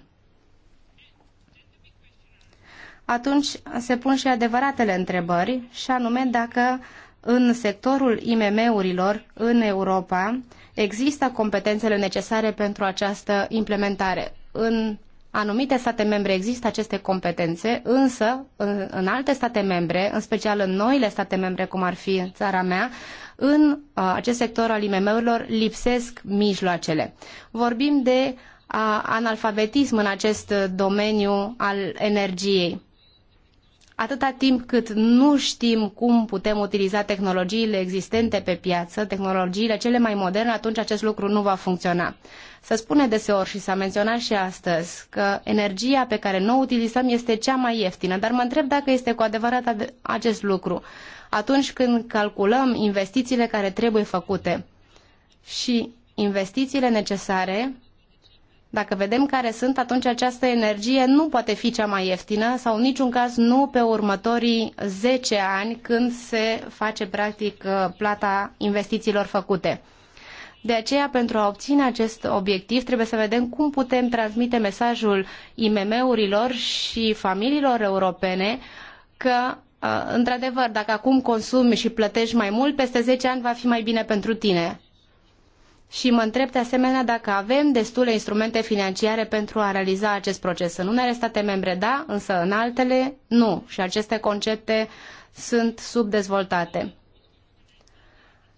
atunci se pun și adevăratele întrebări, și anume dacă în sectorul IMM-urilor în Europa există competențele necesare pentru această implementare. În anumite state membre există aceste competențe, însă în, în alte state membre, în special în noile state membre, cum ar fi țara mea, în a, acest sector al IMM-urilor lipsesc mijloacele. Vorbim de a, analfabetism în acest domeniu al energiei atâta timp cât nu știm cum putem utiliza tehnologiile existente pe piață, tehnologiile cele mai moderne, atunci acest lucru nu va funcționa. Să spune deseori și s-a menționat și astăzi că energia pe care noi o utilizăm este cea mai ieftină, dar mă întreb dacă este cu adevărat acest lucru atunci când calculăm investițiile care trebuie făcute și investițiile necesare dacă vedem care sunt, atunci această energie nu poate fi cea mai ieftină sau în niciun caz nu pe următorii 10 ani când se face practic uh, plata investițiilor făcute. De aceea, pentru a obține acest obiectiv, trebuie să vedem cum putem transmite mesajul IMM-urilor și familiilor europene că uh, într-adevăr, dacă acum consumi și plătești mai mult, peste 10 ani va fi mai bine pentru tine și mă întreb de asemenea dacă avem destule instrumente financiare pentru a realiza acest proces. În unele state membre da, însă în altele nu și aceste concepte sunt subdezvoltate.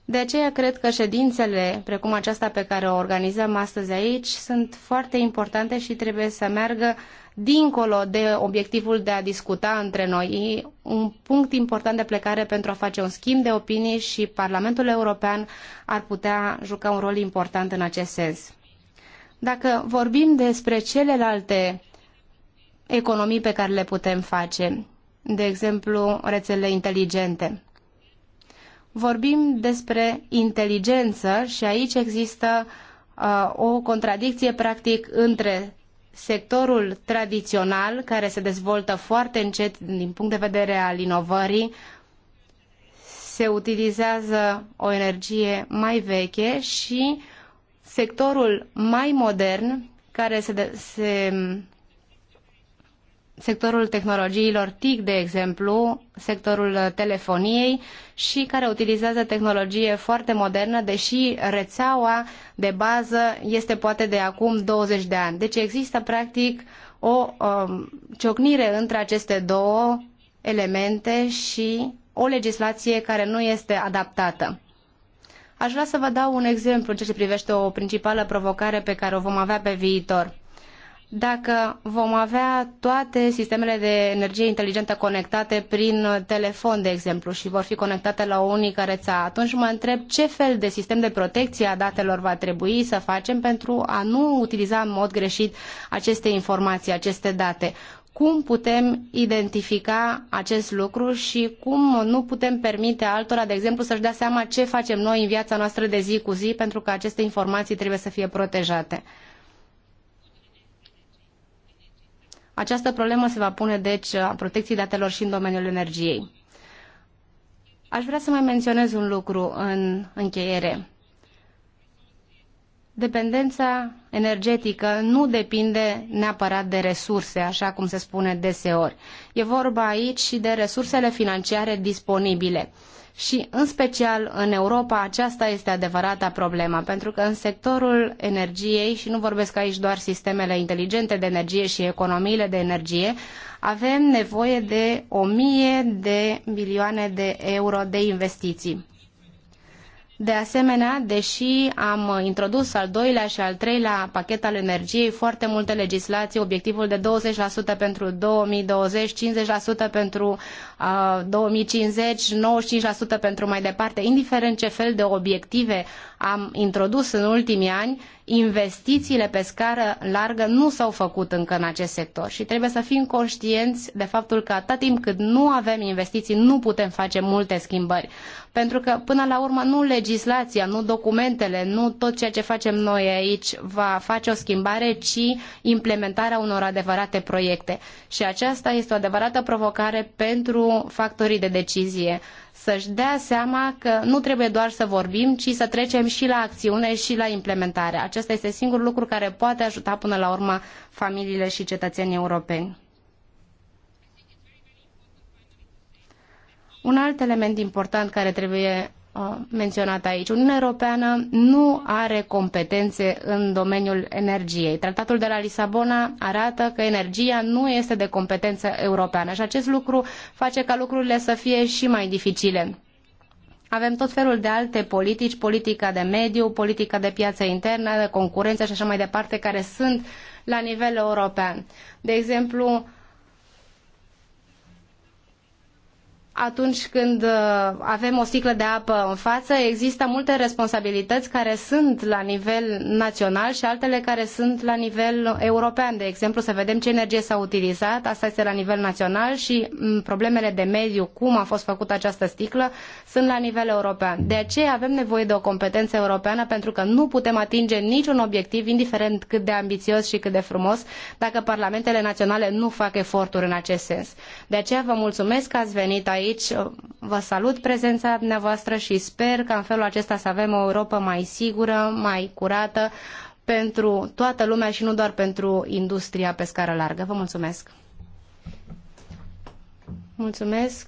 De aceea cred că ședințele precum aceasta pe care o organizăm astăzi aici sunt foarte importante și trebuie să meargă dincolo de obiectivul de a discuta între noi. E un punct important de plecare pentru a face un schimb de opinii și Parlamentul European ar putea juca un rol important în acest sens. Dacă vorbim despre celelalte economii pe care le putem face, de exemplu rețelele inteligente, vorbim despre inteligență și aici există uh, o contradicție practic între sectorul tradițional, care se dezvoltă foarte încet din punct de vedere al inovării, se utilizează o energie mai veche și sectorul mai modern, care se, de, se sectorul tehnologiilor TIC, de exemplu, sectorul telefoniei și care utilizează tehnologie foarte modernă, deși rețeaua de bază este poate de acum 20 de ani. Deci există practic o um, ciocnire între aceste două elemente și o legislație care nu este adaptată. Aș vrea să vă dau un exemplu în ceea ce privește o principală provocare pe care o vom avea pe viitor dacă vom avea toate sistemele de energie inteligentă conectate prin telefon, de exemplu, și vor fi conectate la o unică rețea, atunci mă întreb ce fel de sistem de protecție a datelor va trebui să facem pentru a nu utiliza în mod greșit aceste informații, aceste date. Cum putem identifica acest lucru și cum nu putem permite altora, de exemplu, să-și dea seama ce facem noi în viața noastră de zi cu zi, pentru că aceste informații trebuie să fie protejate. Această problemă se va pune, deci, a protecției datelor și în domeniul energiei. Aș vrea să mai menționez un lucru în încheiere. Dependența energetică nu depinde neapărat de resurse, așa cum se spune deseori. E vorba aici și de resursele financiare disponibile și, în special, în Europa, aceasta este adevărata problema, pentru că în sectorul energiei, și nu vorbesc aici doar sistemele inteligente de energie și economiile de energie, avem nevoie de o mie de milioane de euro de investiții. De asemenea, deși am introdus al doilea și al treilea pachet al energiei, foarte multe legislații, obiectivul de 20% pentru 2020, 50% pentru uh, 2050, 95% pentru mai departe, indiferent ce fel de obiective am introdus în ultimii ani, investițiile pe scară largă nu s-au făcut încă în acest sector și trebuie să fim conștienți de faptul că atât timp cât nu avem investiții, nu putem face multe schimbări. Pentru că, până la urmă, nu legislația, nu documentele, nu tot ceea ce facem noi aici va face o schimbare, ci implementarea unor adevărate proiecte. Și aceasta este o adevărată provocare pentru factorii de decizie să-și dea seama că nu trebuie doar să vorbim, ci să trecem și la acțiune și la implementare. Acesta este singurul lucru care poate ajuta până la urmă familiile și cetățenii europeni. Un alt element important care trebuie uh, menționat aici. Uniunea Europeană nu are competențe în domeniul energiei. Tratatul de la Lisabona arată că energia nu este de competență europeană și acest lucru face ca lucrurile să fie și mai dificile. Avem tot felul de alte politici, politica de mediu, politica de piață internă, de concurență și așa mai departe, care sunt la nivel european. De exemplu, atunci când uh, avem o sticlă de apă în față, există multe responsabilități care sunt la nivel național și altele care sunt la nivel european. De exemplu, să vedem ce energie s-a utilizat, asta este la nivel național și mm, problemele de mediu, cum a fost făcută această sticlă, sunt la nivel european. De aceea avem nevoie de o competență europeană pentru că nu putem atinge niciun obiectiv, indiferent cât de ambițios și cât de frumos, dacă parlamentele naționale nu fac eforturi în acest sens. De aceea vă mulțumesc că ați venit aici aici. Uh, vă salut prezența dumneavoastră și sper că în felul acesta să avem o Europa mai sigură, mai curată pentru toată lumea și nu doar pentru industria pe scară largă. Vă mulțumesc! Mulțumesc!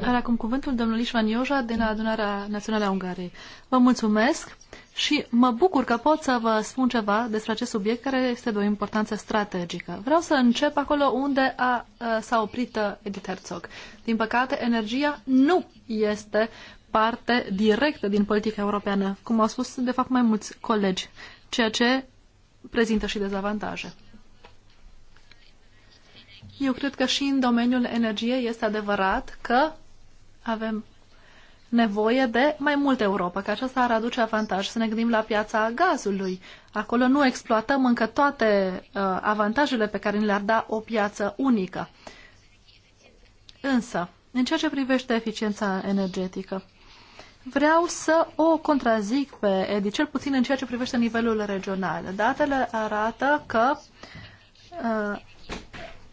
Are acum cuvântul domnul Ișvan Ioja, de la Adunarea Națională a Ungariei. Vă mulțumesc! și mă bucur că pot să vă spun ceva despre acest subiect care este de o importanță strategică. Vreau să încep acolo unde a, a, s-a oprit uh, Edith Herzog. Din păcate, energia nu este parte directă din politica europeană, cum au spus de fapt mai mulți colegi, ceea ce prezintă și dezavantaje. Eu cred că și în domeniul energiei este adevărat că avem nevoie de mai multă Europa, că aceasta ar aduce avantaj. Să ne gândim la piața gazului. Acolo nu exploatăm încă toate uh, avantajele pe care ni le-ar da o piață unică. Însă, în ceea ce privește eficiența energetică, vreau să o contrazic pe Edi, cel puțin în ceea ce privește nivelul regional. Datele arată că uh,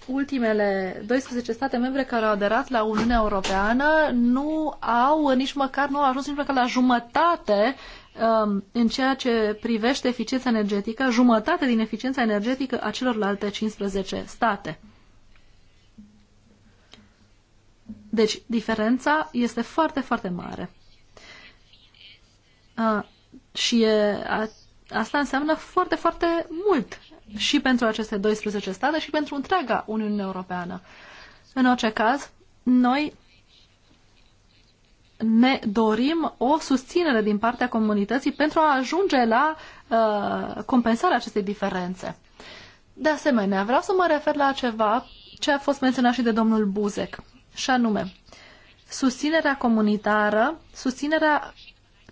ultimele 12 state membre care au aderat la Uniunea Europeană nu au nici măcar, nu au ajuns nici măcar la jumătate um, în ceea ce privește eficiența energetică, jumătate din eficiența energetică a celorlalte 15 state. Deci, diferența este foarte, foarte mare. Uh, și e, a, asta înseamnă foarte, foarte mult și pentru aceste 12 state și pentru întreaga Uniune Europeană. În orice caz, noi ne dorim o susținere din partea comunității pentru a ajunge la uh, compensarea acestei diferențe. De asemenea, vreau să mă refer la ceva ce a fost menționat și de domnul Buzek, și anume susținerea comunitară, susținerea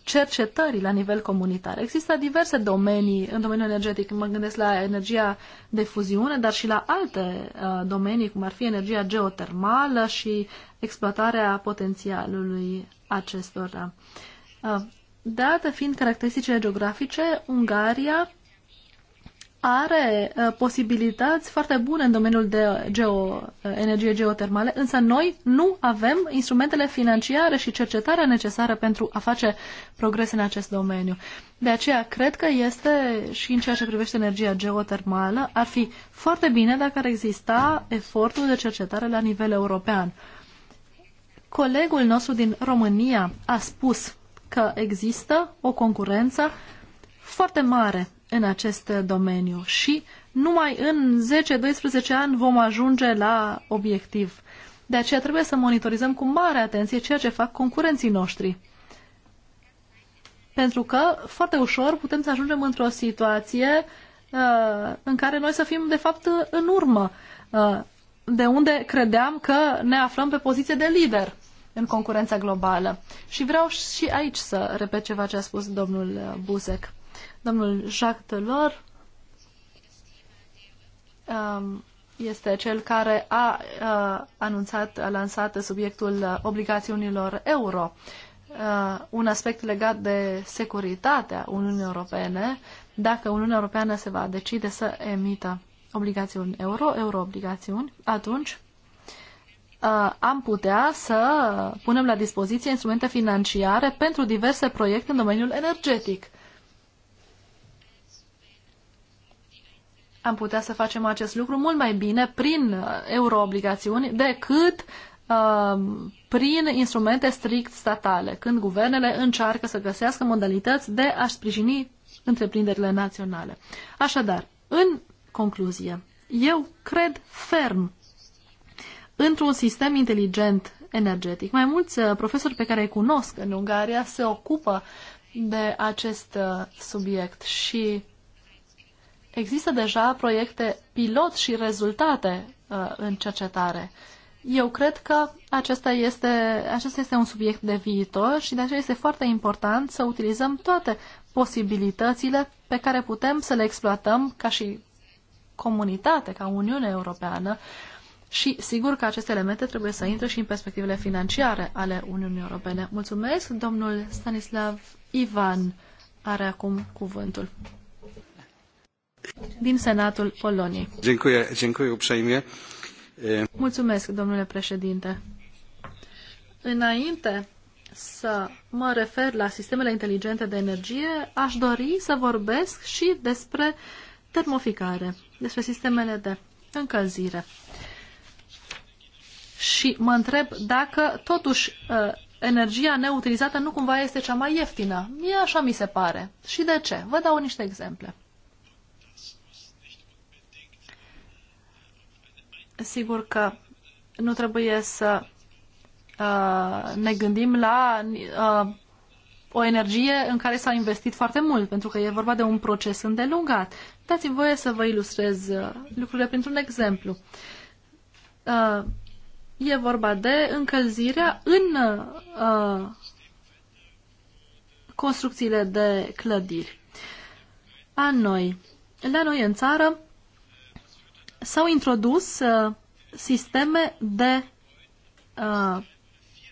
cercetării la nivel comunitar. Există diverse domenii în domeniul energetic. Mă gândesc la energia de fuziune, dar și la alte uh, domenii, cum ar fi energia geotermală și exploatarea potențialului acestora. Uh, dată fiind caracteristicile geografice, Ungaria are uh, posibilități foarte bune în domeniul de geo, uh, energie geotermale, însă noi nu avem instrumentele financiare și cercetarea necesară pentru a face progres în acest domeniu. De aceea, cred că este și în ceea ce privește energia geotermală, ar fi foarte bine dacă ar exista efortul de cercetare la nivel european. Colegul nostru din România a spus că există o concurență foarte mare în acest domeniu și numai în 10-12 ani vom ajunge la obiectiv. De aceea trebuie să monitorizăm cu mare atenție ceea ce fac concurenții noștri. Pentru că foarte ușor putem să ajungem într-o situație uh, în care noi să fim de fapt în urmă, uh, de unde credeam că ne aflăm pe poziție de lider în concurența globală. Și vreau și aici să repet ceva ce a spus domnul uh, Buzek. Domnul Jacques Delors um, este cel care a uh, anunțat, a lansat subiectul obligațiunilor euro, uh, un aspect legat de securitatea Uniunii Europene, dacă Uniunea Europeană se va decide să emită obligațiuni euro, euroobligațiuni, atunci uh, am putea să punem la dispoziție instrumente financiare pentru diverse proiecte în domeniul energetic. am putea să facem acest lucru mult mai bine prin uh, euroobligațiuni decât uh, prin instrumente strict statale, când guvernele încearcă să găsească modalități de a sprijini întreprinderile naționale. Așadar, în concluzie, eu cred ferm într-un sistem inteligent energetic. Mai mulți uh, profesori pe care îi cunosc în Ungaria se ocupă de acest uh, subiect și Există deja proiecte pilot și rezultate uh, în cercetare. Eu cred că acesta este, acesta este un subiect de viitor și de aceea este foarte important să utilizăm toate posibilitățile pe care putem să le exploatăm ca și comunitate, ca Uniune Europeană și sigur că aceste elemente trebuie să intre și în perspectivele financiare ale Uniunii Europene. Mulțumesc, domnul Stanislav Ivan are acum cuvântul din Senatul Poloniei. Dziękuję, dziękuję uprzejmie. Mulțumesc, domnule președinte. Înainte să mă refer la sistemele inteligente de energie, aș dori să vorbesc și despre termoficare, despre sistemele de încălzire. Și mă întreb dacă totuși energia neutilizată nu cumva este cea mai ieftină. Mie așa mi se pare. Și de ce? Vă dau niște exemple. Sigur că nu trebuie să uh, ne gândim la uh, o energie în care s-a investit foarte mult, pentru că e vorba de un proces îndelungat. Dați-mi voie să vă ilustrez uh, lucrurile printr-un exemplu. Uh, e vorba de încălzirea în uh, construcțiile de clădiri. A noi, la noi în țară, s-au introdus uh, sisteme de uh,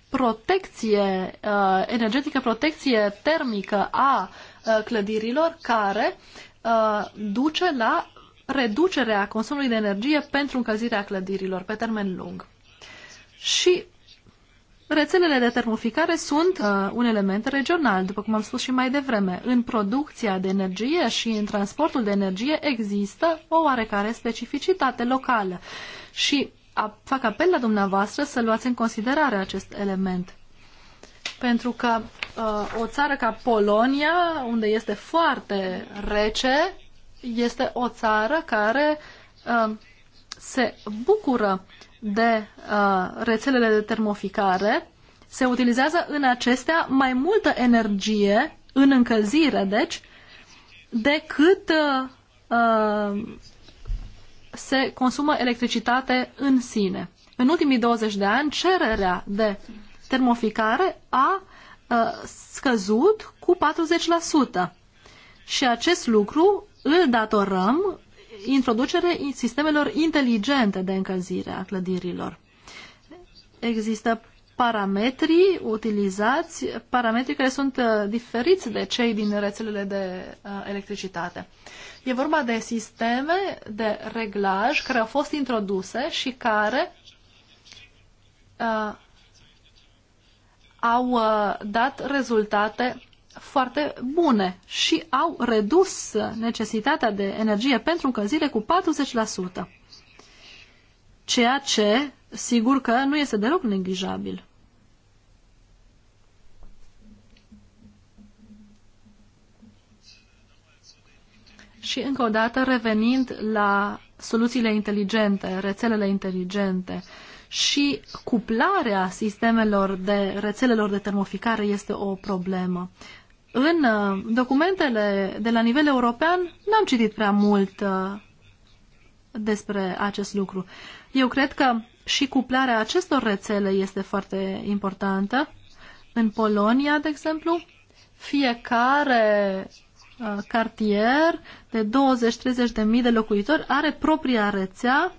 protecție uh, energetică, protecție termică a uh, clădirilor care uh, duce la reducerea consumului de energie pentru încălzirea clădirilor pe termen lung. Și Rețelele de termoficare sunt uh, un element regional, după cum am spus și mai devreme. În producția de energie și în transportul de energie există o oarecare specificitate locală și a, fac apel la dumneavoastră să luați în considerare acest element. Pentru că uh, o țară ca Polonia, unde este foarte rece, este o țară care uh, se bucură de uh, rețelele de termoficare, se utilizează în acestea mai multă energie în încălzire, deci, decât uh, uh se consumă electricitate în sine. În ultimii 20 de ani, cererea de termoficare a uh, scăzut cu 40%. Și acest lucru îl datorăm introducere sistemelor inteligente de încălzire a clădirilor. Există parametri utilizați, parametri care sunt uh, diferiți de cei din rețelele de uh, electricitate. E vorba de sisteme de reglaj care au fost introduse și care uh, au uh, dat rezultate foarte bune și au redus necesitatea de energie pentru încălzire cu 40%. Ceea ce, sigur că, nu este deloc neglijabil. Și încă o dată revenind la soluțiile inteligente, rețelele inteligente și cuplarea sistemelor de rețelelor de termoficare este o problemă în uh, documentele de la nivel european n-am citit prea mult uh, despre acest lucru. Eu cred că și cuplarea acestor rețele este foarte importantă. În Polonia, de exemplu, fiecare uh, cartier de 20-30 de mii de locuitori are propria rețea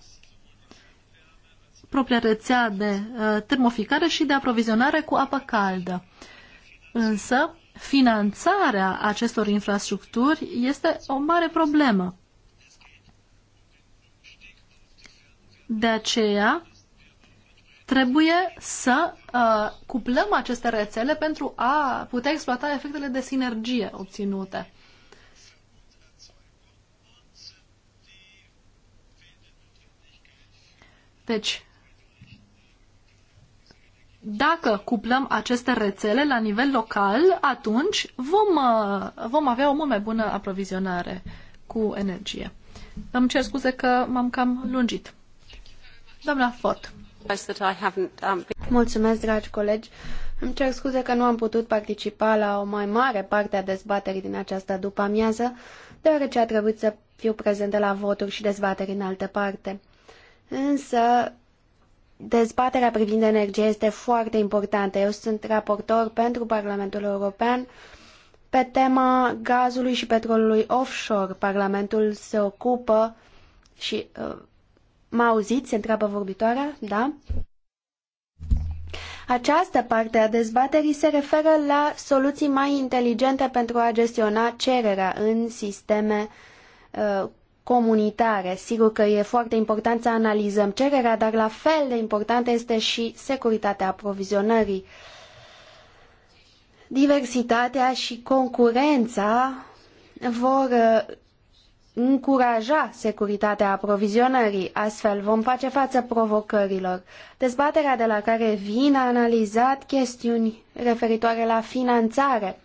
propria rețea de termoficare și de aprovizionare cu apă caldă. Însă, finanțarea acestor infrastructuri este o mare problemă. De aceea, trebuie să uh, cuplăm aceste rețele pentru a putea exploata efectele de sinergie obținute. Deci, dacă cuplăm aceste rețele la nivel local, atunci vom, uh, vom avea o mult mai bună aprovizionare cu energie. Îmi cer scuze că m-am cam lungit. Doamna Ford. Mulțumesc, dragi colegi. Îmi cer scuze că nu am putut participa la o mai mare parte a dezbaterii din această după-amiază, deoarece a trebuit să fiu prezentă la voturi și dezbateri în altă parte. Însă, Dezbaterea privind energia este foarte importantă. Eu sunt raportor pentru Parlamentul European pe tema gazului și petrolului offshore. Parlamentul se ocupă și uh, m-a auzit, se întreabă vorbitoarea, da? Această parte a dezbaterii se referă la soluții mai inteligente pentru a gestiona cererea în sisteme uh, comunitare. Sigur că e foarte important să analizăm cererea, dar la fel de importantă este și securitatea aprovizionării. Diversitatea și concurența vor uh, încuraja securitatea aprovizionării, astfel vom face față provocărilor. Dezbaterea de la care vin a analizat chestiuni referitoare la finanțare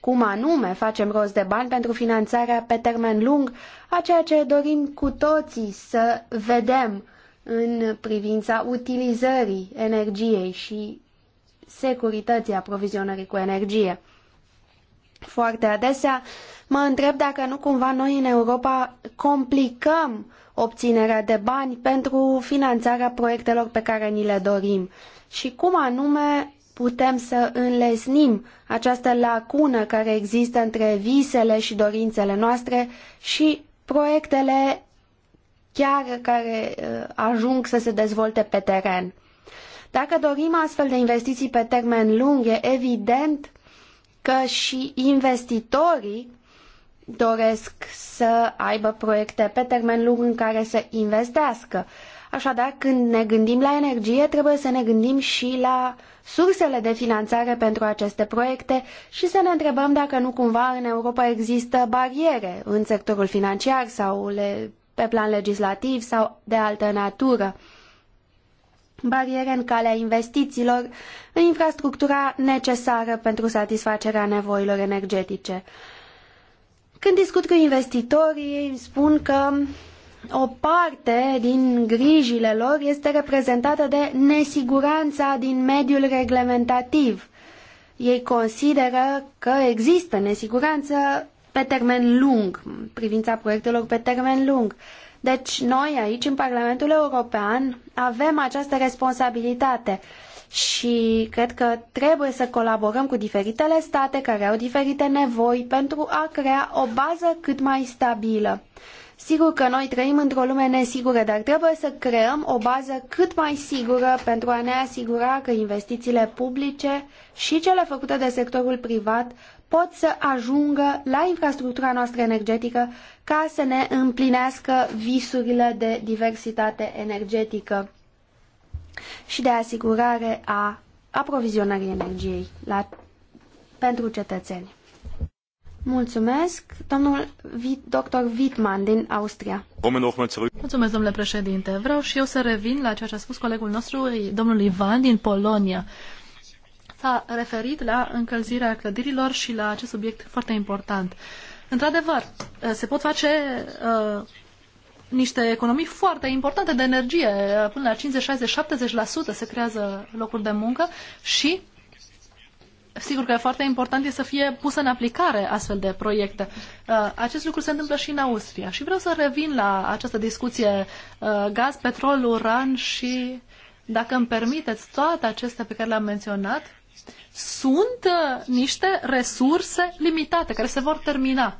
cum anume facem rost de bani pentru finanțarea pe termen lung a ceea ce dorim cu toții să vedem în privința utilizării energiei și securității aprovizionării cu energie. Foarte adesea mă întreb dacă nu cumva noi în Europa complicăm obținerea de bani pentru finanțarea proiectelor pe care ni le dorim și cum anume putem să înlesnim această lacună care există între visele și dorințele noastre și proiectele chiar care uh, ajung să se dezvolte pe teren. Dacă dorim astfel de investiții pe termen lung, e evident că și investitorii doresc să aibă proiecte pe termen lung în care să investească. Așadar, când ne gândim la energie, trebuie să ne gândim și la sursele de finanțare pentru aceste proiecte și să ne întrebăm dacă nu cumva în Europa există bariere în sectorul financiar sau le, pe plan legislativ sau de altă natură. Bariere în calea investițiilor în infrastructura necesară pentru satisfacerea nevoilor energetice. Când discut cu investitorii, îmi spun că o parte din grijile lor este reprezentată de nesiguranța din mediul reglementativ. Ei consideră că există nesiguranță pe termen lung, privința proiectelor pe termen lung. Deci noi aici, în Parlamentul European, avem această responsabilitate și cred că trebuie să colaborăm cu diferitele state care au diferite nevoi pentru a crea o bază cât mai stabilă. Sigur că noi trăim într-o lume nesigură, dar trebuie să creăm o bază cât mai sigură pentru a ne asigura că investițiile publice și cele făcute de sectorul privat pot să ajungă la infrastructura noastră energetică ca să ne împlinească visurile de diversitate energetică și de asigurare a aprovizionării energiei la, pentru cetățeni. Mulțumesc. Domnul Vit, dr. Wittmann din Austria. Mulțumesc, domnule președinte. Vreau și eu să revin la ceea ce a spus colegul nostru, domnul Ivan din Polonia. S-a referit la încălzirea clădirilor și la acest subiect foarte important. Într-adevăr, se pot face uh, niște economii foarte importante de energie, până la 50, 60, 70% se creează locuri de muncă și sigur că e foarte important e să fie pusă în aplicare astfel de proiecte. Uh, acest lucru se întâmplă și în Austria. Și vreau să revin la această discuție uh, gaz, petrol, uran și, dacă îmi permiteți, toate acestea pe care le-am menționat sunt uh, niște resurse limitate care se vor termina.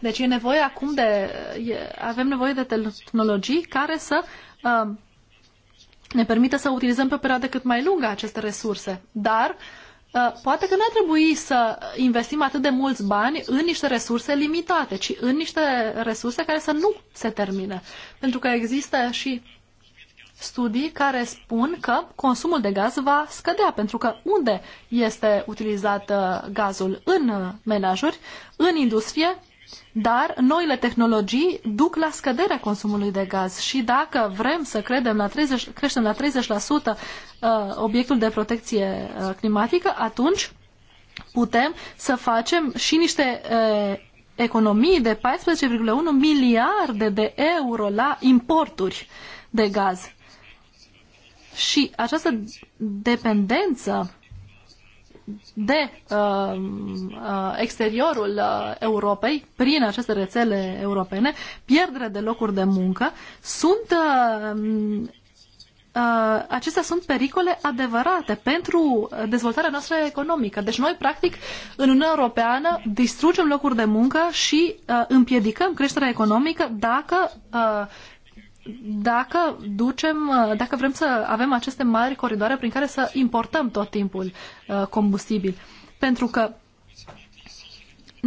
Deci e nevoie acum de. avem nevoie de tehnologii care să ne permită să utilizăm pe o perioadă cât mai lungă aceste resurse. Dar uh, Uh, poate că nu ar trebui să investim atât de mulți bani în niște resurse limitate, ci în niște resurse care să nu se termine. Pentru că există și studii care spun că consumul de gaz va scădea, pentru că unde este utilizat uh, gazul? În uh, menajuri, în industrie, dar noile tehnologii duc la scăderea consumului de gaz și dacă vrem să credem la 30, creștem la 30% uh, obiectul de protecție uh, climatică, atunci putem să facem și niște uh, economii de 14,1 miliarde de euro la importuri de gaz. Și această dependență de uh, uh, exteriorul uh, Europei, prin aceste rețele europene, pierdere de locuri de muncă, sunt uh, uh, acestea sunt pericole adevărate pentru dezvoltarea noastră economică. Deci noi, practic, în Uniunea Europeană distrugem locuri de muncă și uh, împiedicăm creșterea economică dacă uh, dacă ducem, dacă vrem să avem aceste mari coridoare prin care să importăm tot timpul uh, combustibil. Pentru că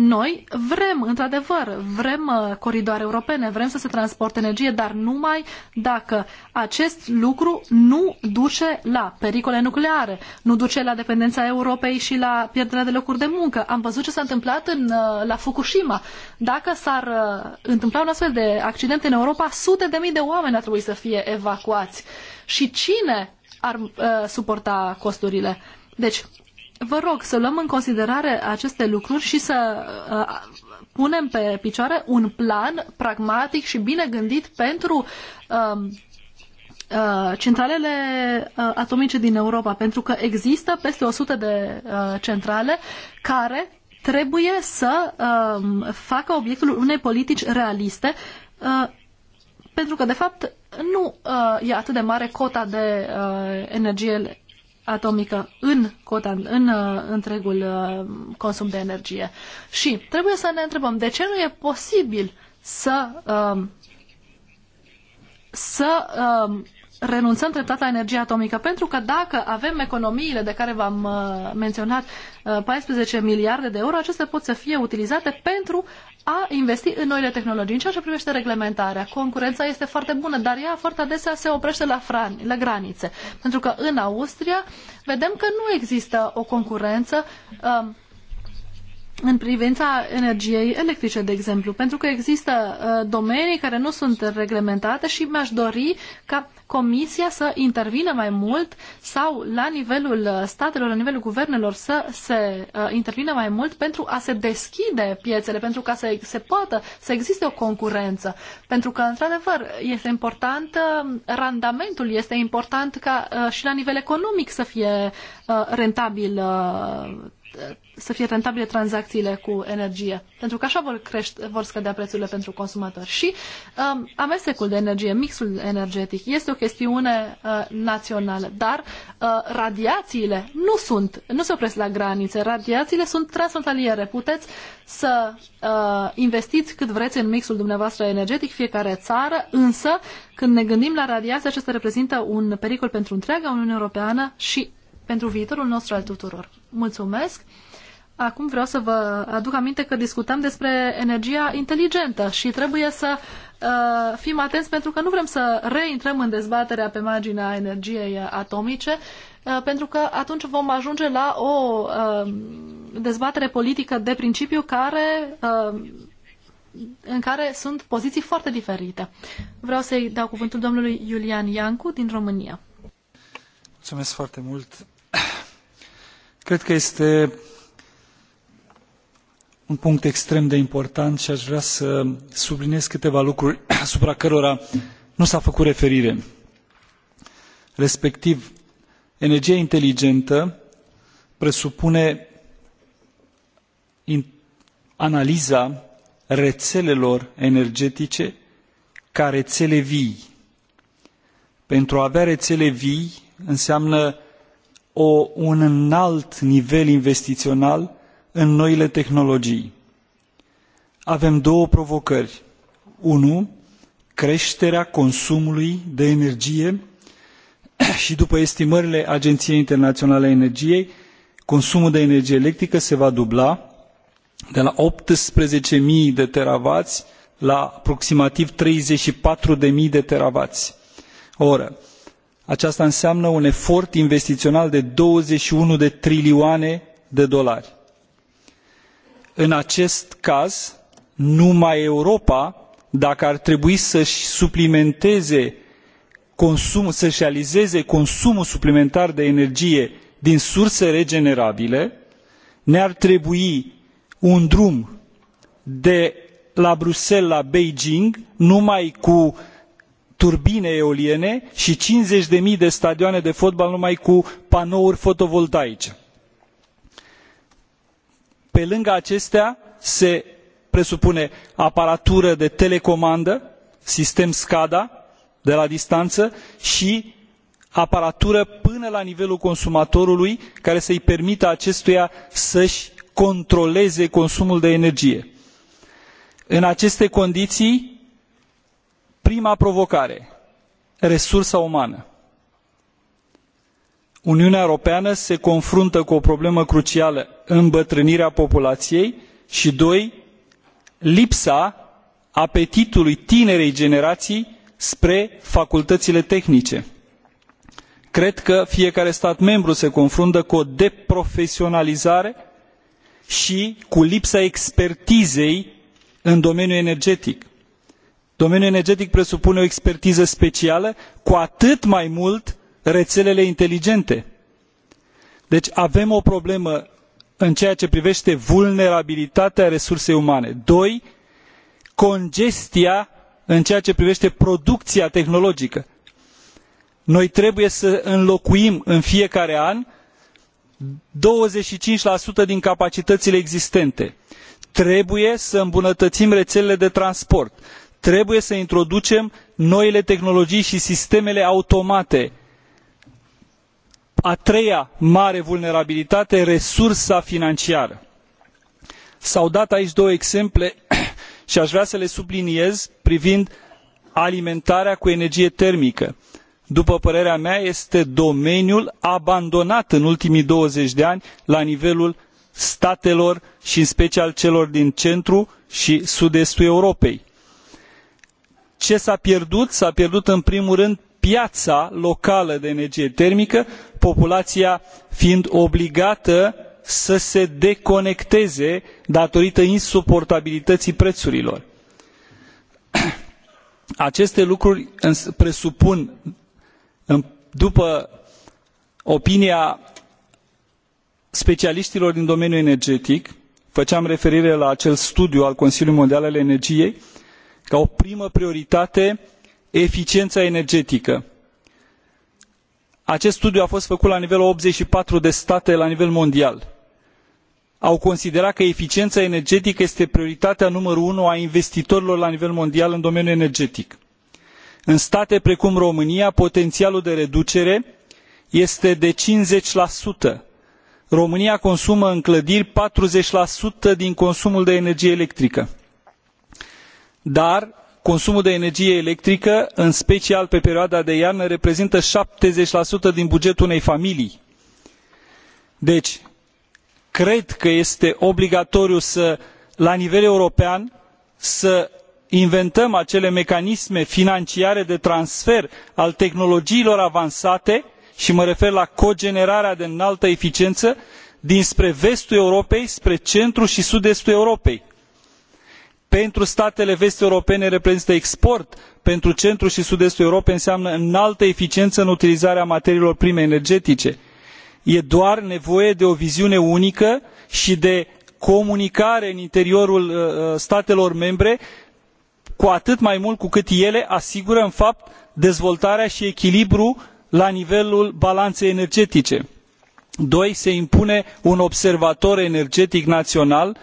noi vrem, într-adevăr, vrem uh, coridoare europene, vrem să se transporte energie, dar numai dacă acest lucru nu duce la pericole nucleare, nu duce la dependența Europei și la pierderea de locuri de muncă. Am văzut ce s-a întâmplat în, uh, la Fukushima. Dacă s-ar uh, întâmpla un astfel de accident în Europa, sute de mii de oameni ar trebui să fie evacuați. Și cine ar uh, suporta costurile? Deci, vă rog să luăm în considerare aceste lucruri și să uh, punem pe picioare un plan pragmatic și bine gândit pentru um, uh, centralele uh, atomice din Europa, pentru că există peste 100 de centrale care trebuie să um, facă obiectul unei politici realiste, pentru că, de fapt, nu e atât de mare cota de energie atomică în, cota, în uh, întregul uh, consum de energie. Și trebuie să ne întrebăm de ce nu e posibil să, um, să um, renunțăm treptat la energia atomică, pentru că dacă avem economiile de care v-am uh, menționat, 14 miliarde de euro, acestea pot să fie utilizate pentru a investi în noile tehnologii. În ceea ce privește reglementarea, concurența este foarte bună, dar ea foarte adesea se oprește la, fran- la granițe. Pentru că în Austria vedem că nu există o concurență uh, în privința energiei electrice, de exemplu, pentru că există uh, domenii care nu sunt reglementate și mi-aș dori ca Comisia să intervină mai mult sau la nivelul uh, statelor, la nivelul guvernelor să se uh, intervină mai mult pentru a se deschide piețele, pentru ca să se poată să existe o concurență. Pentru că, într-adevăr, este important randamentul, este important ca și la nivel economic să fie rentabil să fie rentabile tranzacțiile cu energie, pentru că așa vor, crește, vor scădea prețurile pentru consumatori. Și um, amestecul de energie, mixul energetic, este o chestiune uh, națională, dar uh, radiațiile nu sunt, nu se opresc la granițe, radiațiile sunt transfrontaliere. Puteți să uh, investiți cât vreți în mixul dumneavoastră energetic, fiecare țară, însă când ne gândim la radiații, acesta reprezintă un pericol pentru întreaga Uniune Europeană și pentru viitorul nostru al tuturor. Mulțumesc! Acum vreau să vă aduc aminte că discutăm despre energia inteligentă și trebuie să uh, fim atenți pentru că nu vrem să reintrăm în dezbaterea pe marginea energiei atomice, uh, pentru că atunci vom ajunge la o uh, dezbatere politică de principiu care, uh, în care sunt poziții foarte diferite. Vreau să-i dau cuvântul domnului Iulian Iancu din România. Mulțumesc foarte mult. Cred că este un punct extrem de important și aș vrea să subliniez câteva lucruri asupra cărora nu s-a făcut referire. Respectiv, energia inteligentă presupune analiza rețelelor energetice ca rețele vii. Pentru a avea rețele vii înseamnă o, un înalt nivel investițional în noile tehnologii. Avem două provocări. 1. Creșterea consumului de energie și după estimările Agenției Internaționale a Energiei, consumul de energie electrică se va dubla de la 18.000 de teravați la aproximativ 34.000 de teravați oră. Aceasta înseamnă un efort investițional de 21 de trilioane de dolari în acest caz numai europa dacă ar trebui să și suplimenteze să și realizeze consumul suplimentar de energie din surse regenerabile ne ar trebui un drum de la Bruxelles la Beijing numai cu turbine eoliene și 50.000 de stadioane de fotbal numai cu panouri fotovoltaice pe lângă acestea se presupune aparatură de telecomandă sistem scada de la distanță și aparatură până la nivelul consumatorului care să îi permită acestuia să și controleze consumul de energie. în aceste condiții prima provocare resursa umană uniunea europeană se confruntă cu o problemă crucială îmbătrânirea populației și doi lipsa apetitului tinerei generații spre facultățile tehnice. cred că fiecare stat membru se confruntă cu o deprofesionalizare și cu lipsa expertizei în domeniul energetic. domeniul energetic presupune o expertiză specială cu atât mai mult rețelele inteligente. Deci avem o problemă în ceea ce privește vulnerabilitatea resursei umane. Doi, congestia în ceea ce privește producția tehnologică. Noi trebuie să înlocuim în fiecare an 25% din capacitățile existente. Trebuie să îmbunătățim rețelele de transport. Trebuie să introducem noile tehnologii și sistemele automate a treia mare vulnerabilitate resursa financiară. s au dat aici două exemple și aș vrea să le subliniez privind alimentarea cu energie termică. După părerea mea, este domeniul abandonat în ultimii 20 de ani la nivelul statelor și în special celor din centru și sud-estul Europei. Ce s-a pierdut? S-a pierdut în primul rând piața locală de energie termică, populația fiind obligată să se deconecteze datorită insuportabilității prețurilor. Aceste lucruri presupun, după opinia specialiștilor din domeniul energetic, făceam referire la acel studiu al Consiliului Mondial al Energiei, ca o primă prioritate eficiența energetică. Acest studiu a fost făcut la nivelul 84 de state la nivel mondial. Au considerat că eficiența energetică este prioritatea numărul unu a investitorilor la nivel mondial în domeniul energetic. În state precum România, potențialul de reducere este de 50%. România consumă în clădiri 40% din consumul de energie electrică. Dar consumul de energie electrică în special pe perioada de iarnă reprezintă șaptezeci din bugetul unei familii deci cred că este obligatoriu să la nivel european să inventăm acele mecanisme financiare de transfer al tehnologiilor avansate și mă refer la cogenerarea de înaltă eficiență dinspre vestul europei spre centrul și sud estul europei pentru statele vest europene reprezintă export pentru centrul și sud estul europei înseamnă înaltă eficiență în utilizarea materiilor prime energetice e doar nevoie de o viziune unică și de comunicare în interiorul uh, uh, statelor membre cu atât mai mult cu cât ele asigură în fapt dezvoltarea și echilibrul la nivelul balanței energetice. doi se impune un observator energetic național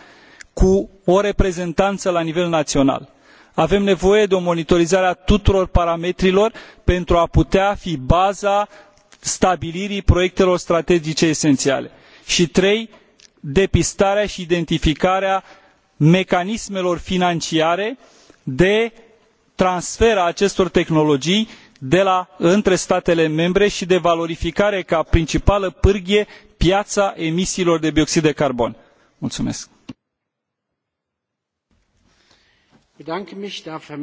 cu o reprezentanță la nivel național. Avem nevoie de o monitorizare a tuturor parametrilor pentru a putea fi baza stabilirii proiectelor strategice esențiale. Și trei, depistarea și identificarea mecanismelor financiare de transfer a acestor tehnologii de la, între statele membre și de valorificare ca principală pârghie piața emisiilor de dioxid de carbon. Mulțumesc. Vă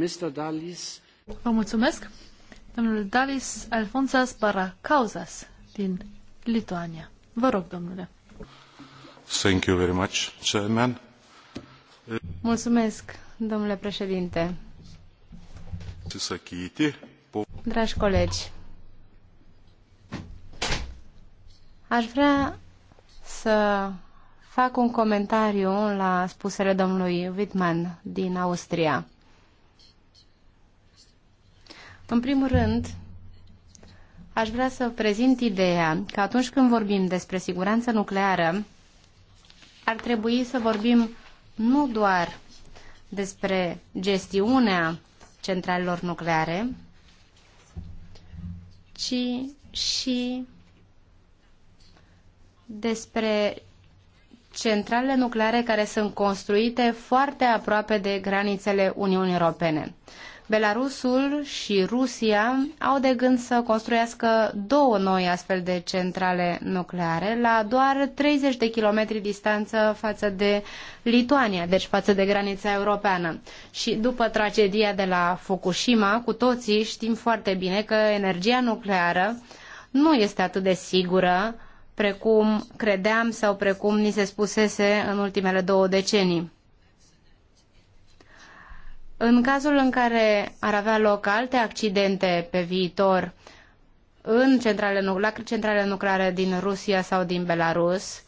mulțumesc. Domnul Dalis Alfonsas Paracauzas din Lituania. Vă rog, domnule. Thank you very much, Chairman. Mulțumesc, domnule președinte. Dragi colegi, aș vrea să fac un comentariu la spusele domnului Wittmann din Austria. În primul rând, aș vrea să prezint ideea că atunci când vorbim despre siguranță nucleară, ar trebui să vorbim nu doar despre gestiunea centralelor nucleare, ci și despre centrale nucleare care sunt construite foarte aproape de granițele Uniunii Europene. Belarusul și Rusia au de gând să construiască două noi astfel de centrale nucleare la doar 30 de kilometri distanță față de Lituania, deci față de granița europeană. Și după tragedia de la Fukushima, cu toții știm foarte bine că energia nucleară nu este atât de sigură precum credeam sau precum ni se spusese în ultimele două decenii. În cazul în care ar avea loc alte accidente pe viitor în centrale, la centrale nucleare din Rusia sau din Belarus,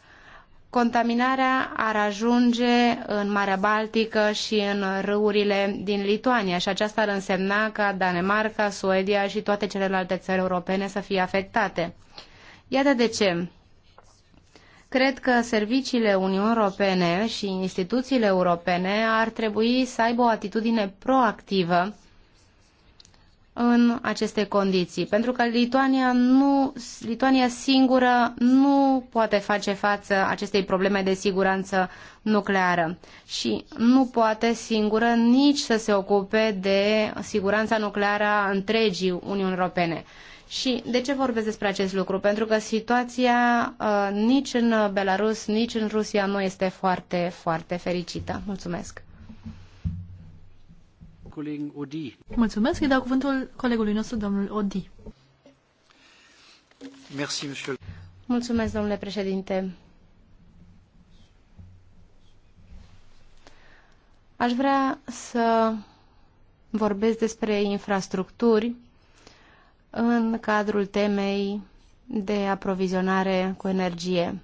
contaminarea ar ajunge în Marea Baltică și în râurile din Lituania și aceasta ar însemna ca Danemarca, Suedia și toate celelalte țări europene să fie afectate. Iată de ce cred că serviciile Uniunii Europene și instituțiile europene ar trebui să aibă o atitudine proactivă în aceste condiții, pentru că Lituania, nu, Lituania singură nu poate face față acestei probleme de siguranță nucleară și nu poate singură nici să se ocupe de siguranța nucleară a întregii Uniuni Europene. Și de ce vorbesc despre acest lucru? Pentru că situația uh, nici în Belarus, nici în Rusia nu este foarte, foarte fericită. Mulțumesc. Odi. Mulțumesc. Îi dau cuvântul colegului nostru, domnul Odi. Merci, monsieur. Mulțumesc, domnule președinte. Aș vrea să vorbesc despre infrastructuri în cadrul temei de aprovizionare cu energie.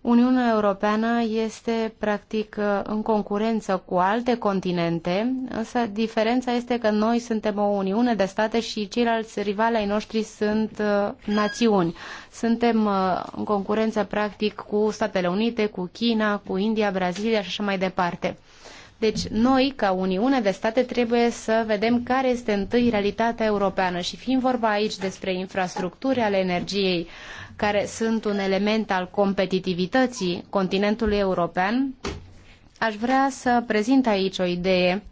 Uniunea Europeană este practic în concurență cu alte continente, însă diferența este că noi suntem o uniune de state și ceilalți rivali ai noștri sunt uh, națiuni. Suntem uh, în concurență practic cu Statele Unite, cu China, cu India, Brazilia și așa mai departe. Deci noi, ca Uniune de State, trebuie să vedem care este întâi realitatea europeană și fiind vorba aici despre infrastructuri ale energiei, care sunt un element al competitivității continentului european, aș vrea să prezint aici o idee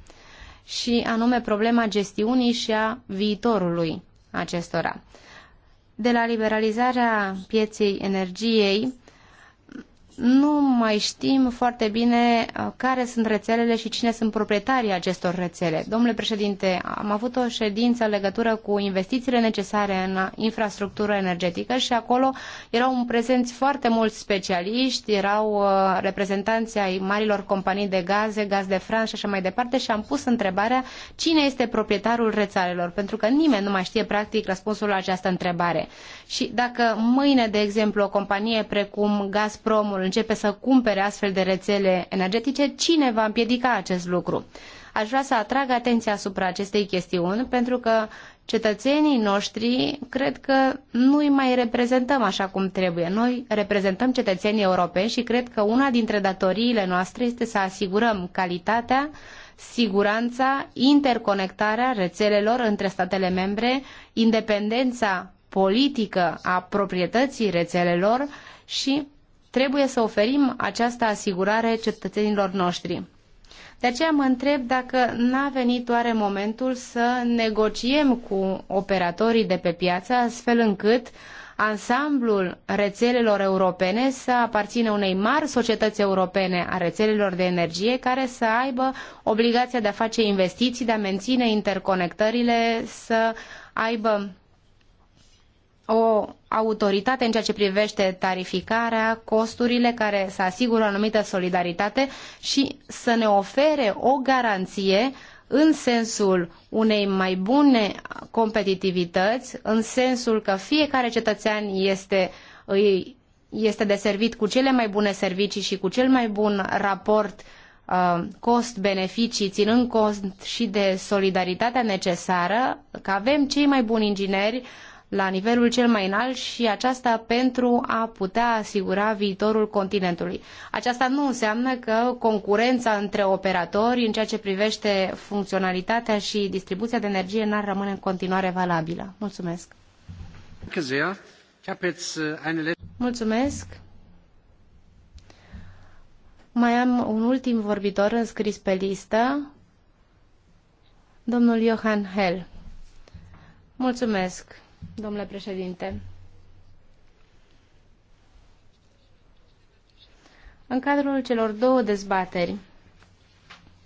și anume problema gestiunii și a viitorului acestora. De la liberalizarea pieței energiei, nu mai știm foarte bine uh, care sunt rețelele și cine sunt proprietarii acestor rețele. Domnule președinte, am avut o ședință în legătură cu investițiile necesare în infrastructură energetică și acolo erau prezenți foarte mulți specialiști, erau uh, reprezentanții ai marilor companii de gaze, gaz de France și așa mai departe și am pus întrebarea cine este proprietarul rețelelor, pentru că nimeni nu mai știe practic răspunsul la această întrebare. Și dacă mâine, de exemplu, o companie precum Gazpromul începe să cumpere astfel de rețele energetice, cine va împiedica acest lucru? Aș vrea să atrag atenția asupra acestei chestiuni pentru că cetățenii noștri cred că nu îi mai reprezentăm așa cum trebuie. Noi reprezentăm cetățenii europeni și cred că una dintre datoriile noastre este să asigurăm calitatea, siguranța, interconectarea rețelelor între statele membre, independența politică a proprietății rețelelor și Trebuie să oferim această asigurare cetățenilor noștri. De aceea mă întreb dacă n-a venit oare momentul să negociem cu operatorii de pe piață astfel încât ansamblul rețelelor europene să aparțină unei mari societăți europene a rețelelor de energie care să aibă obligația de a face investiții, de a menține interconectările, să aibă o autoritate în ceea ce privește tarificarea, costurile care să asigură o anumită solidaritate și să ne ofere o garanție în sensul unei mai bune competitivități, în sensul că fiecare cetățean este, este deservit cu cele mai bune servicii și cu cel mai bun raport uh, cost-beneficii, ținând cont și de solidaritatea necesară, că avem cei mai buni ingineri, la nivelul cel mai înalt și aceasta pentru a putea asigura viitorul continentului. Aceasta nu înseamnă că concurența între operatori în ceea ce privește funcționalitatea și distribuția de energie n-ar rămâne în continuare valabilă. Mulțumesc! Äh, Mulțumesc! Mai am un ultim vorbitor înscris pe listă, domnul Johan Hell. Mulțumesc! domnule președinte. În cadrul celor două dezbateri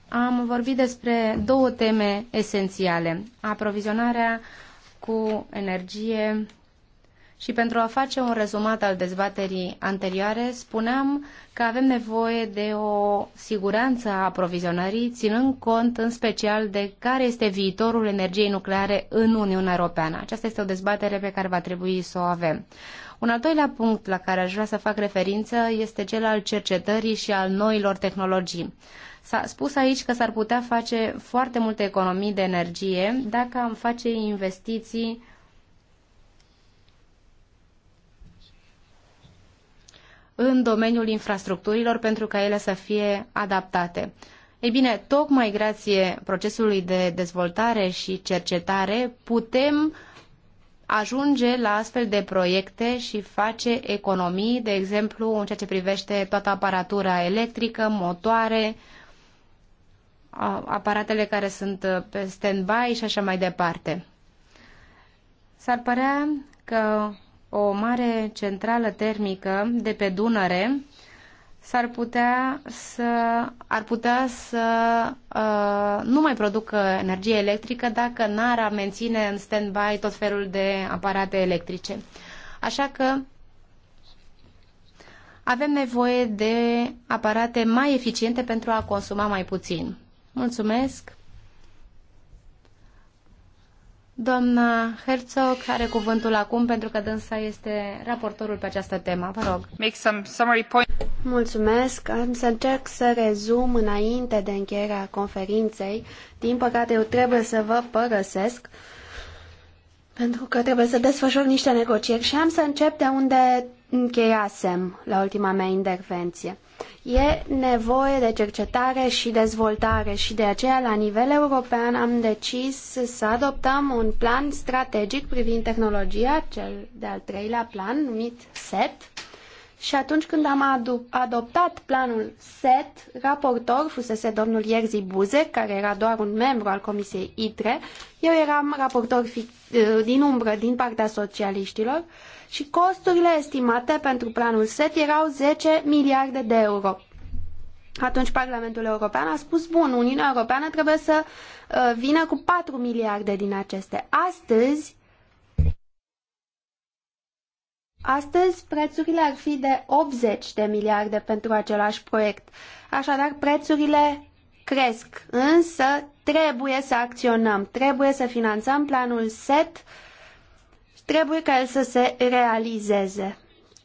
am vorbit despre două teme esențiale, aprovizionarea cu energie și pentru a face un rezumat al dezbaterii anterioare, spuneam că avem nevoie de o siguranță a aprovizionării, ținând cont în special de care este viitorul energiei nucleare în Uniunea Europeană. Aceasta este o dezbatere pe care va trebui să o avem. Un al doilea punct la care aș vrea să fac referință este cel al cercetării și al noilor tehnologii. S-a spus aici că s-ar putea face foarte multe economii de energie dacă am face investiții în domeniul infrastructurilor pentru ca ele să fie adaptate. Ei bine, tocmai grație procesului de dezvoltare și cercetare putem ajunge la astfel de proiecte și face economii, de exemplu, în ceea ce privește toată aparatura electrică, motoare, aparatele care sunt uh, pe stand-by și așa mai departe. S-ar părea că o mare centrală termică de pe Dunăre s-ar putea să, ar putea să uh, nu mai producă energie electrică dacă n-ar menține în stand-by tot felul de aparate electrice. Așa că avem nevoie de aparate mai eficiente pentru a consuma mai puțin. Mulțumesc! Doamna Herzog are cuvântul acum pentru că dânsa este raportorul pe această temă. Vă rog. Make some summary point. Mulțumesc. Am să încerc să rezum înainte de încheierea conferinței. Din păcate, eu trebuie să vă părăsesc pentru că trebuie să desfășor niște negocieri și am să încep de unde încheiasem la ultima mea intervenție. E nevoie de cercetare și dezvoltare și de aceea la nivel european am decis să adoptăm un plan strategic privind tehnologia, cel de-al treilea plan numit SET. Și atunci când am adoptat planul SET, raportor fusese domnul Ierzi Buzek, care era doar un membru al Comisiei ITRE, eu eram raportor din umbră din partea socialiștilor, uh, și costurile estimate pentru planul SET erau 10 miliarde de euro. Atunci Parlamentul European a spus, bun, Uniunea Europeană trebuie să uh, vină cu 4 miliarde din aceste. Astăzi, astăzi prețurile ar fi de 80 de miliarde pentru același proiect. Așadar, prețurile cresc, însă trebuie să acționăm, trebuie să finanțăm planul SET uh, trebuie ca el să se realizeze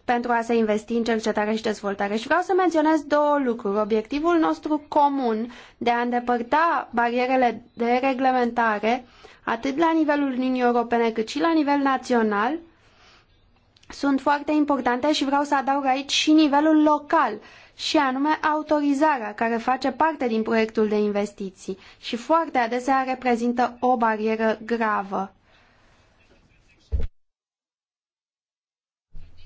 pentru a se investi în cercetare și dezvoltare. Și vreau să menționez două lucruri. Obiectivul nostru comun de a îndepărta barierele de reglementare, atât la nivelul Uniunii Europene cât și la nivel național, sunt foarte importante și vreau să adaug aici și nivelul local, și anume autorizarea, care face parte din proiectul de investiții și foarte adesea reprezintă o barieră gravă.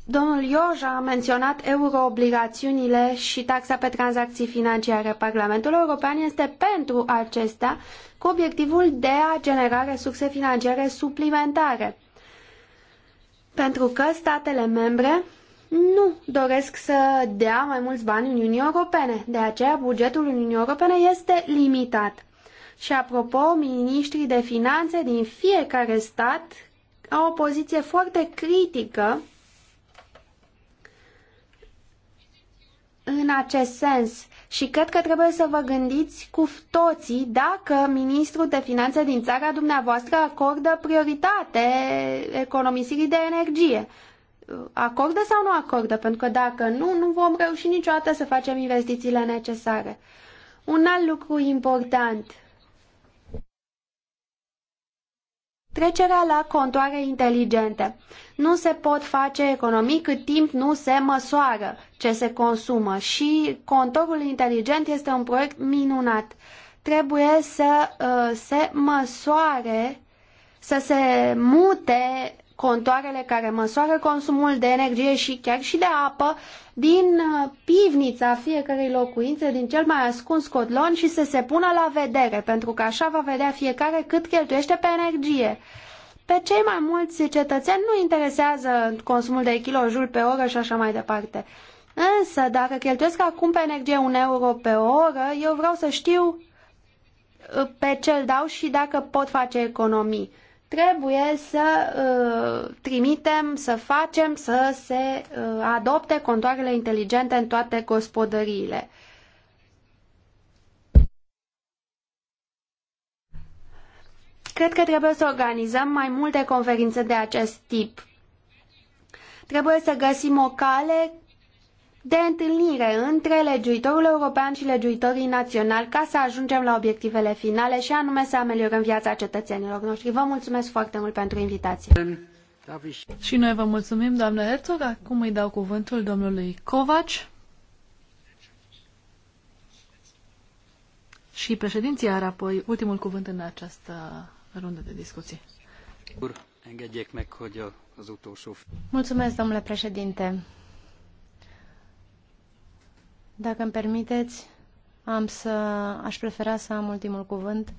Domnul Ioja a menționat euroobligațiunile și taxa pe tranzacții financiare. Parlamentul European este pentru acestea cu obiectivul de a genera resurse financiare suplimentare. Pentru că statele membre nu doresc să dea mai mulți bani Uniunii Europene. De aceea bugetul Uniunii Europene este limitat. Și apropo, ministrii de finanțe din fiecare stat au o poziție foarte critică în acest sens și cred că trebuie să vă gândiți cu toții dacă ministrul de finanțe din țara dumneavoastră acordă prioritate economisirii de energie. Acordă sau nu acordă? Pentru că dacă nu, nu vom reuși niciodată să facem investițiile necesare. Un alt lucru important. Trecerea la contoare inteligente nu se pot face economii cât timp nu se măsoară ce se consumă și contorul inteligent este un proiect minunat. Trebuie să uh, se măsoare, să se mute contoarele care măsoară consumul de energie și chiar și de apă din uh, pivnița fiecărei locuințe, din cel mai ascuns codlon și să se pună la vedere, pentru că așa va vedea fiecare cât cheltuiește pe energie. Pe cei mai mulți cetățeni nu interesează consumul de kilojoule pe oră și așa mai departe. Însă, dacă cheltuiesc acum pe energie un euro pe oră, eu vreau să știu uh, pe ce îl dau și dacă pot face economii. Trebuie să uh, trimitem, să facem, să se uh, adopte contoarele inteligente în toate gospodăriile. Cred că trebuie să organizăm mai multe conferințe de acest tip. Trebuie să găsim o cale de întâlnire între legiuitorul european și legiuitorii naționali ca să ajungem la obiectivele finale și anume să ameliorăm viața cetățenilor noștri. Vă mulțumesc foarte mult pentru invitație. Și noi vă mulțumim, doamnă Herzog. Acum îi dau cuvântul domnului Covaci. Și președinția are apoi ultimul cuvânt în această rundă de discuții. Mulțumesc, domnule președinte. Dacă îmi permiteți, am să, aș prefera să am ultimul cuvânt.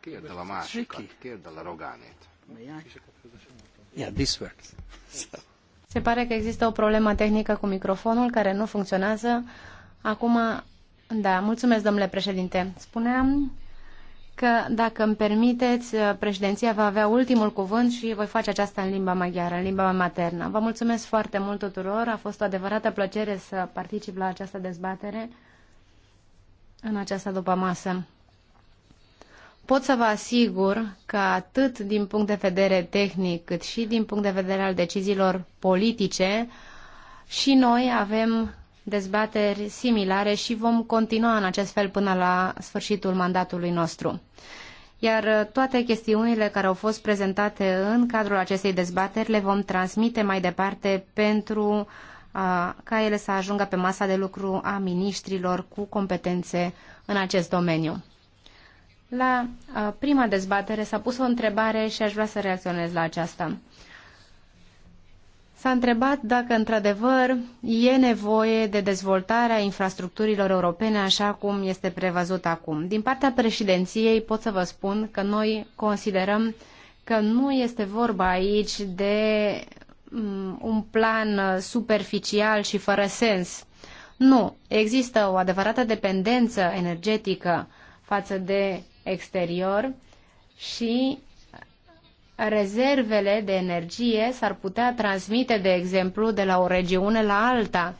Kérde la másikat, kérde la Rogánét. Yeah, this works. So. Se pare că există o problemă tehnică cu microfonul care nu funcționează. Acum, da, mulțumesc, domnule președinte. Spuneam că, dacă îmi permiteți, președinția va avea ultimul cuvânt și voi face aceasta în limba maghiară, în limba mea maternă. Vă mulțumesc foarte mult tuturor. A fost o adevărată plăcere să particip la această dezbatere în această după masă. Pot să vă asigur că atât din punct de vedere tehnic, cât și din punct de vedere al deciziilor politice, și noi avem dezbateri similare și vom continua în acest fel până la sfârșitul mandatului nostru. Iar uh, toate chestiunile care au fost prezentate în cadrul acestei dezbateri le vom transmite mai departe pentru a, uh, ca ele să ajungă pe masa de lucru a miniștrilor cu competențe în acest domeniu. La uh, prima dezbatere s-a pus o întrebare și aș vrea să reacționez la aceasta. S-a întrebat dacă într-adevăr e nevoie de dezvoltarea infrastructurilor europene așa cum este prevăzut acum. Din partea președinției pot să vă spun că noi considerăm că nu este vorba aici de mm, un plan uh, superficial și fără sens. Nu, există o adevărată dependență energetică față de exterior și rezervele de energie s-ar putea transmite, de exemplu, de la o regiune la alta,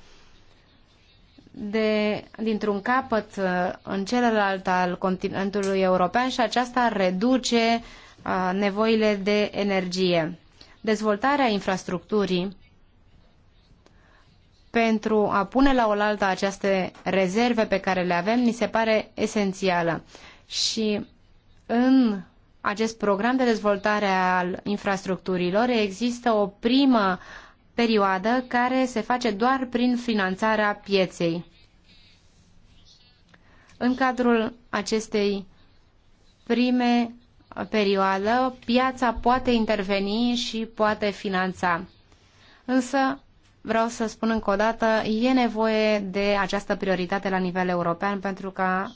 de, dintr-un capăt uh, în celălalt al continentului european și aceasta reduce a, uh, nevoile de energie. Dezvoltarea infrastructurii pentru a pune la oaltă aceste rezerve pe care le avem, ni se pare esențială. Și în acest program de dezvoltare al infrastructurilor există o primă perioadă care se face doar prin finanțarea pieței. În cadrul acestei prime perioadă, piața poate interveni și poate finanța. Însă, vreau să spun încă o dată, e nevoie de această prioritate la nivel european pentru ca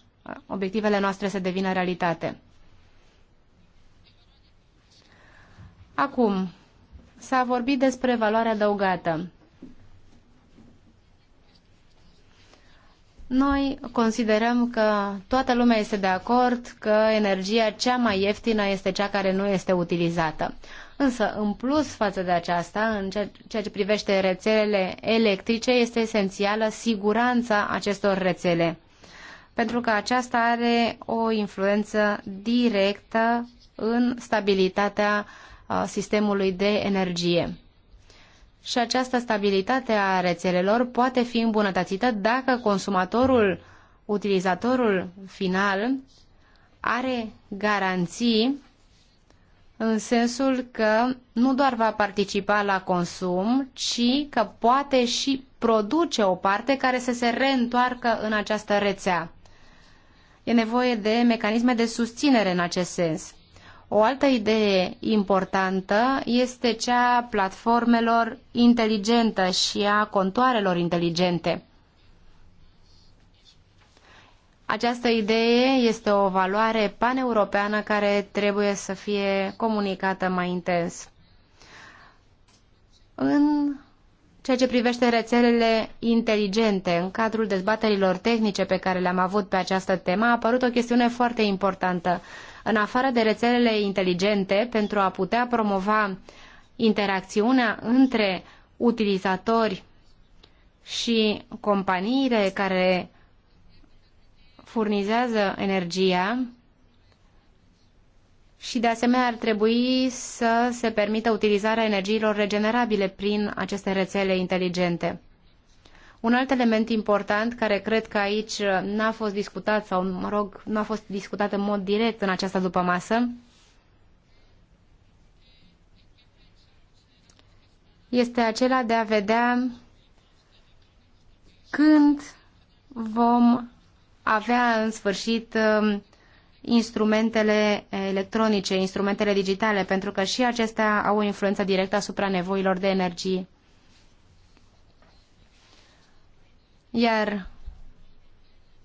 obiectivele noastre să devină realitate. Acum, s-a vorbit despre valoarea adăugată. Noi considerăm că toată lumea este de acord că energia cea mai ieftină este cea care nu este utilizată. Însă, în plus față de aceasta, în ceea ce privește rețelele electrice, este esențială siguranța acestor rețele pentru că aceasta are o influență directă în stabilitatea uh, sistemului de energie. Și această stabilitate a rețelelor poate fi îmbunătățită dacă consumatorul, utilizatorul final, are garanții în sensul că nu doar va participa la consum, ci că poate și produce o parte care să se reîntoarcă în această rețea. E nevoie de mecanisme de susținere în acest sens. O altă idee importantă este cea a platformelor inteligentă și a contoarelor inteligente. Această idee este o valoare paneuropeană care trebuie să fie comunicată mai intens. În ceea ce privește rețelele inteligente, în cadrul dezbaterilor tehnice pe care le-am avut pe această temă, a apărut o chestiune foarte importantă. În afară de rețelele inteligente, pentru a putea promova interacțiunea între utilizatori și companiile care furnizează energia, și de asemenea ar trebui să se permită utilizarea energiilor regenerabile prin aceste rețele inteligente. Un alt element important care cred că aici n-a fost discutat sau, mă rog, nu a fost discutat în mod direct în această dupămasă este acela de a vedea când vom avea în sfârșit um, instrumentele electronice, instrumentele digitale, pentru că și acestea au o influență directă asupra nevoilor de energie. Iar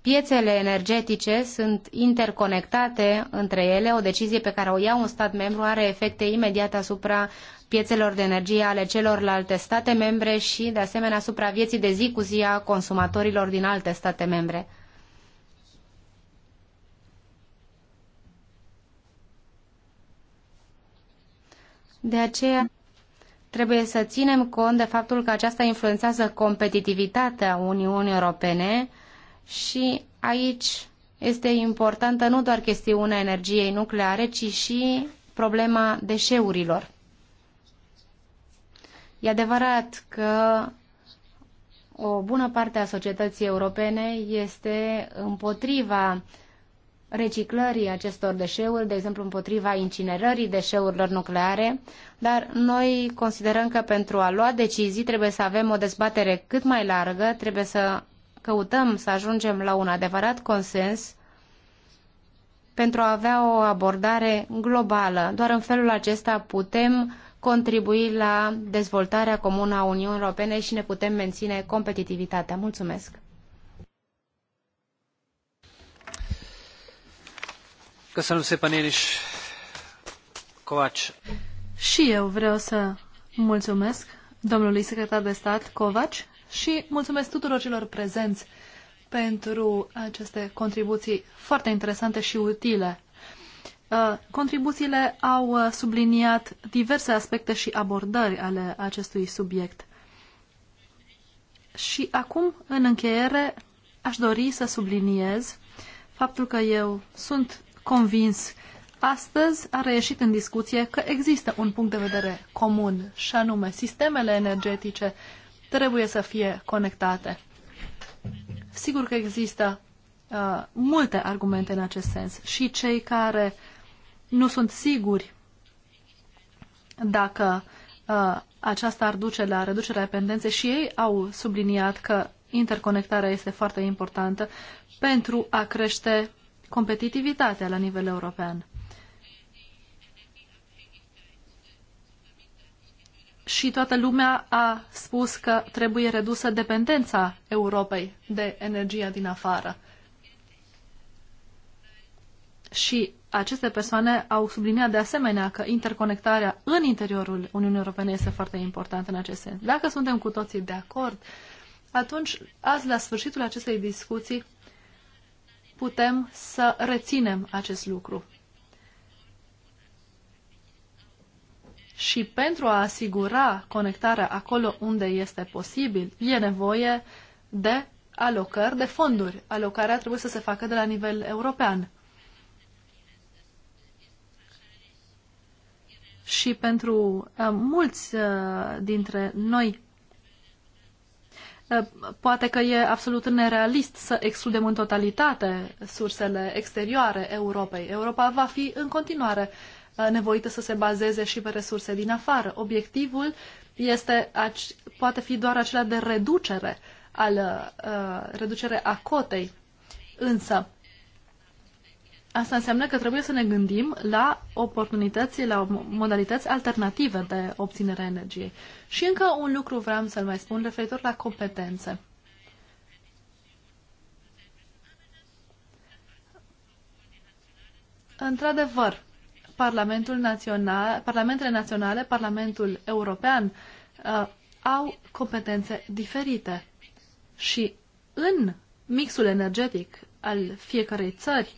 piețele energetice sunt interconectate între ele, o decizie pe care o ia un stat membru are efecte imediate asupra piețelor de energie ale celorlalte state membre și, de asemenea, asupra vieții de zi cu zi a consumatorilor din alte state membre. De aceea trebuie să ținem cont de faptul că aceasta influențează competitivitatea Uniunii Europene și aici este importantă nu doar chestiunea energiei nucleare, ci și problema deșeurilor. E adevărat că o bună parte a societății europene este împotriva reciclării acestor deșeuri, de exemplu împotriva incinerării deșeurilor nucleare, dar noi considerăm că pentru a lua decizii trebuie să avem o dezbatere cât mai largă, trebuie să căutăm să ajungem la un adevărat consens pentru a avea o abordare globală. Doar în felul acesta putem contribui la dezvoltarea comună a Uniunii Europene și ne putem menține competitivitatea. Mulțumesc! Și eu vreau să mulțumesc domnului secretar de stat Covaci și mulțumesc tuturor celor prezenți pentru aceste contribuții foarte interesante și utile. Uh, contribuțiile au uh, subliniat diverse aspecte și abordări ale acestui subiect. Și acum, în încheiere, aș dori să subliniez faptul că eu sunt convins astăzi a reieșit în discuție că există un punct de vedere comun, și anume sistemele energetice trebuie să fie conectate. Sigur că există uh, multe argumente în acest sens și cei care nu sunt siguri dacă uh, aceasta ar duce la reducerea dependenței și ei au subliniat că interconectarea este foarte importantă pentru a crește competitivitatea la nivel european. Și toată lumea a spus că trebuie redusă dependența Europei de energia din afară. Și aceste persoane au subliniat de asemenea că interconectarea în interiorul Uniunii Europene este foarte importantă în acest sens. Dacă suntem cu toții de acord, atunci, azi, la sfârșitul acestei discuții, putem să reținem acest lucru. Și pentru a asigura conectarea acolo unde este posibil, e nevoie de alocări, de fonduri. Alocarea trebuie să se facă de la nivel european. Și pentru uh, mulți uh, dintre noi Eh, poate că e absolut nerealist să excludem în totalitate sursele exterioare Europei. Europa va fi în continuare eh, nevoită să se bazeze și pe resurse din afară. Obiectivul este, poate fi doar acela de reducere, al, eh, reducere a cotei. Însă, Asta înseamnă că trebuie să ne gândim la oportunități, la modalități alternative de obținere a energiei. Și încă un lucru vreau să-l mai spun referitor la competențe. Într-adevăr, Parlamentul Național, Parlamentele Naționale, Parlamentul European uh, au competențe diferite și în mixul energetic al fiecărei țări,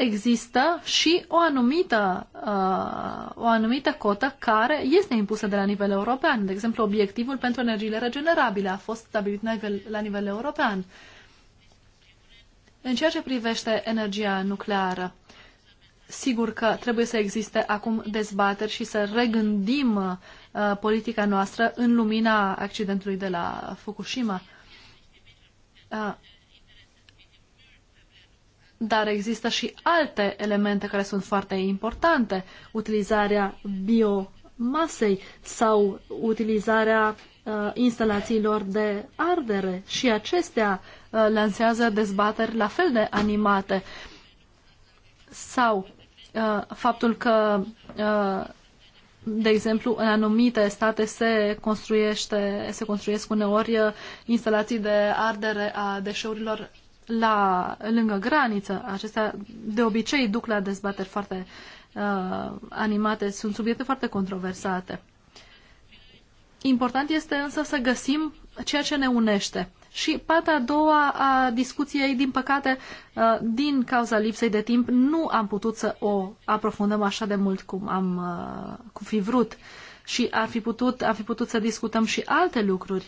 există și o anumită, uh, o anumită cotă care este impusă de la nivel european. De exemplu, obiectivul pentru energiile regenerabile a fost stabilit la nivel, la nivel european. În ceea ce privește energia nucleară, sigur că trebuie să existe acum dezbateri și să regândim uh, politica noastră în lumina accidentului de la Fukushima. Uh, dar există și alte elemente care sunt foarte importante. Utilizarea biomasei sau utilizarea uh, instalațiilor de ardere și acestea uh, lansează dezbateri la fel de animate. Sau uh, faptul că uh, de exemplu, în anumite state se, construiește, se construiesc uneori uh, instalații de ardere a deșeurilor la, lângă graniță. Acestea de obicei duc la dezbateri foarte uh, animate, sunt subiecte foarte controversate. Important este însă să găsim ceea ce ne unește. Și partea a doua a discuției, din păcate, uh, din cauza lipsei de timp, nu am putut să o aprofundăm așa de mult cum am uh, cum fi vrut. Și ar fi putut, ar fi putut să discutăm și alte lucruri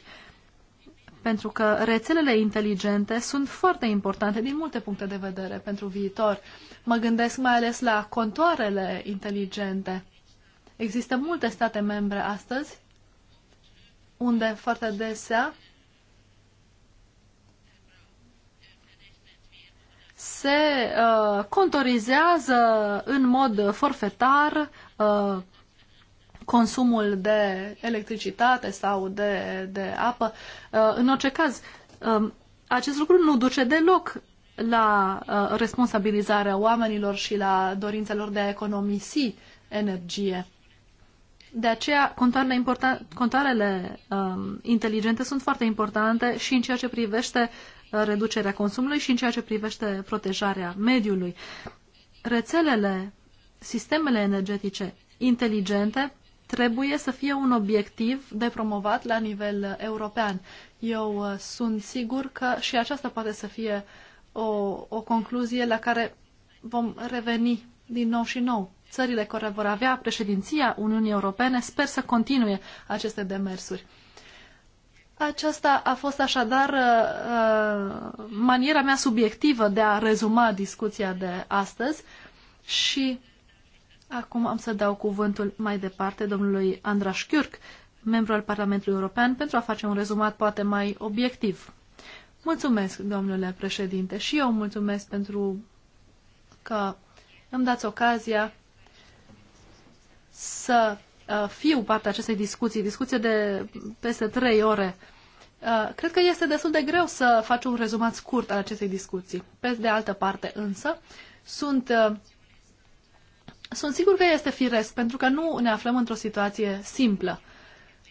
pentru că rețelele inteligente sunt foarte importante din multe puncte de vedere pentru viitor. Mă gândesc mai ales la contoarele inteligente. Există multe state membre astăzi unde foarte desea se uh, contorizează în mod forfetar uh, consumul de electricitate sau de, de apă. Uh, în orice caz, um, acest lucru nu duce deloc la uh, responsabilizarea oamenilor și la dorințelor de a economisi energie. De aceea, contoarele, importan- contoarele um, inteligente sunt foarte importante și în ceea ce privește uh, reducerea consumului și în ceea ce privește protejarea mediului. Rețelele, sistemele energetice inteligente trebuie să fie un obiectiv de promovat la nivel european. Eu uh, sunt sigur că și aceasta poate să fie o, o concluzie la care vom reveni din nou și nou. Țările care vor avea președinția Uniunii Europene sper să continue aceste demersuri. Aceasta a fost așadar uh, uh, maniera mea subiectivă de a rezuma discuția de astăzi și Acum am să dau cuvântul mai departe domnului Andraș Chiurc, membru al Parlamentului European, pentru a face un rezumat poate mai obiectiv. Mulțumesc, domnule președinte, și eu mulțumesc pentru că îmi dați ocazia să uh, fiu parte a acestei discuții, discuție de peste trei ore. Uh, cred că este destul de greu să faci un rezumat scurt al acestei discuții. Pe de altă parte, însă, sunt uh, sunt sigur că este firesc, pentru că nu ne aflăm într-o situație simplă.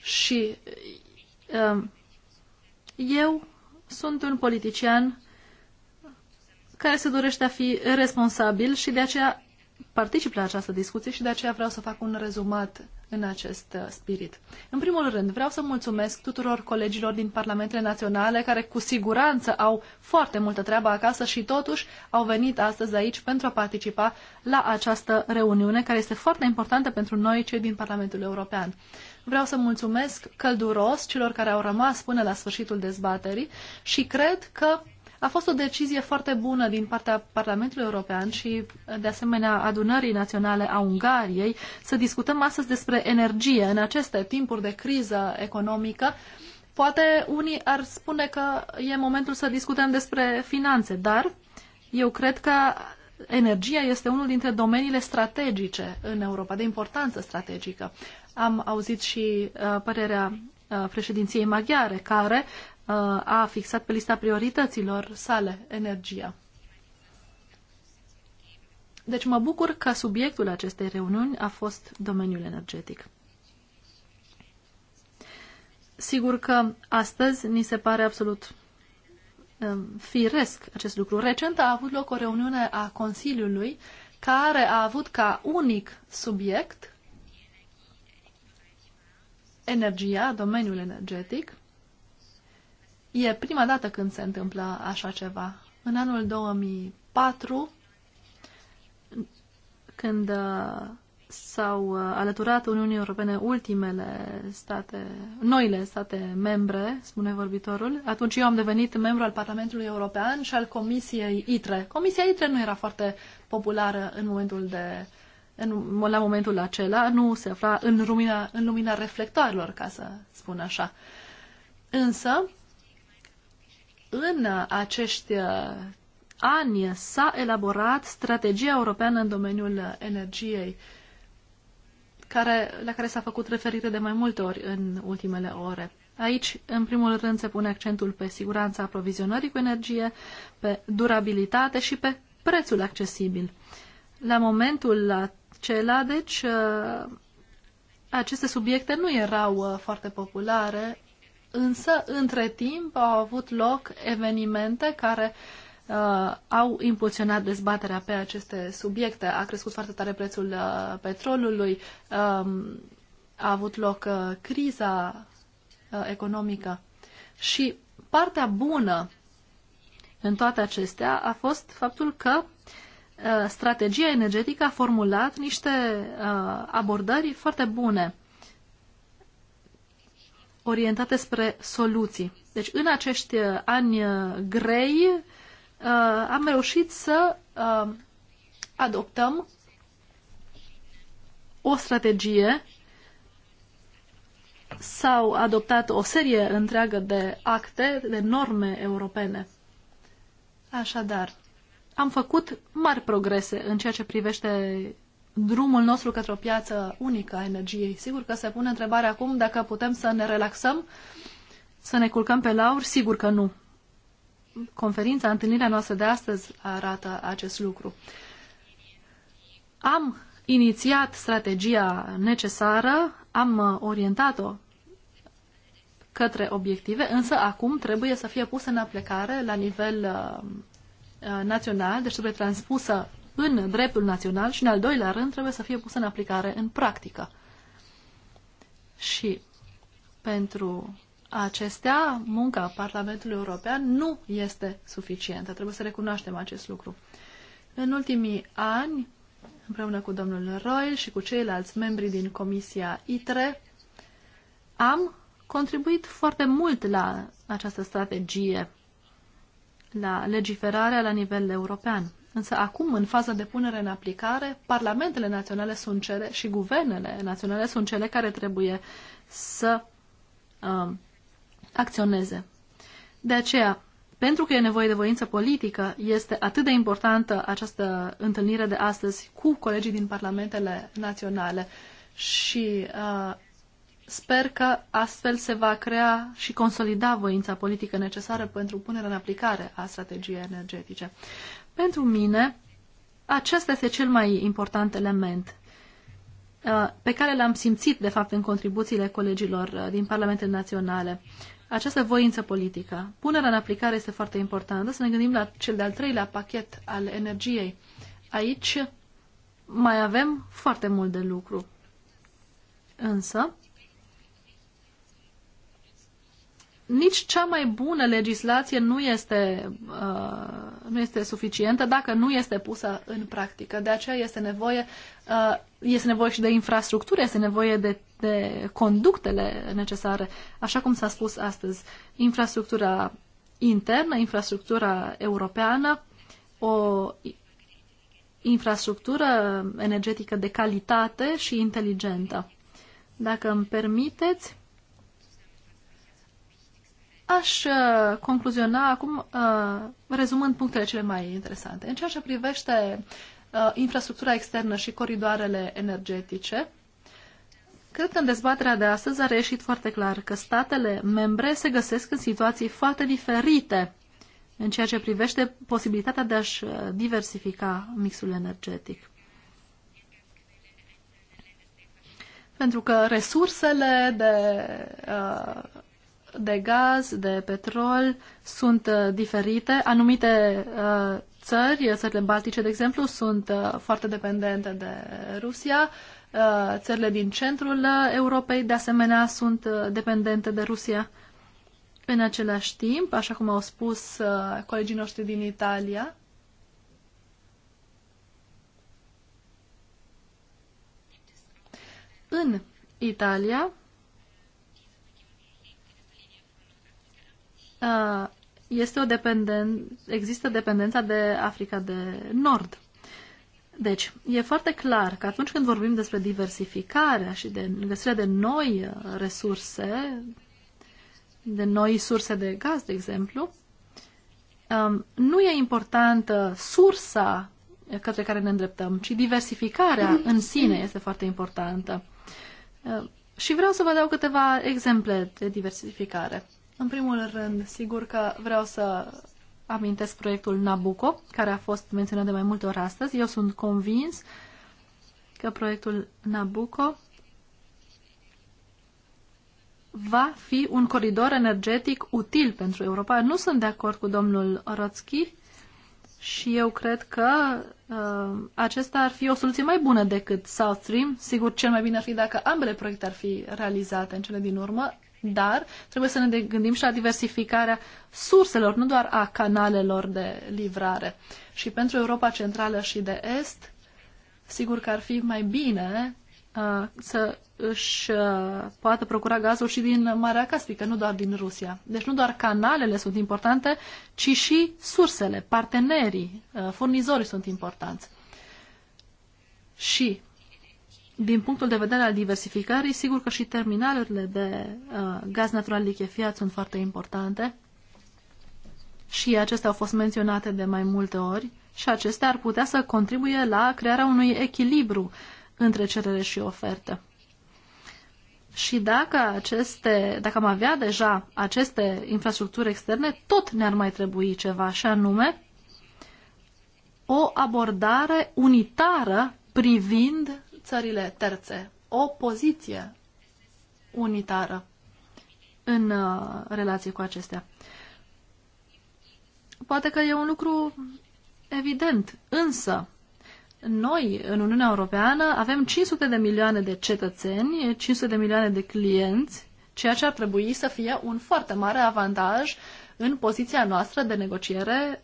Și um, eu sunt un politician care se dorește a fi responsabil și de aceea particip la această discuție și de aceea vreau să fac un rezumat în acest uh, spirit. În primul rând, vreau să mulțumesc tuturor colegilor din Parlamentele Naționale care cu siguranță au foarte multă treabă acasă și totuși au venit astăzi aici pentru a participa la această reuniune care este foarte importantă pentru noi cei din Parlamentul European. Vreau să mulțumesc călduros celor care au rămas până la sfârșitul dezbaterii și cred că a fost o decizie foarte bună din partea Parlamentului European și, de asemenea, adunării naționale a Ungariei să discutăm astăzi despre energie în aceste timpuri de criză economică. Poate unii ar spune că e momentul să discutăm despre finanțe, dar eu cred că energia este unul dintre domeniile strategice în Europa, de importanță strategică. Am auzit și uh, părerea uh, președinției maghiare, care Uh, a fixat pe lista priorităților sale energia. Deci mă bucur că subiectul acestei reuniuni a fost domeniul energetic. Sigur că astăzi ni se pare absolut um, firesc acest lucru. Recent a avut loc o reuniune a Consiliului care a avut ca unic subiect energia, domeniul energetic, E prima dată când se întâmplă așa ceva. În anul 2004, când uh, s-au uh, alăturat Uniunii Europene ultimele state, noile state membre, spune vorbitorul, atunci eu am devenit membru al Parlamentului European și al Comisiei ITRE. Comisia ITRE nu era foarte populară în momentul de în, la momentul acela, nu se afla în lumina, în lumina reflectoarelor, ca să spun așa. Însă, în uh, acești uh, ani s-a elaborat strategia europeană în domeniul uh, energiei, care, la care s-a făcut referire de mai multe ori în ultimele ore. Aici, în primul rând, se pune accentul pe siguranța aprovizionării cu energie, pe durabilitate și pe prețul accesibil. La momentul acela, deci, aceste subiecte nu erau foarte populare Însă, între timp, au avut loc evenimente care uh, au impulsionat dezbaterea pe aceste subiecte. A crescut foarte tare prețul uh, petrolului, uh, a avut loc uh, criza uh, economică. Și partea bună în toate acestea a fost faptul că uh, strategia energetică a formulat niște uh, abordări foarte bune orientate spre soluții. Deci în acești uh, ani uh, grei uh, am reușit să adoptăm o strategie s-au adoptat o serie întreagă de acte, de norme europene. Așadar, am făcut mari progrese în ceea ce privește drumul nostru către o piață unică a energiei. Sigur că se pune întrebarea acum dacă putem să ne relaxăm, să ne culcăm pe lauri. Sigur că nu. Conferința, întâlnirea noastră de astăzi arată acest lucru. Am inițiat strategia necesară, am uh, orientat-o către obiective, însă acum trebuie să fie pusă în aplicare la nivel uh, uh național, deci trebuie transpusă în dreptul național și, în al doilea rând, trebuie să fie pusă în aplicare în practică. Și pentru acestea, munca Parlamentului European nu este suficientă. Trebuie să recunoaștem acest lucru. În ultimii ani, împreună cu domnul Royal și cu ceilalți membri din Comisia ITRE, am contribuit foarte mult la această strategie, la legiferarea la nivel european. Însă acum, în faza de punere în aplicare, parlamentele naționale sunt cele și guvernele naționale sunt cele care trebuie să uh, acționeze. De aceea, pentru că e nevoie de voință politică, este atât de importantă această întâlnire de astăzi cu colegii din parlamentele naționale și uh, sper că astfel se va crea și consolida voința politică necesară pentru punerea în aplicare a strategiei energetice. Pentru mine, acesta este cel mai important element uh, pe care l-am simțit, de fapt, în contribuțiile colegilor uh, din Parlamentele Naționale. Această voință politică. Punerea în aplicare este foarte importantă. Să ne gândim la cel de-al treilea pachet al energiei. Aici mai avem foarte mult de lucru. Însă, nici cea mai bună legislație nu este, uh, nu este suficientă dacă nu este pusă în practică. De aceea este nevoie, uh, este nevoie și de infrastructură, este nevoie de, de conductele necesare. Așa cum s-a spus astăzi, infrastructura internă, infrastructura europeană, o infrastructură energetică de calitate și inteligentă. Dacă îmi permiteți, Aș uh, concluziona acum uh, rezumând punctele cele mai interesante. În ceea ce privește uh, infrastructura externă și coridoarele energetice, cred că în dezbaterea de astăzi a reieșit foarte clar că statele membre se găsesc în situații foarte diferite în ceea ce privește posibilitatea de a-și uh, diversifica mixul energetic. Pentru că resursele de uh, de gaz, de petrol sunt uh, diferite. Anumite uh, țări, țările baltice, de exemplu, sunt uh, foarte dependente de Rusia. Țările din centrul Europei, de asemenea, sunt dependente de Rusia. În același timp, așa cum au spus colegii noștri din Italia, în Italia Uh, este o dependen există dependența de Africa de Nord. Deci, e foarte clar că atunci când vorbim despre diversificarea și de găsirea de noi uh, resurse, de noi surse de gaz, de exemplu, um, nu e importantă sursa către care ne îndreptăm, ci diversificarea în sine este foarte importantă. Uh, și vreau să vă dau câteva exemple de diversificare. În primul rând, sigur că vreau să amintesc proiectul Nabucco, care a fost menționat de mai multe ori astăzi. Eu sunt convins că proiectul Nabucco va fi un coridor energetic util pentru Europa. Nu sunt de acord cu domnul Orotski și eu cred că uh, acesta ar fi o soluție mai bună decât South Stream. Sigur, cel mai bine ar fi dacă ambele proiecte ar fi realizate în cele din urmă dar trebuie să ne gândim și la diversificarea surselor, nu doar a canalelor de livrare. Și pentru Europa Centrală și de Est, sigur că ar fi mai bine să își poată procura gazul și din Marea Caspică, nu doar din Rusia. Deci nu doar canalele sunt importante, ci și sursele, partenerii, furnizorii sunt importanți. Și din punctul de vedere al diversificării, sigur că și terminalurile de uh, gaz natural lichefiat sunt foarte importante și acestea au fost menționate de mai multe ori și acestea ar putea să contribuie la crearea unui echilibru între cerere și ofertă. Și dacă, aceste, dacă am avea deja aceste infrastructuri externe, tot ne-ar mai trebui ceva, și anume o abordare unitară privind țările terțe o poziție unitară în uh, relație cu acestea. Poate că e un lucru evident, însă noi, în Uniunea Europeană, avem 500 de milioane de cetățeni, 500 de milioane de clienți, ceea ce ar trebui să fie un foarte mare avantaj în poziția noastră de negociere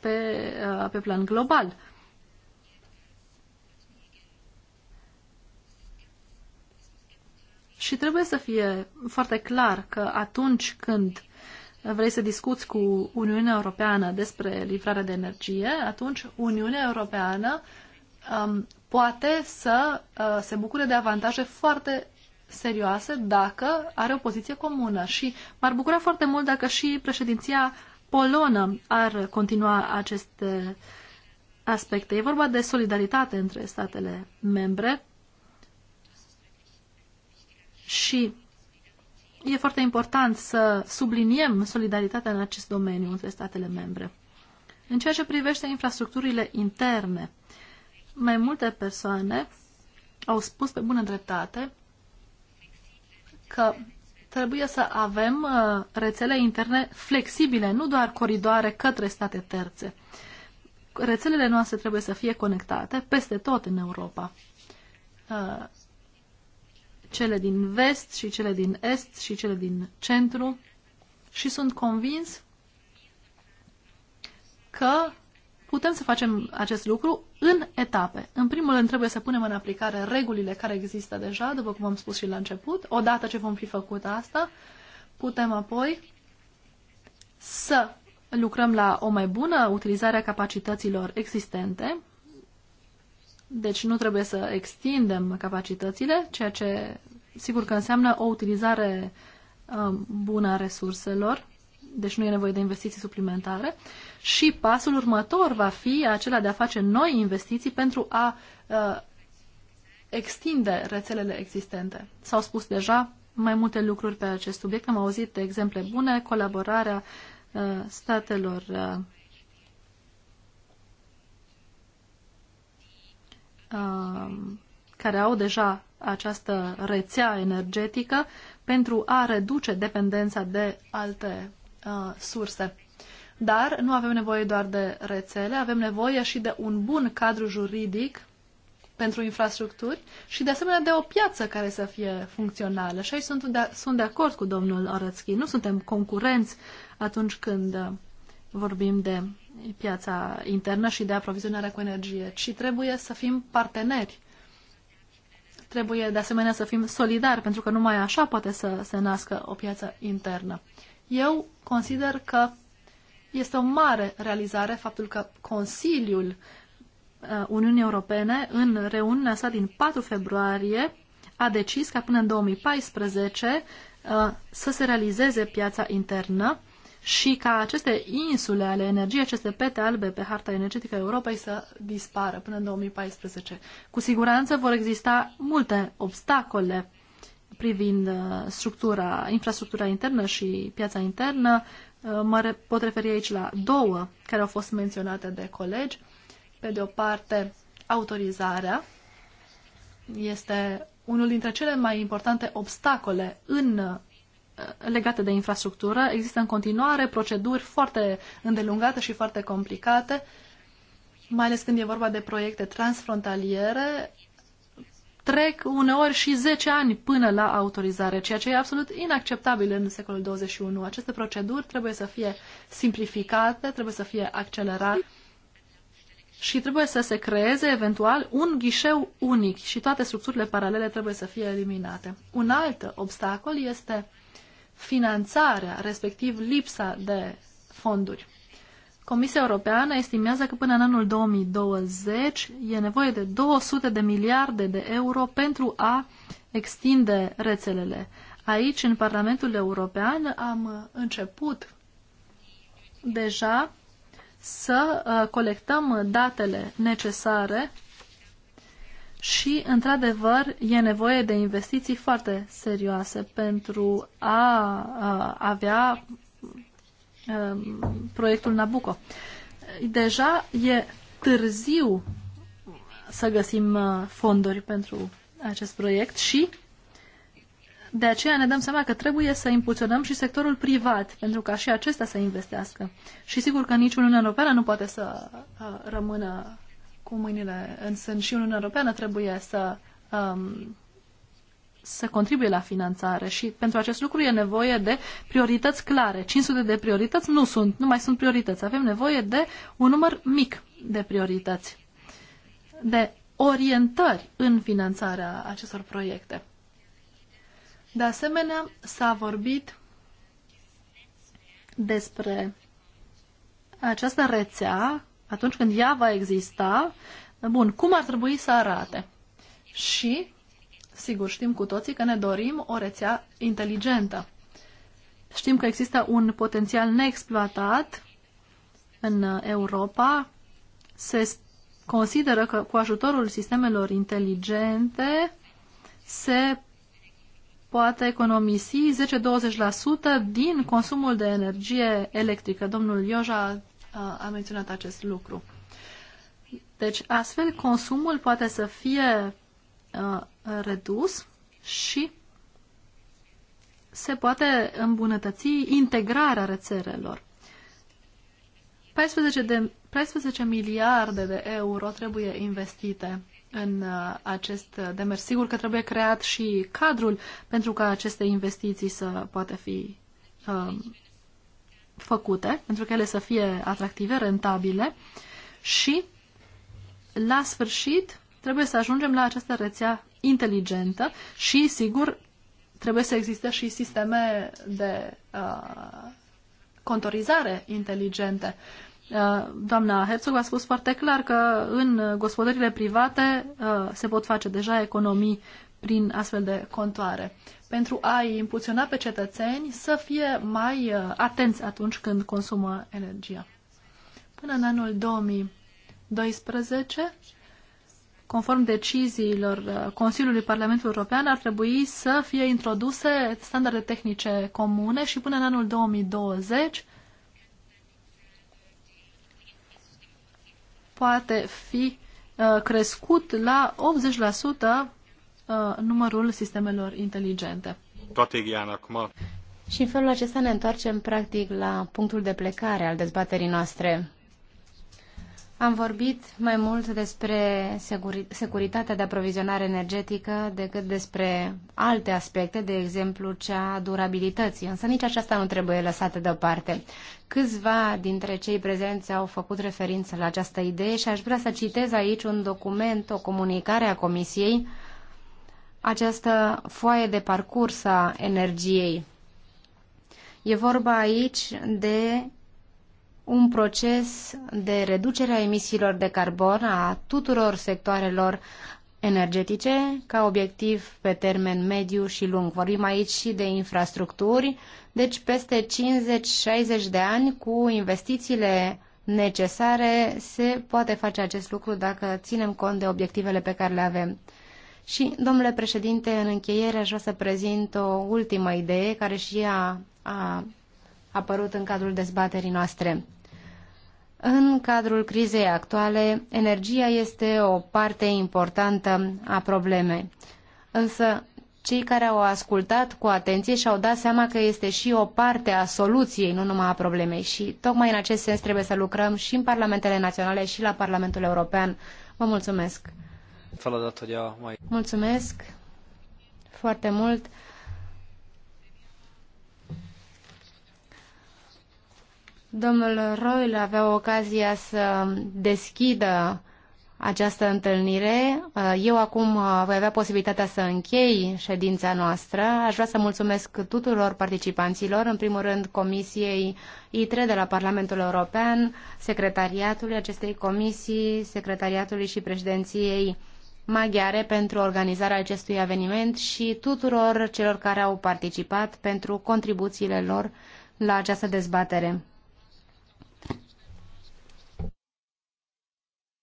pe, uh, pe plan global. Și trebuie să fie foarte clar că atunci când vrei să discuți cu Uniunea Europeană despre livrarea de energie, atunci Uniunea Europeană um, poate să uh, se bucure de avantaje foarte serioase dacă are o poziție comună. Și m-ar bucura foarte mult dacă și președinția polonă ar continua aceste aspecte. E vorba de solidaritate între statele membre și e foarte important să subliniem solidaritatea în acest domeniu între statele membre. În ceea ce privește infrastructurile interne, mai multe persoane au spus pe bună dreptate că trebuie să avem uh, rețele interne flexibile, nu doar coridoare către state terțe. Rețelele noastre trebuie să fie conectate peste tot în Europa. Uh, cele din vest și cele din est și cele din centru și sunt convins că putem să facem acest lucru în etape. În primul rând trebuie să punem în aplicare regulile care există deja, după cum am spus și la început. Odată ce vom fi făcut asta, putem apoi să lucrăm la o mai bună utilizare a capacităților existente deci nu trebuie să extindem capacitățile, ceea ce sigur că înseamnă o utilizare um, bună a resurselor, deci nu e nevoie de investiții suplimentare. Și pasul următor va fi acela de a face noi investiții pentru a uh, extinde rețelele existente. S-au spus deja mai multe lucruri pe acest subiect. Am auzit exemple bune, colaborarea uh, statelor uh, Um, care au deja această rețea energetică pentru a reduce dependența de alte uh, surse. Dar nu avem nevoie doar de rețele, avem nevoie și de un bun cadru juridic pentru infrastructuri și de asemenea de o piață care să fie funcțională. Și aici sunt de, sunt de acord cu domnul Orățchi. Nu suntem concurenți atunci când vorbim de piața internă și de aprovizionarea cu energie, ci trebuie să fim parteneri. Trebuie de asemenea să fim solidari, pentru că numai așa poate să se nască o piață internă. Eu consider că este o mare realizare faptul că Consiliul uh, Uniunii Europene, în reuniunea sa din 4 februarie, a decis ca până în 2014 uh, să se realizeze piața internă și ca aceste insule ale energiei, aceste pete albe pe harta energetică a Europei să dispară până în 2014. Cu siguranță vor exista multe obstacole privind uh, structura, infrastructura internă și piața internă. Uh, mă pot referi aici la două care au fost menționate de colegi. Pe de o parte, autorizarea este unul dintre cele mai importante obstacole în legate de infrastructură. Există în continuare proceduri foarte îndelungate și foarte complicate, mai ales când e vorba de proiecte transfrontaliere. Trec uneori și 10 ani până la autorizare, ceea ce e absolut inacceptabil în secolul 21. Aceste proceduri trebuie să fie simplificate, trebuie să fie accelerate și trebuie să se creeze eventual un ghișeu unic și toate structurile paralele trebuie să fie eliminate. Un alt obstacol este finanțarea, respectiv lipsa de fonduri. Comisia Europeană estimează că până în anul 2020 e nevoie de 200 de miliarde de euro pentru a extinde rețelele. Aici, în Parlamentul European, am început deja să uh, colectăm datele necesare și, într-adevăr, e nevoie de investiții foarte serioase pentru a, a avea a, proiectul Nabucco. Deja e târziu să găsim fonduri pentru acest proiect și de aceea ne dăm seama că trebuie să impulsionăm și sectorul privat, pentru ca și acesta să investească. Și sigur că nici Uniunea Europeană nu poate să rămână cu mâinile în sân și Uniunea Europeană trebuie să, um, să contribuie la finanțare și pentru acest lucru e nevoie de priorități clare. 500 de priorități nu sunt, nu mai sunt priorități. Avem nevoie de un număr mic de priorități, de orientări în finanțarea acestor proiecte. De asemenea, s-a vorbit despre această rețea atunci când ea va exista, bun, cum ar trebui să arate? Și, sigur, știm cu toții că ne dorim o rețea inteligentă. Știm că există un potențial neexploatat în Europa. Se consideră că cu ajutorul sistemelor inteligente se poate economisi 10-20% din consumul de energie electrică. Domnul Ioja a menționat acest lucru. Deci, astfel, consumul poate să fie redus și se poate îmbunătăți integrarea rețelelor. 14, de, 14 miliarde de euro trebuie investite în acest demers. Sigur că trebuie creat și cadrul pentru ca aceste investiții să poată fi făcute, pentru că ele să fie atractive, rentabile și la sfârșit trebuie să ajungem la această rețea inteligentă și, sigur, trebuie să existe și sisteme de uh, contorizare inteligente. Uh, doamna Herzog a spus foarte clar că în gospodările private uh, se pot face deja economii prin astfel de contoare, pentru a-i impulsiona pe cetățeni să fie mai uh, atenți atunci când consumă energia. Până în anul 2012, conform deciziilor uh, Consiliului Parlamentului European, ar trebui să fie introduse standarde tehnice comune și până în anul 2020 poate fi uh, crescut la 80% Uh, numărul sistemelor inteligente. Și în felul acesta ne întoarcem practic la punctul de plecare al dezbaterii noastre. Am vorbit mai mult despre securi securitatea de aprovizionare energetică decât despre alte aspecte, de exemplu cea a durabilității, însă nici aceasta nu trebuie lăsată deoparte. Câțiva dintre cei prezenți au făcut referință la această idee și aș vrea să citez aici un document, o comunicare a Comisiei, această foaie de parcurs a energiei. E vorba aici de un proces de reducere a emisiilor de carbon a tuturor sectoarelor energetice ca obiectiv pe termen mediu și lung. Vorbim aici și de infrastructuri, deci peste 50-60 de ani cu investițiile necesare se poate face acest lucru dacă ținem cont de obiectivele pe care le avem. Și, domnule președinte, în încheiere aș vrea să prezint o ultimă idee care și ea a apărut în cadrul dezbaterii noastre. În cadrul crizei actuale, energia este o parte importantă a problemei. Însă, cei care au ascultat cu atenție și-au dat seama că este și o parte a soluției, nu numai a problemei. Și tocmai în acest sens trebuie să lucrăm și în parlamentele naționale și la Parlamentul European. Vă mulțumesc! Mulțumesc foarte mult. Domnul Royle avea ocazia să deschidă această întâlnire. Eu acum uh, voi avea posibilitatea să închei ședința noastră. Aș vrea să mulțumesc tuturor participanților, în primul rând Comisiei ITRE de la Parlamentul European, Secretariatului acestei comisii, Secretariatului și Președinției maghiare pentru organizarea acestui eveniment și tuturor celor care au participat pentru contribuțiile lor la această dezbatere.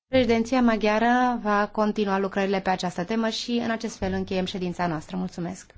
Președinția maghiară va continua lucrările pe această temă și în acest fel încheiem ședința noastră. Mulțumesc!